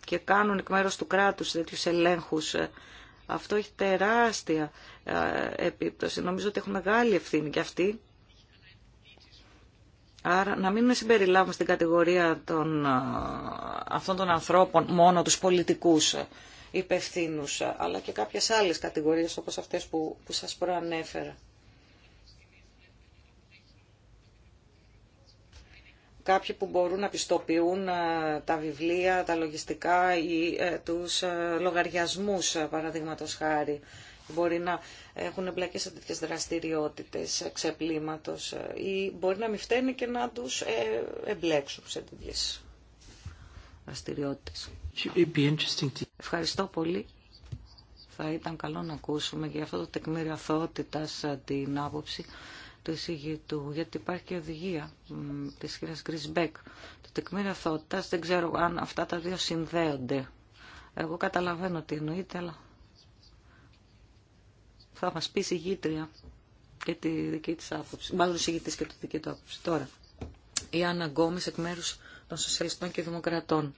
και κάνουν εκ μέρου του κράτου τέτοιου ελέγχου. Αυτό έχει τεράστια επίπτωση. Νομίζω ότι έχουν μεγάλη ευθύνη και αυτοί Άρα να μην συμπεριλάβουμε στην κατηγορία των, αυτών των ανθρώπων μόνο τους πολιτικούς ε, υπευθύνου, ε, αλλά και κάποιες άλλες κατηγορίες όπως αυτές που, που σας προανέφερα. Κάποιοι που μπορούν να πιστοποιούν ε, τα βιβλία, τα λογιστικά ή τους λογαριασμούς, παραδείγματος χάρη μπορεί να έχουν εμπλακεί σε τέτοιες δραστηριότητες ξεπλήματο ε, ή μπορεί να μην φταίνει και να τους ε, εμπλέξουν σε τέτοιες δραστηριότητες. Ευχαριστώ πολύ. Θα ήταν καλό να ακούσουμε για αυτό το τεκμήριο αθωότητας ε, την άποψη του εισηγητού, γιατί υπάρχει και οδηγία της κύρια Γκρισμπέκ. Το τεκμήριο αθωότητας δεν ξέρω αν αυτά τα δύο συνδέονται. Εγώ καταλαβαίνω τι εννοείται, αλλά θα μας πει η συγγήτρια και τη δική της άποψη, μάλλον η και τη δική του άποψη. Τώρα, η Άννα Γκόμης εκ μέρους των Σοσιαλιστών και Δημοκρατών.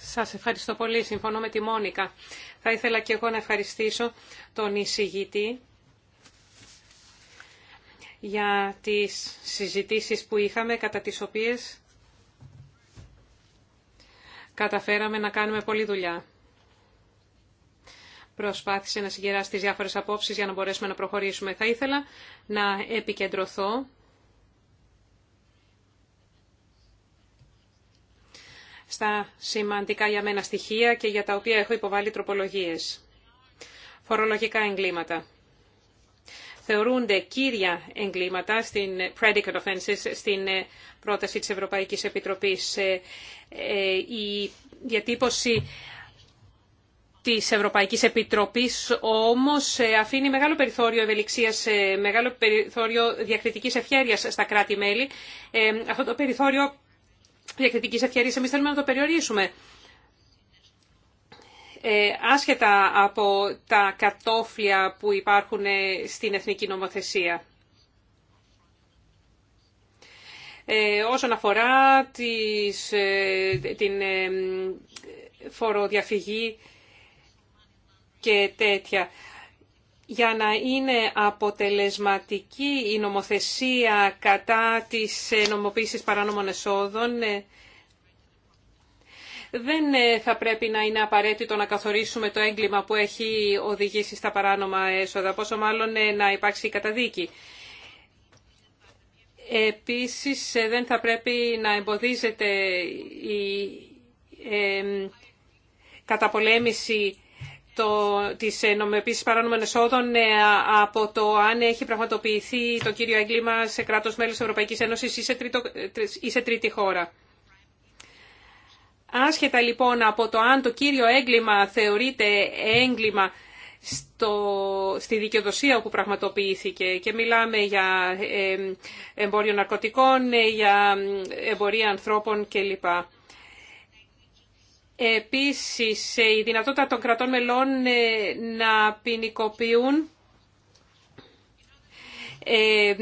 Σας ευχαριστώ πολύ. Συμφωνώ με τη Μόνικα. Θα ήθελα και εγώ να ευχαριστήσω τον εισηγητή για τις συζητήσεις που είχαμε, κατά τις οποίες καταφέραμε να κάνουμε πολλή δουλειά προσπάθησε να συγκεράσει τις διάφορες απόψεις για να μπορέσουμε να προχωρήσουμε. Θα ήθελα να επικεντρωθώ στα σημαντικά για μένα στοιχεία και για τα οποία έχω υποβάλει τροπολογίες. Φορολογικά εγκλήματα. Θεωρούνται κύρια εγκλήματα στην predicate offenses, στην ε, πρόταση της Ευρωπαϊκής Επιτροπής. Ε, ε, η διατύπωση της Ευρωπαϊκής Επιτροπής όμως ε, αφήνει μεγάλο περιθώριο ευελιξίας, ε, μεγάλο περιθώριο διακριτικής ευχέρειας στα κράτη-μέλη. Ε, αυτό το περιθώριο διακριτικής ευχέρειας εμείς θέλουμε να το περιορίσουμε. Άσχετα από τα κατόφλια που υπάρχουν στην εθνική νομοθεσία. Όσον αφορά τις, την φοροδιαφυγή και τέτοια. Για να είναι αποτελεσματική η νομοθεσία κατά της ε, νομοποίησης παράνομων εσόδων, ε, δεν ε, θα πρέπει να είναι απαραίτητο να καθορίσουμε το έγκλημα που έχει οδηγήσει στα παράνομα έσοδα, πόσο μάλλον να υπάρξει καταδίκη. Επίσης, δεν θα πρέπει να εμποδίζεται η καταπολέμηση το, τις ε, παράνομων εσόδων ε, από το αν έχει πραγματοποιηθεί το κύριο έγκλημα σε κράτος μέλος της Ευρωπαϊκής Ένωσης ή σε, ή τρίτη χώρα. Άσχετα λοιπόν από το αν το κύριο έγκλημα θεωρείται έγκλημα στο, στη δικαιοδοσία όπου πραγματοποιήθηκε και μιλάμε για ε, εμπόριο ναρκωτικών, για εμπορία ανθρώπων κλπ. Επίσης, η δυνατότητα των κρατών μελών ε, να ποινικοποιούν ε,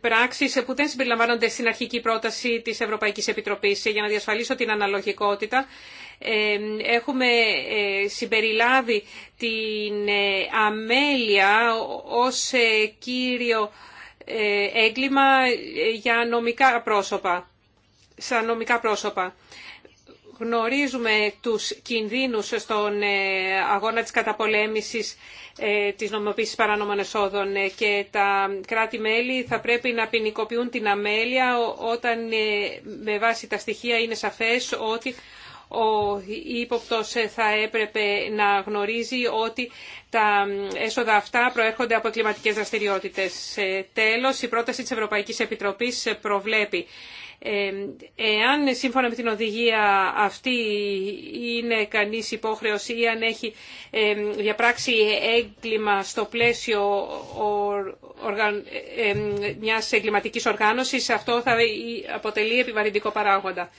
πράξεις που δεν συμπεριλαμβάνονται στην αρχική πρόταση της Ευρωπαϊκής Επιτροπής. Για να διασφαλίσω την αναλογικότητα, ε, έχουμε συμπεριλάβει την αμέλεια ως κύριο έγκλημα για νομικά πρόσωπα, σαν νομικά πρόσωπα γνωρίζουμε τους κινδύνους στον ε, αγώνα της καταπολέμησης ε, της νομοποίησης παράνομων εσόδων ε, και τα κράτη-μέλη θα πρέπει να ποινικοποιούν την αμέλεια όταν με βάση τα στοιχεία είναι σαφές ότι ο ύποπτος θα έπρεπε να γνωρίζει ότι τα έσοδα αυτά προέρχονται από κλιματικές δραστηριότητες. Τέλος, η πρόταση της Ευρωπαϊκής Επιτροπής προβλέπει εάν σύμφωνα με την οδηγία αυτή είναι κανείς υπόχρεος ή αν έχει διαπράξει έγκλημα στο πλαίσιο μιας εγκληματικής οργάνωσης, αυτό θα αποτελεί επιβαρυντικό παράγοντα.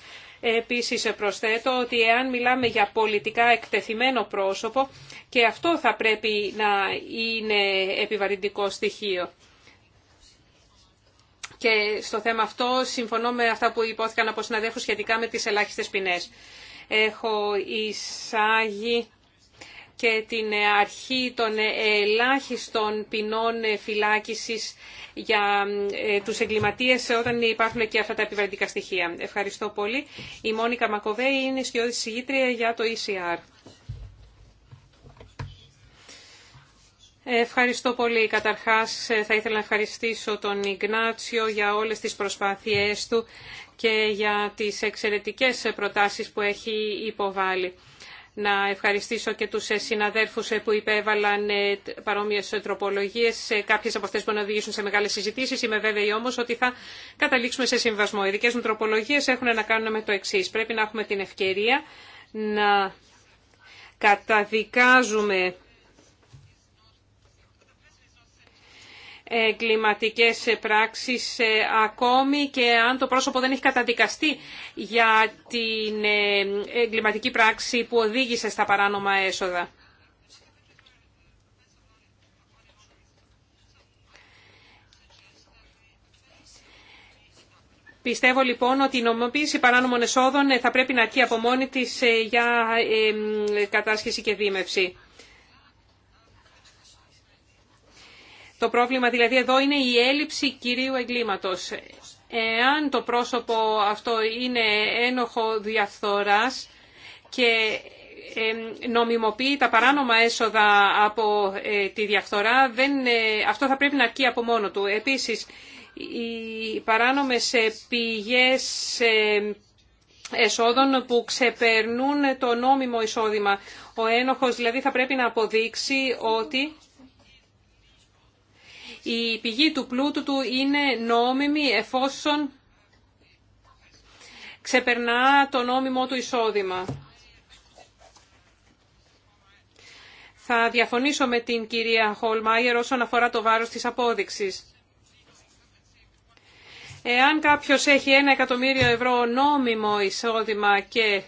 Επίσης προσθέτω ότι εάν μιλάμε για πολιτικά εκτεθειμένο πρόσωπο και αυτό θα πρέπει να είναι επιβαρυντικό στοιχείο και στο θέμα αυτό συμφωνώ με αυτά που υπόθηκαν από συναδέλφους σχετικά με τις ελάχιστες ποινές. Έχω εισάγει και την αρχή των ελάχιστων ποινών φυλάκισης για ε, τους εγκληματίες όταν υπάρχουν και αυτά τα επιβαρυντικά στοιχεία. Ευχαριστώ πολύ. Η Μόνικα Μακοβέη είναι σκιώδης συγγήτρια για το ECR. Ευχαριστώ πολύ. Καταρχάς ε, θα ήθελα να ευχαριστήσω τον Ιγνάτσιο για όλες τις προσπάθειές του και για τις εξαιρετικές προτάσεις που έχει υποβάλει. Να ευχαριστήσω και τους ε, συναδέρφους ε, που υπέβαλαν παρόμοιες τροπολογίες. Κάποιες από αυτές που να οδηγήσουν σε μεγάλες συζητήσεις. Είμαι βέβαιη όμως ότι θα καταλήξουμε σε συμβασμό. Οι δικές μου τροπολογίες έχουν να κάνουν με το εξή. Πρέπει να έχουμε την ευκαιρία να καταδικάζουμε εγκληματικές πράξεις ε, ακόμη και αν το πρόσωπο δεν έχει καταδικαστεί για την ε, εγκληματική πράξη που οδήγησε στα παράνομα έσοδα. Πιστεύω λοιπόν ότι η νομοποίηση παράνομων εσόδων ε, θα πρέπει να αρκεί από μόνη της για κατάσχεση και δίμευση. Το πρόβλημα δηλαδή εδώ είναι η έλλειψη κυρίου εγκλήματος. Εάν το πρόσωπο αυτό είναι ένοχο διαφθοράς και ε, νομιμοποιεί τα παράνομα έσοδα από ε, τη διαφθορά, δεν, ε, αυτό θα πρέπει να αρκεί από μόνο του. Επίσης, οι παράνομες πηγές εσόδων που ξεπερνούν το νόμιμο εισόδημα. Ο ένοχος δηλαδή θα πρέπει να αποδείξει ότι η πηγή του πλούτου του είναι νόμιμη εφόσον ξεπερνά το νόμιμο του εισόδημα. Θα διαφωνήσω με την κυρία Χολμάγερ όσον αφορά το βάρος της απόδειξης. Εάν κάποιος έχει ένα εκατομμύριο ευρώ νόμιμο εισόδημα και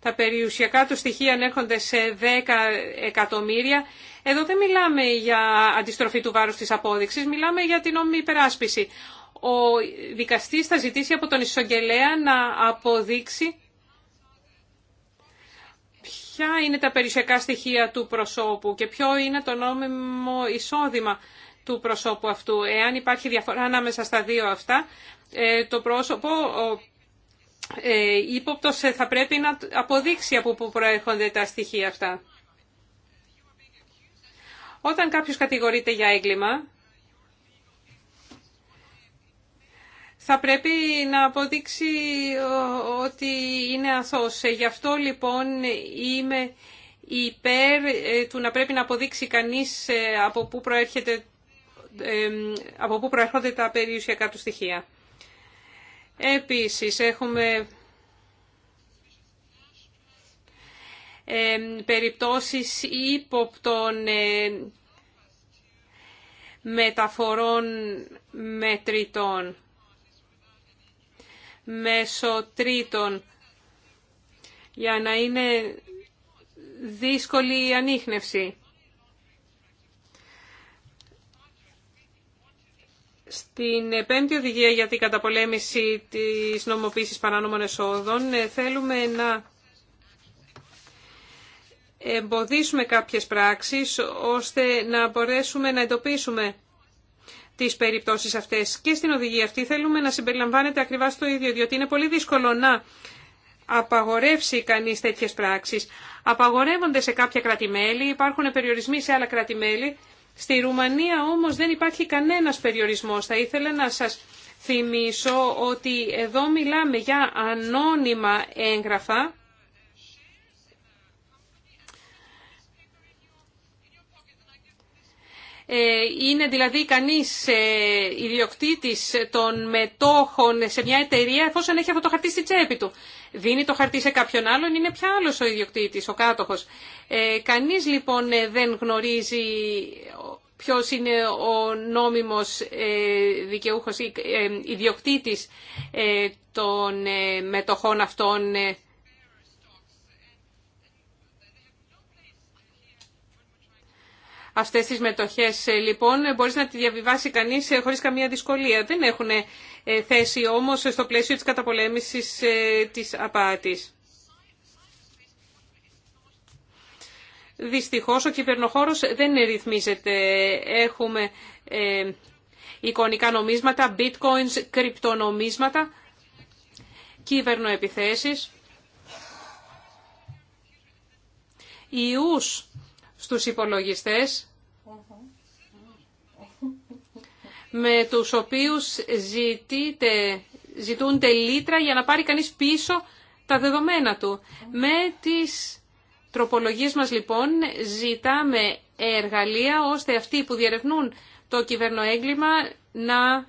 τα περιουσιακά του στοιχεία ανέρχονται σε δέκα εκατομμύρια, εδώ δεν μιλάμε για αντιστροφή του βάρους της απόδειξης, μιλάμε για την νόμιμη υπεράσπιση. Ο δικαστής θα ζητήσει από τον εισογγελέα να αποδείξει ποια είναι τα περιουσιακά στοιχεία του προσώπου και ποιο είναι το νόμιμο εισόδημα του προσώπου αυτού. Εάν υπάρχει διαφορά ανάμεσα στα δύο αυτά, ε, το πρόσωπο, ο ε, ύποπτος θα πρέπει να αποδείξει από πού προέρχονται τα στοιχεία αυτά. Όταν κάποιος κατηγορείται για έγκλημα, θα πρέπει να αποδείξει ότι είναι αθώος. Ε, γι' αυτό λοιπόν είμαι υπέρ ε, του να πρέπει να αποδείξει κανείς ε, από πού προέρχεται από πού προέρχονται τα περιουσιακά του στοιχεία. Επίσης, έχουμε Ε, περιπτώσεις ύποπτων ε, μεταφορών μετρητών μέσω τρίτων για να είναι δύσκολη η ανείχνευση. Στην πέμπτη οδηγία για την καταπολέμηση της νομοποίησης παράνομων εσόδων ε, θέλουμε να εμποδίσουμε κάποιες πράξεις ώστε να μπορέσουμε να εντοπίσουμε τις περιπτώσεις αυτές. Και στην οδηγία αυτή θέλουμε να συμπεριλαμβάνεται ακριβά το ίδιο, διότι είναι πολύ δύσκολο να απαγορεύσει κανείς τέτοιες πράξεις. Απαγορεύονται σε κάποια κρατημέλη, υπάρχουν περιορισμοί σε άλλα κρατημέλη. Στη Ρουμανία όμως δεν υπάρχει κανένας περιορισμός. Θα ήθελα να σας θυμίσω ότι εδώ μιλάμε για ανώνυμα έγγραφα Ε, είναι δηλαδή κανείς ε, ιδιοκτήτης των μετόχων σε μια εταιρεία εφόσον έχει αυτό το χαρτί στη τσέπη του. Δίνει το χαρτί σε κάποιον άλλον, είναι πια άλλος ο ιδιοκτήτης, ο κάτοχος. Ε, κανείς λοιπόν ε, δεν γνωρίζει ποιος είναι ο νόμιμος δικαιούχος ή ιδιοκτήτης των μετοχών αυτών Αυτέ τι μετοχέ, ε, λοιπόν μπορείς να τη διαβιβάσει κανείς ε, χωρίς καμία δυσκολία. Δεν έχουν ε, θέση όμως στο πλαίσιο τη καταπολέμησης της απάτης. Δυστυχώς ο κυβερνοχώρος δεν ρυθμίζεται. Έχουμε ε, εικονικά νομίσματα, bitcoins, κρυπτονομίσματα, κυβερνοεπιθέσεις, ιούς στους υπολογιστές με τους οποίους ζητείτε, ζητούνται λίτρα για να πάρει κανείς πίσω τα δεδομένα του. Με τις τροπολογίες μας λοιπόν ζητάμε εργαλεία ώστε αυτοί που διερευνούν το κυβερνοέγκλημα να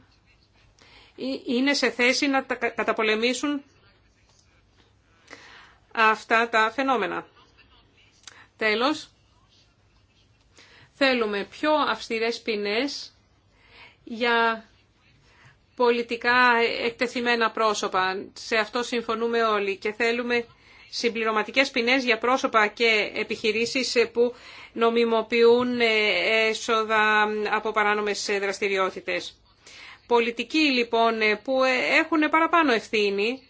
είναι σε θέση να τα καταπολεμήσουν αυτά τα φαινόμενα. Τέλος, Θέλουμε πιο αυστηρές ποινές για πολιτικά εκτεθειμένα πρόσωπα. Σε αυτό συμφωνούμε όλοι και θέλουμε συμπληρωματικές ποινές για πρόσωπα και επιχειρήσεις που νομιμοποιούν έσοδα από παράνομες δραστηριότητες. Πολιτικοί λοιπόν που έχουν παραπάνω ευθύνη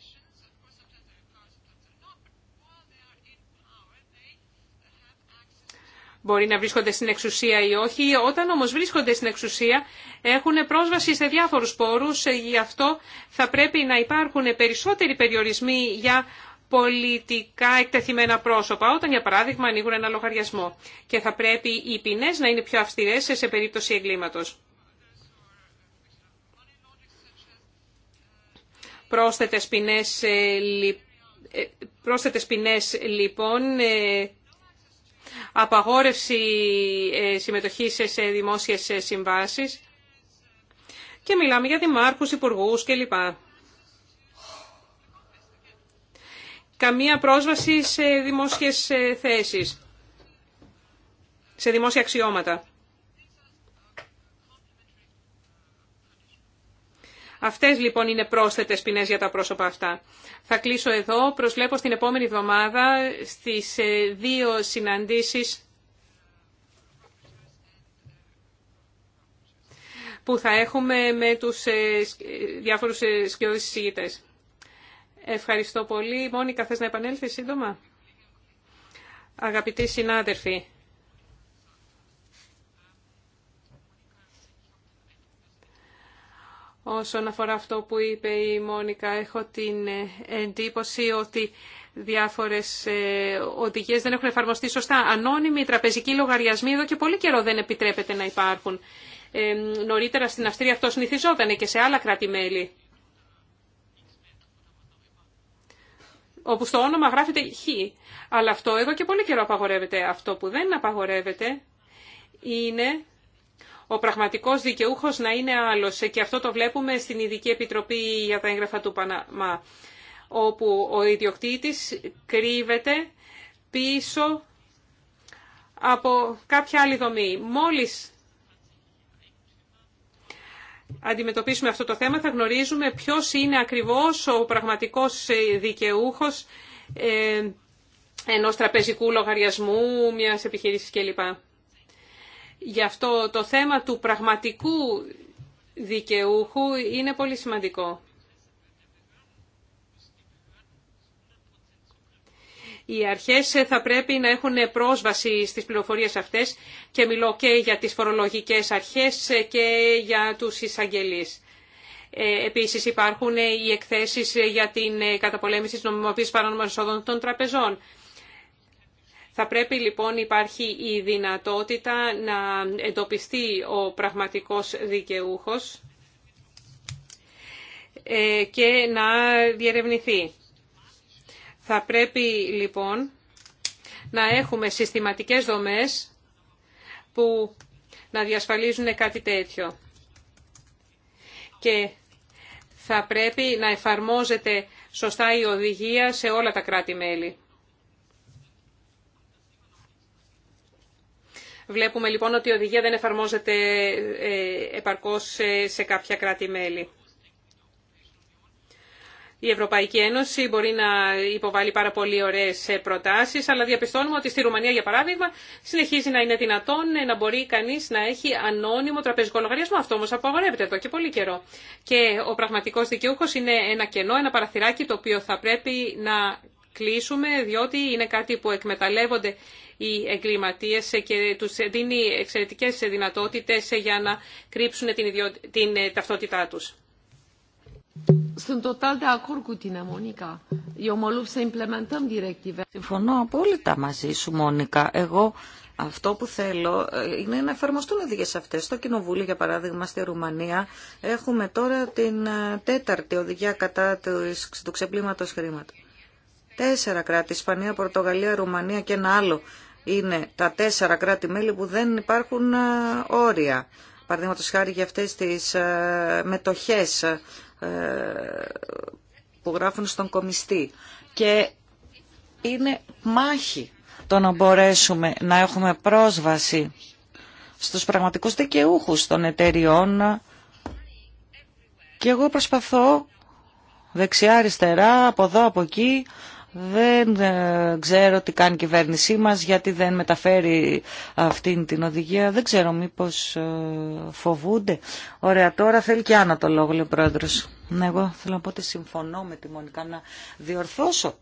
μπορεί να βρίσκονται στην εξουσία ή όχι. Όταν όμως βρίσκονται στην εξουσία έχουν πρόσβαση σε διάφορους πόρους, γι' αυτό θα πρέπει να υπάρχουν περισσότεροι περιορισμοί για πολιτικά εκτεθειμένα πρόσωπα, όταν για παράδειγμα ανοίγουν ένα λογαριασμό. Και θα πρέπει οι ποινές να είναι πιο αυστηρές σε περίπτωση εγκλήματος. Πρόσθετες ποινές, ε, ε, πρόσθετες ποινές λοιπόν ε, απαγόρευση ε, συμμετοχής σε δημόσιες ε, συμβάσεις και μιλάμε για δημάρχους, υπουργούς κλπ. Καμία πρόσβαση σε δημόσιες ε, θέσεις, σε δημόσια αξιώματα. Αυτές λοιπόν είναι πρόσθετες ποινές για τα πρόσωπα αυτά. Θα κλείσω εδώ. Προσλέπω στην επόμενη εβδομάδα στις ε, δύο συναντήσεις που θα έχουμε με τους ε, ε, διάφορους σκιώδεις συζητητές. Ευχαριστώ πολύ. Μόνικα, θες να επανέλθεις σύντομα. Αγαπητοί συνάδελφοι, Όσον αφορά αυτό που είπε η Μόνικα, έχω την ε, εντύπωση ότι διάφορες ε, οδηγίες δεν έχουν εφαρμοστεί σωστά. Ανώνυμοι τραπεζικοί λογαριασμοί εδώ και πολύ καιρό δεν επιτρέπεται να υπάρχουν. Ε, νωρίτερα στην Αυστρία αυτό συνηθιζόταν και σε άλλα κράτη-μέλη. Όπου στο όνομα γράφεται Χ. Αλλά αυτό εδώ και πολύ καιρό απαγορεύεται. Αυτό που δεν απαγορεύεται είναι ο πραγματικό δικαιούχο να είναι άλλο. Και αυτό το βλέπουμε στην Ειδική Επιτροπή για τα έγγραφα του Παναμά, όπου ο ιδιοκτήτης κρύβεται πίσω από κάποια άλλη δομή. Μόλις αντιμετωπίσουμε αυτό το θέμα θα γνωρίζουμε ποιος είναι ακριβώς ο πραγματικός δικαιούχος ε, ενός τραπεζικού λογαριασμού, μιας επιχειρήσης κλπ. Γι' αυτό το θέμα του πραγματικού δικαιούχου είναι πολύ σημαντικό. Οι αρχές θα πρέπει να έχουν πρόσβαση στις πληροφορίες αυτές και μιλώ και για τις φορολογικές αρχές και για τους εισαγγελείς. Ε, επίσης υπάρχουν οι εκθέσεις για την καταπολέμηση της νομιμοποίησης παράνομων των τραπεζών. Θα πρέπει λοιπόν υπάρχει η δυνατότητα να εντοπιστεί ο πραγματικός δικαιούχος ε, και να διερευνηθεί. Θα πρέπει λοιπόν να έχουμε συστηματικές δομές που να διασφαλίζουν κάτι τέτοιο. Και θα πρέπει να εφαρμόζεται σωστά η οδηγία σε όλα τα κράτη-μέλη. Βλέπουμε λοιπόν ότι η οδηγία δεν εφαρμόζεται ε, επαρκώς ε, σε κάποια κράτη-μέλη. Η Ευρωπαϊκή Ένωση μπορεί να υποβάλει πάρα πολύ ωραίε προτάσει, αλλά διαπιστώνουμε ότι στη Ρουμανία, για παράδειγμα, συνεχίζει να είναι δυνατόν ε, να μπορεί κανεί να έχει ανώνυμο τραπεζικό λογαριασμό. Αυτό όμω απαγορεύεται εδώ και πολύ καιρό. Και ο πραγματικό δικαιούχο είναι ένα κενό, ένα παραθυράκι το οποίο θα πρέπει να κλείσουμε, διότι είναι κάτι που εκμεταλλεύονται οι εγκληματίες και τους δίνει εξαιρετικές δυνατότητες για να κρύψουν την, ε, ταυτότητά τους. Συμφωνώ απόλυτα μαζί σου, Μόνικα. Εγώ αυτό που θέλω ε, είναι να εφαρμοστούν οδηγίες αυτές. Στο Κοινοβούλιο, για παράδειγμα, στη Ρουμανία, έχουμε τώρα την ε, τέταρτη οδηγία κατά του ξεπλήματος χρήματος. Τέσσερα κράτη, Ισπανία, Πορτογαλία, Ρουμανία και ένα άλλο είναι τα τέσσερα κράτη-μέλη που δεν υπάρχουν ε, όρια. Παραδείγματο χάρη για αυτές τις ε, μετοχές ε, που γράφουν στον κομιστή. Και είναι μάχη το να μπορέσουμε να έχουμε πρόσβαση στους πραγματικούς δικαιούχους των εταιριών και εγώ προσπαθώ δεξιά αριστερά, από εδώ από εκεί δεν ε, ξέρω τι κάνει η κυβέρνησή μας, γιατί δεν μεταφέρει αυτή την οδηγία. Δεν ξέρω μήπως ε, φοβούνται. Ωραία, τώρα θέλει και Άννα το λόγο, λέει ο Πρόεδρος. Ναι, εγώ θέλω να πω συμφωνώ με τη Μονικά να διορθώσω.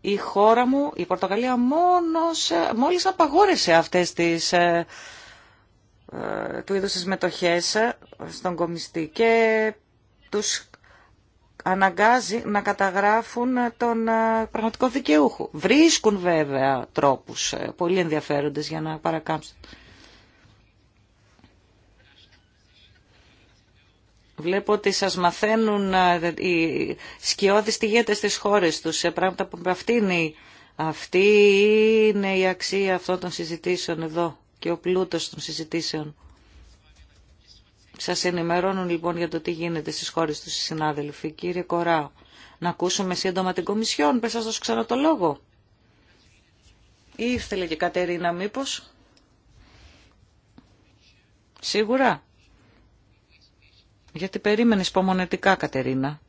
Η χώρα μου, η Πορτογαλία, μόνος, ε, μόλις απαγόρεσε αυτές τις του είδους τις μετοχές στον κομιστή και τους αναγκάζει να καταγράφουν τον ε, πραγματικό δικαιούχο. Βρίσκουν βέβαια τρόπους ε, πολύ ενδιαφέροντες για να παρακάμψουν. Βλέπω ότι σας μαθαίνουν ε, οι σκιώδεις τηγέτες στις χώρες τους, σε πράγματα που αυτή είναι, αυτή είναι η αξία αυτών των συζητήσεων εδώ και ο πλούτος των συζητήσεων. Σας ενημερώνουν λοιπόν για το τι γίνεται στις χώρες τους οι συνάδελφοι. Κύριε Κοράου, να ακούσουμε σύντομα την Κομισιόν, πες σας δώσω ξανά το λόγο. Ή και και Κατερίνα μήπως. Σίγουρα. Γιατί περίμενες υπομονετικά Κατερίνα.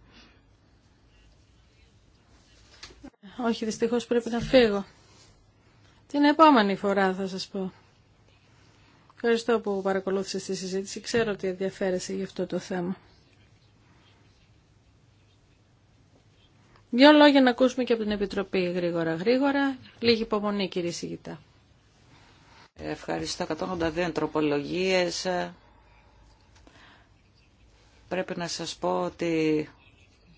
Όχι, δυστυχώς πρέπει να φύγω. Την επόμενη φορά θα σας πω. Ευχαριστώ που παρακολούθησε τη συζήτηση. Ξέρω ότι ενδιαφέρεσαι για αυτό το θέμα. Δύο λόγια να ακούσουμε και από την Επιτροπή γρήγορα γρήγορα. Λίγη υπομονή κύριε Σιγητά. Ευχαριστώ. 182 τροπολογίες. Πρέπει να σας πω ότι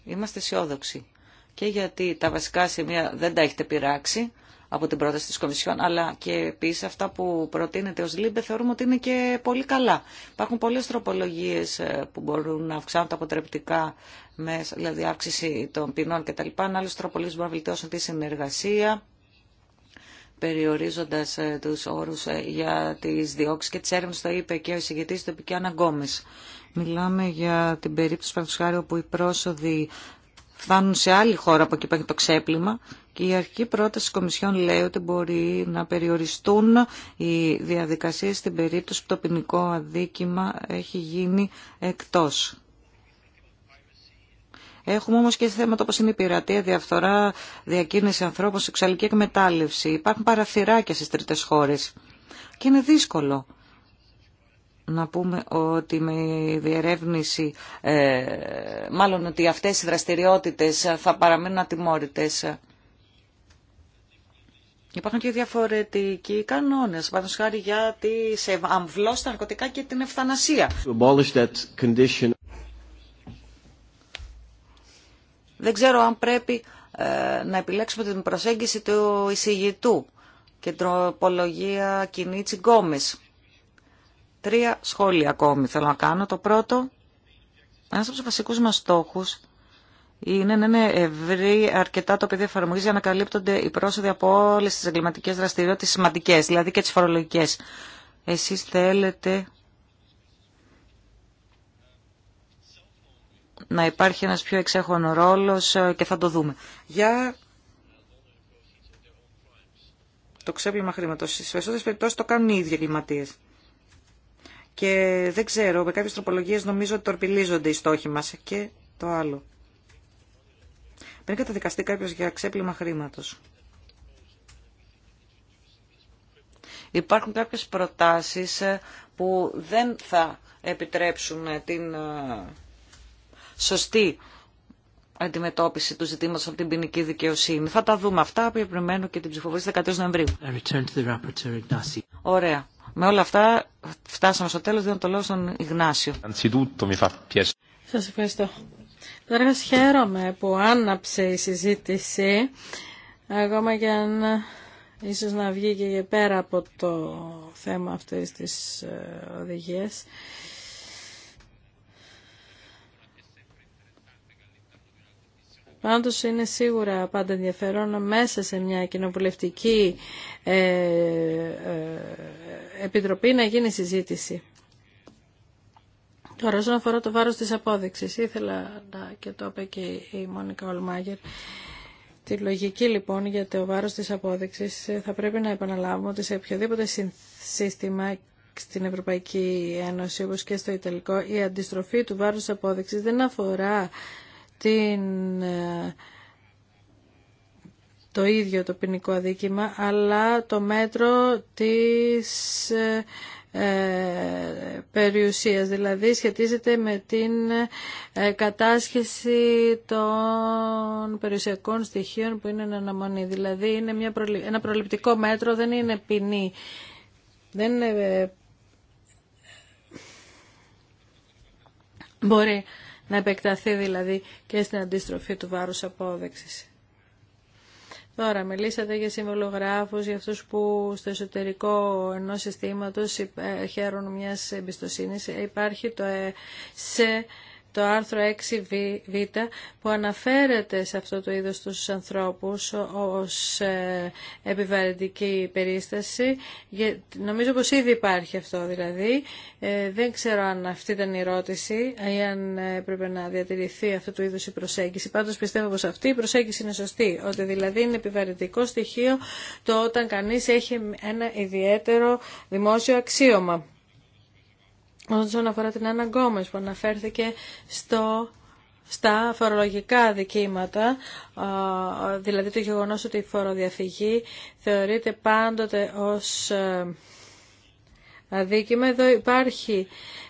είμαστε αισιόδοξοι. Και γιατί τα βασικά σημεία δεν τα έχετε πειράξει, από την πρόταση της Κομισιόν, αλλά και επίσης αυτά που προτείνεται ως ΛΥΜΠΕ θεωρούμε ότι είναι και πολύ καλά. Υπάρχουν πολλές τροπολογίες ε, που μπορούν να αυξάνουν τα αποτρεπτικά μέσα, δηλαδή αύξηση των ποινών κτλ. Άλλες τροπολογίες μπορούν να βελτιώσουν τη συνεργασία περιορίζοντας ε, τους όρους ε, για τις διώξεις και τις έρευνες, το είπε και ο εισηγητής του Επικιάνα Γκόμες. Μιλάμε για την περίπτωση χάρη, όπου οι πρόσοδοι φτάνουν σε άλλη χώρα από εκεί έχει το ξέπλυμα και η αρχική πρόταση της Κομισιόν λέει ότι μπορεί να περιοριστούν οι διαδικασίες στην περίπτωση που το ποινικό αδίκημα έχει γίνει εκτός. Έχουμε όμως και θέματα όπως είναι η πειρατεία, διαφθορά, διακίνηση ανθρώπων, σεξουαλική εκμετάλλευση. Υπάρχουν παραθυράκια στις τρίτες χώρες και είναι δύσκολο να πούμε ότι με διερεύνηση, ε, μάλλον ότι αυτές οι δραστηριότητες θα παραμείνουν ατιμόρυτες. Υπάρχουν και διαφορετικοί κανόνε, πάνω χάρη για τι αμβλώσει, τα ναρκωτικά και την ευθανασία. Δεν ξέρω αν πρέπει ε, να επιλέξουμε την προσέγγιση του εισηγητού και τροπολογία Κινίτσι Γκόμες. Τρία σχόλια ακόμη θέλω να κάνω. Το πρώτο, ένα από του βασικού μα στόχου είναι να είναι ευρύ αρκετά το πεδίο εφαρμογή για να καλύπτονται οι πρόσοδοι από όλε τι εγκληματικέ δραστηριότητε σημαντικέ, δηλαδή και τι φορολογικέ. Εσεί θέλετε να υπάρχει ένας πιο εξέχων ρόλος και θα το δούμε. Για το ξέπλυμα χρήματος. Στις περισσότερες περιπτώσεις το κάνουν οι ίδιοι εγκληματίες και δεν ξέρω, με κάποιες τροπολογίες νομίζω ότι τορπιλίζονται οι στόχοι μας και το άλλο. Πριν καταδικαστεί κάποιος για ξέπλυμα χρήματος. Υπάρχουν κάποιες προτάσεις ε, που δεν θα επιτρέψουν ε, την ε, σωστή αντιμετώπιση του ζητήματος από την ποινική δικαιοσύνη. Θα τα δούμε αυτά, επιμένω και την ψηφοφορία στις 13 Νοεμβρίου. Ωραία. Με όλα αυτά φτάσαμε στο τέλος, δίνω το λόγο στον Ιγνάσιο. Σας ευχαριστώ. Τώρα χαίρομαι που άναψε η συζήτηση, ακόμα και αν ε, ίσως να βγει και πέρα από το θέμα αυτής της ε, οδηγίας. Πάντως είναι σίγουρα πάντα ενδιαφέρον μέσα σε μια κοινοβουλευτική ε, ε, επιτροπή να γίνει συζήτηση. Τώρα, όσον αφορά το βάρος της απόδειξης, ήθελα να και το είπε και η Μόνικα Ολμάγερ, Τη λογική λοιπόν για το βάρος της απόδειξης θα πρέπει να επαναλάβουμε ότι σε οποιοδήποτε σύστημα στην Ευρωπαϊκή Ένωση όπως και στο Ιταλικό η αντιστροφή του βάρους της απόδειξης δεν αφορά την, ε, το ίδιο το ποινικό αδίκημα, αλλά το μέτρο της ε, ε, περιουσίας, δηλαδή σχετίζεται με την κατάσχεση των περιουσιακών στοιχείων που είναι αναμονή. Δηλαδή είναι μια ένα προληπτικό μέτρο, δεν είναι ποινή. Δεν είναι... μπορεί να επεκταθεί δηλαδή και στην αντίστροφή του βάρους απόδεξης. Τώρα, μιλήσατε για συμβολογράφους, για αυτούς που στο εσωτερικό ενός συστήματος χαίρουν μιας εμπιστοσύνης. Υπάρχει το ε, σε το άρθρο 6β που αναφέρεται σε αυτό το είδος τους ανθρώπους ως ε, επιβαρυντική περίσταση. Νομίζω πως ήδη υπάρχει αυτό δηλαδή. Ε, δεν ξέρω αν αυτή ήταν η ερώτηση ή αν έπρεπε να διατηρηθεί αυτό το είδος η προσέγγιση. Πάντως πιστεύω πως αυτή η προσέγγιση είναι σωστή. Ότι δηλαδή είναι επιβαρυντικό στοιχείο το όταν κανείς έχει ένα ιδιαίτερο δημόσιο αξίωμα όσον αφορά την Άννα Γκόμες που αναφέρθηκε στο στα φορολογικά δικήματα, δηλαδή το γεγονός ότι η φοροδιαφυγή θεωρείται πάντοτε ως ε, αδίκημα. Εδώ υπάρχει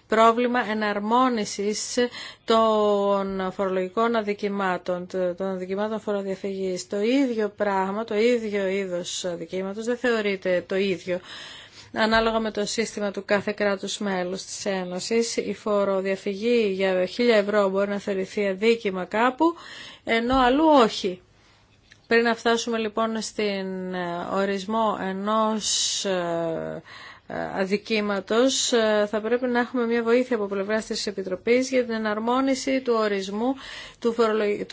πρόβλημα εναρμόνισης των φορολογικών αδικημάτων, των αδικημάτων φοροδιαφυγής. Το ίδιο πράγμα, το ίδιο είδος αδικήματος δεν θεωρείται το ίδιο ανάλογα με το σύστημα του κάθε κράτους μέλους της Ένωσης. Η φοροδιαφυγή για 1000 ευρώ μπορεί να θεωρηθεί αδίκημα κάπου, ενώ αλλού όχι. Πριν να φτάσουμε λοιπόν στην ε, ορισμό ενός ε, αδικήματος ε, θα πρέπει να έχουμε μια βοήθεια από πλευράς της Επιτροπής για την εναρμόνιση του ορισμού του,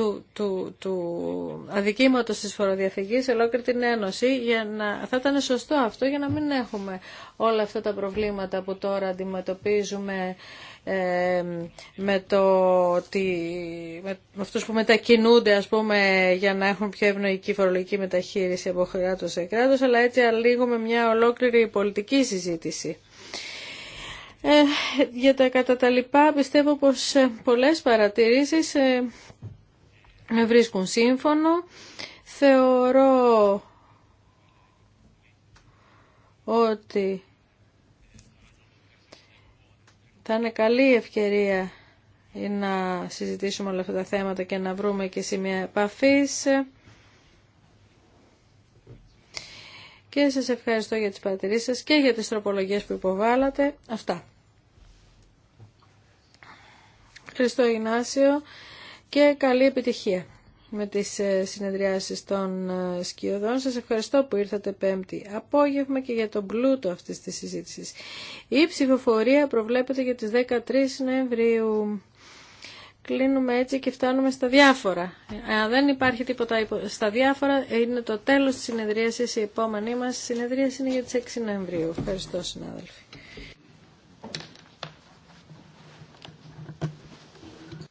του, του, του αδικήματος της φοροδιαφυγής σε ολόκληρη την Ένωση για να... θα ήταν σωστό αυτό για να μην έχουμε όλα αυτά τα προβλήματα που τώρα αντιμετωπίζουμε ε, με, το, ότι με, αυτούς που μετακινούνται ας πούμε για να έχουν πιο ευνοϊκή φορολογική μεταχείριση από κράτος σε κράτος, αλλά έτσι με μια ολόκληρη πολιτική συζήτηση. Ε, για τα κατά τα λοιπά πιστεύω πως ε, πολλές παρατηρήσεις ε, με βρίσκουν σύμφωνο. Θεωρώ ότι θα είναι καλή ευκαιρία να συζητήσουμε όλα αυτά τα θέματα και να βρούμε και σημεία επαφής. Και σας ευχαριστώ για τις παρατηρήσεις σας και για τις τροπολογίες που υποβάλατε. Αυτά. Χριστό Γινάσιο και καλή επιτυχία με τις ε, συνεδριάσεις των ε, σκιωδών. Σας ευχαριστώ που ήρθατε πέμπτη απόγευμα και για τον πλούτο αυτής της συζήτησης. Η ψηφοφορία προβλέπεται για τις 13 Νοεμβρίου. Κλείνουμε έτσι και φτάνουμε στα διάφορα. Ε, αν δεν υπάρχει τίποτα στα διάφορα, είναι το τέλος της συνεδρίασης. Η επόμενή μας συνεδρίαση είναι για τις 6 Νοεμβρίου. Ευχαριστώ συνάδελφοι.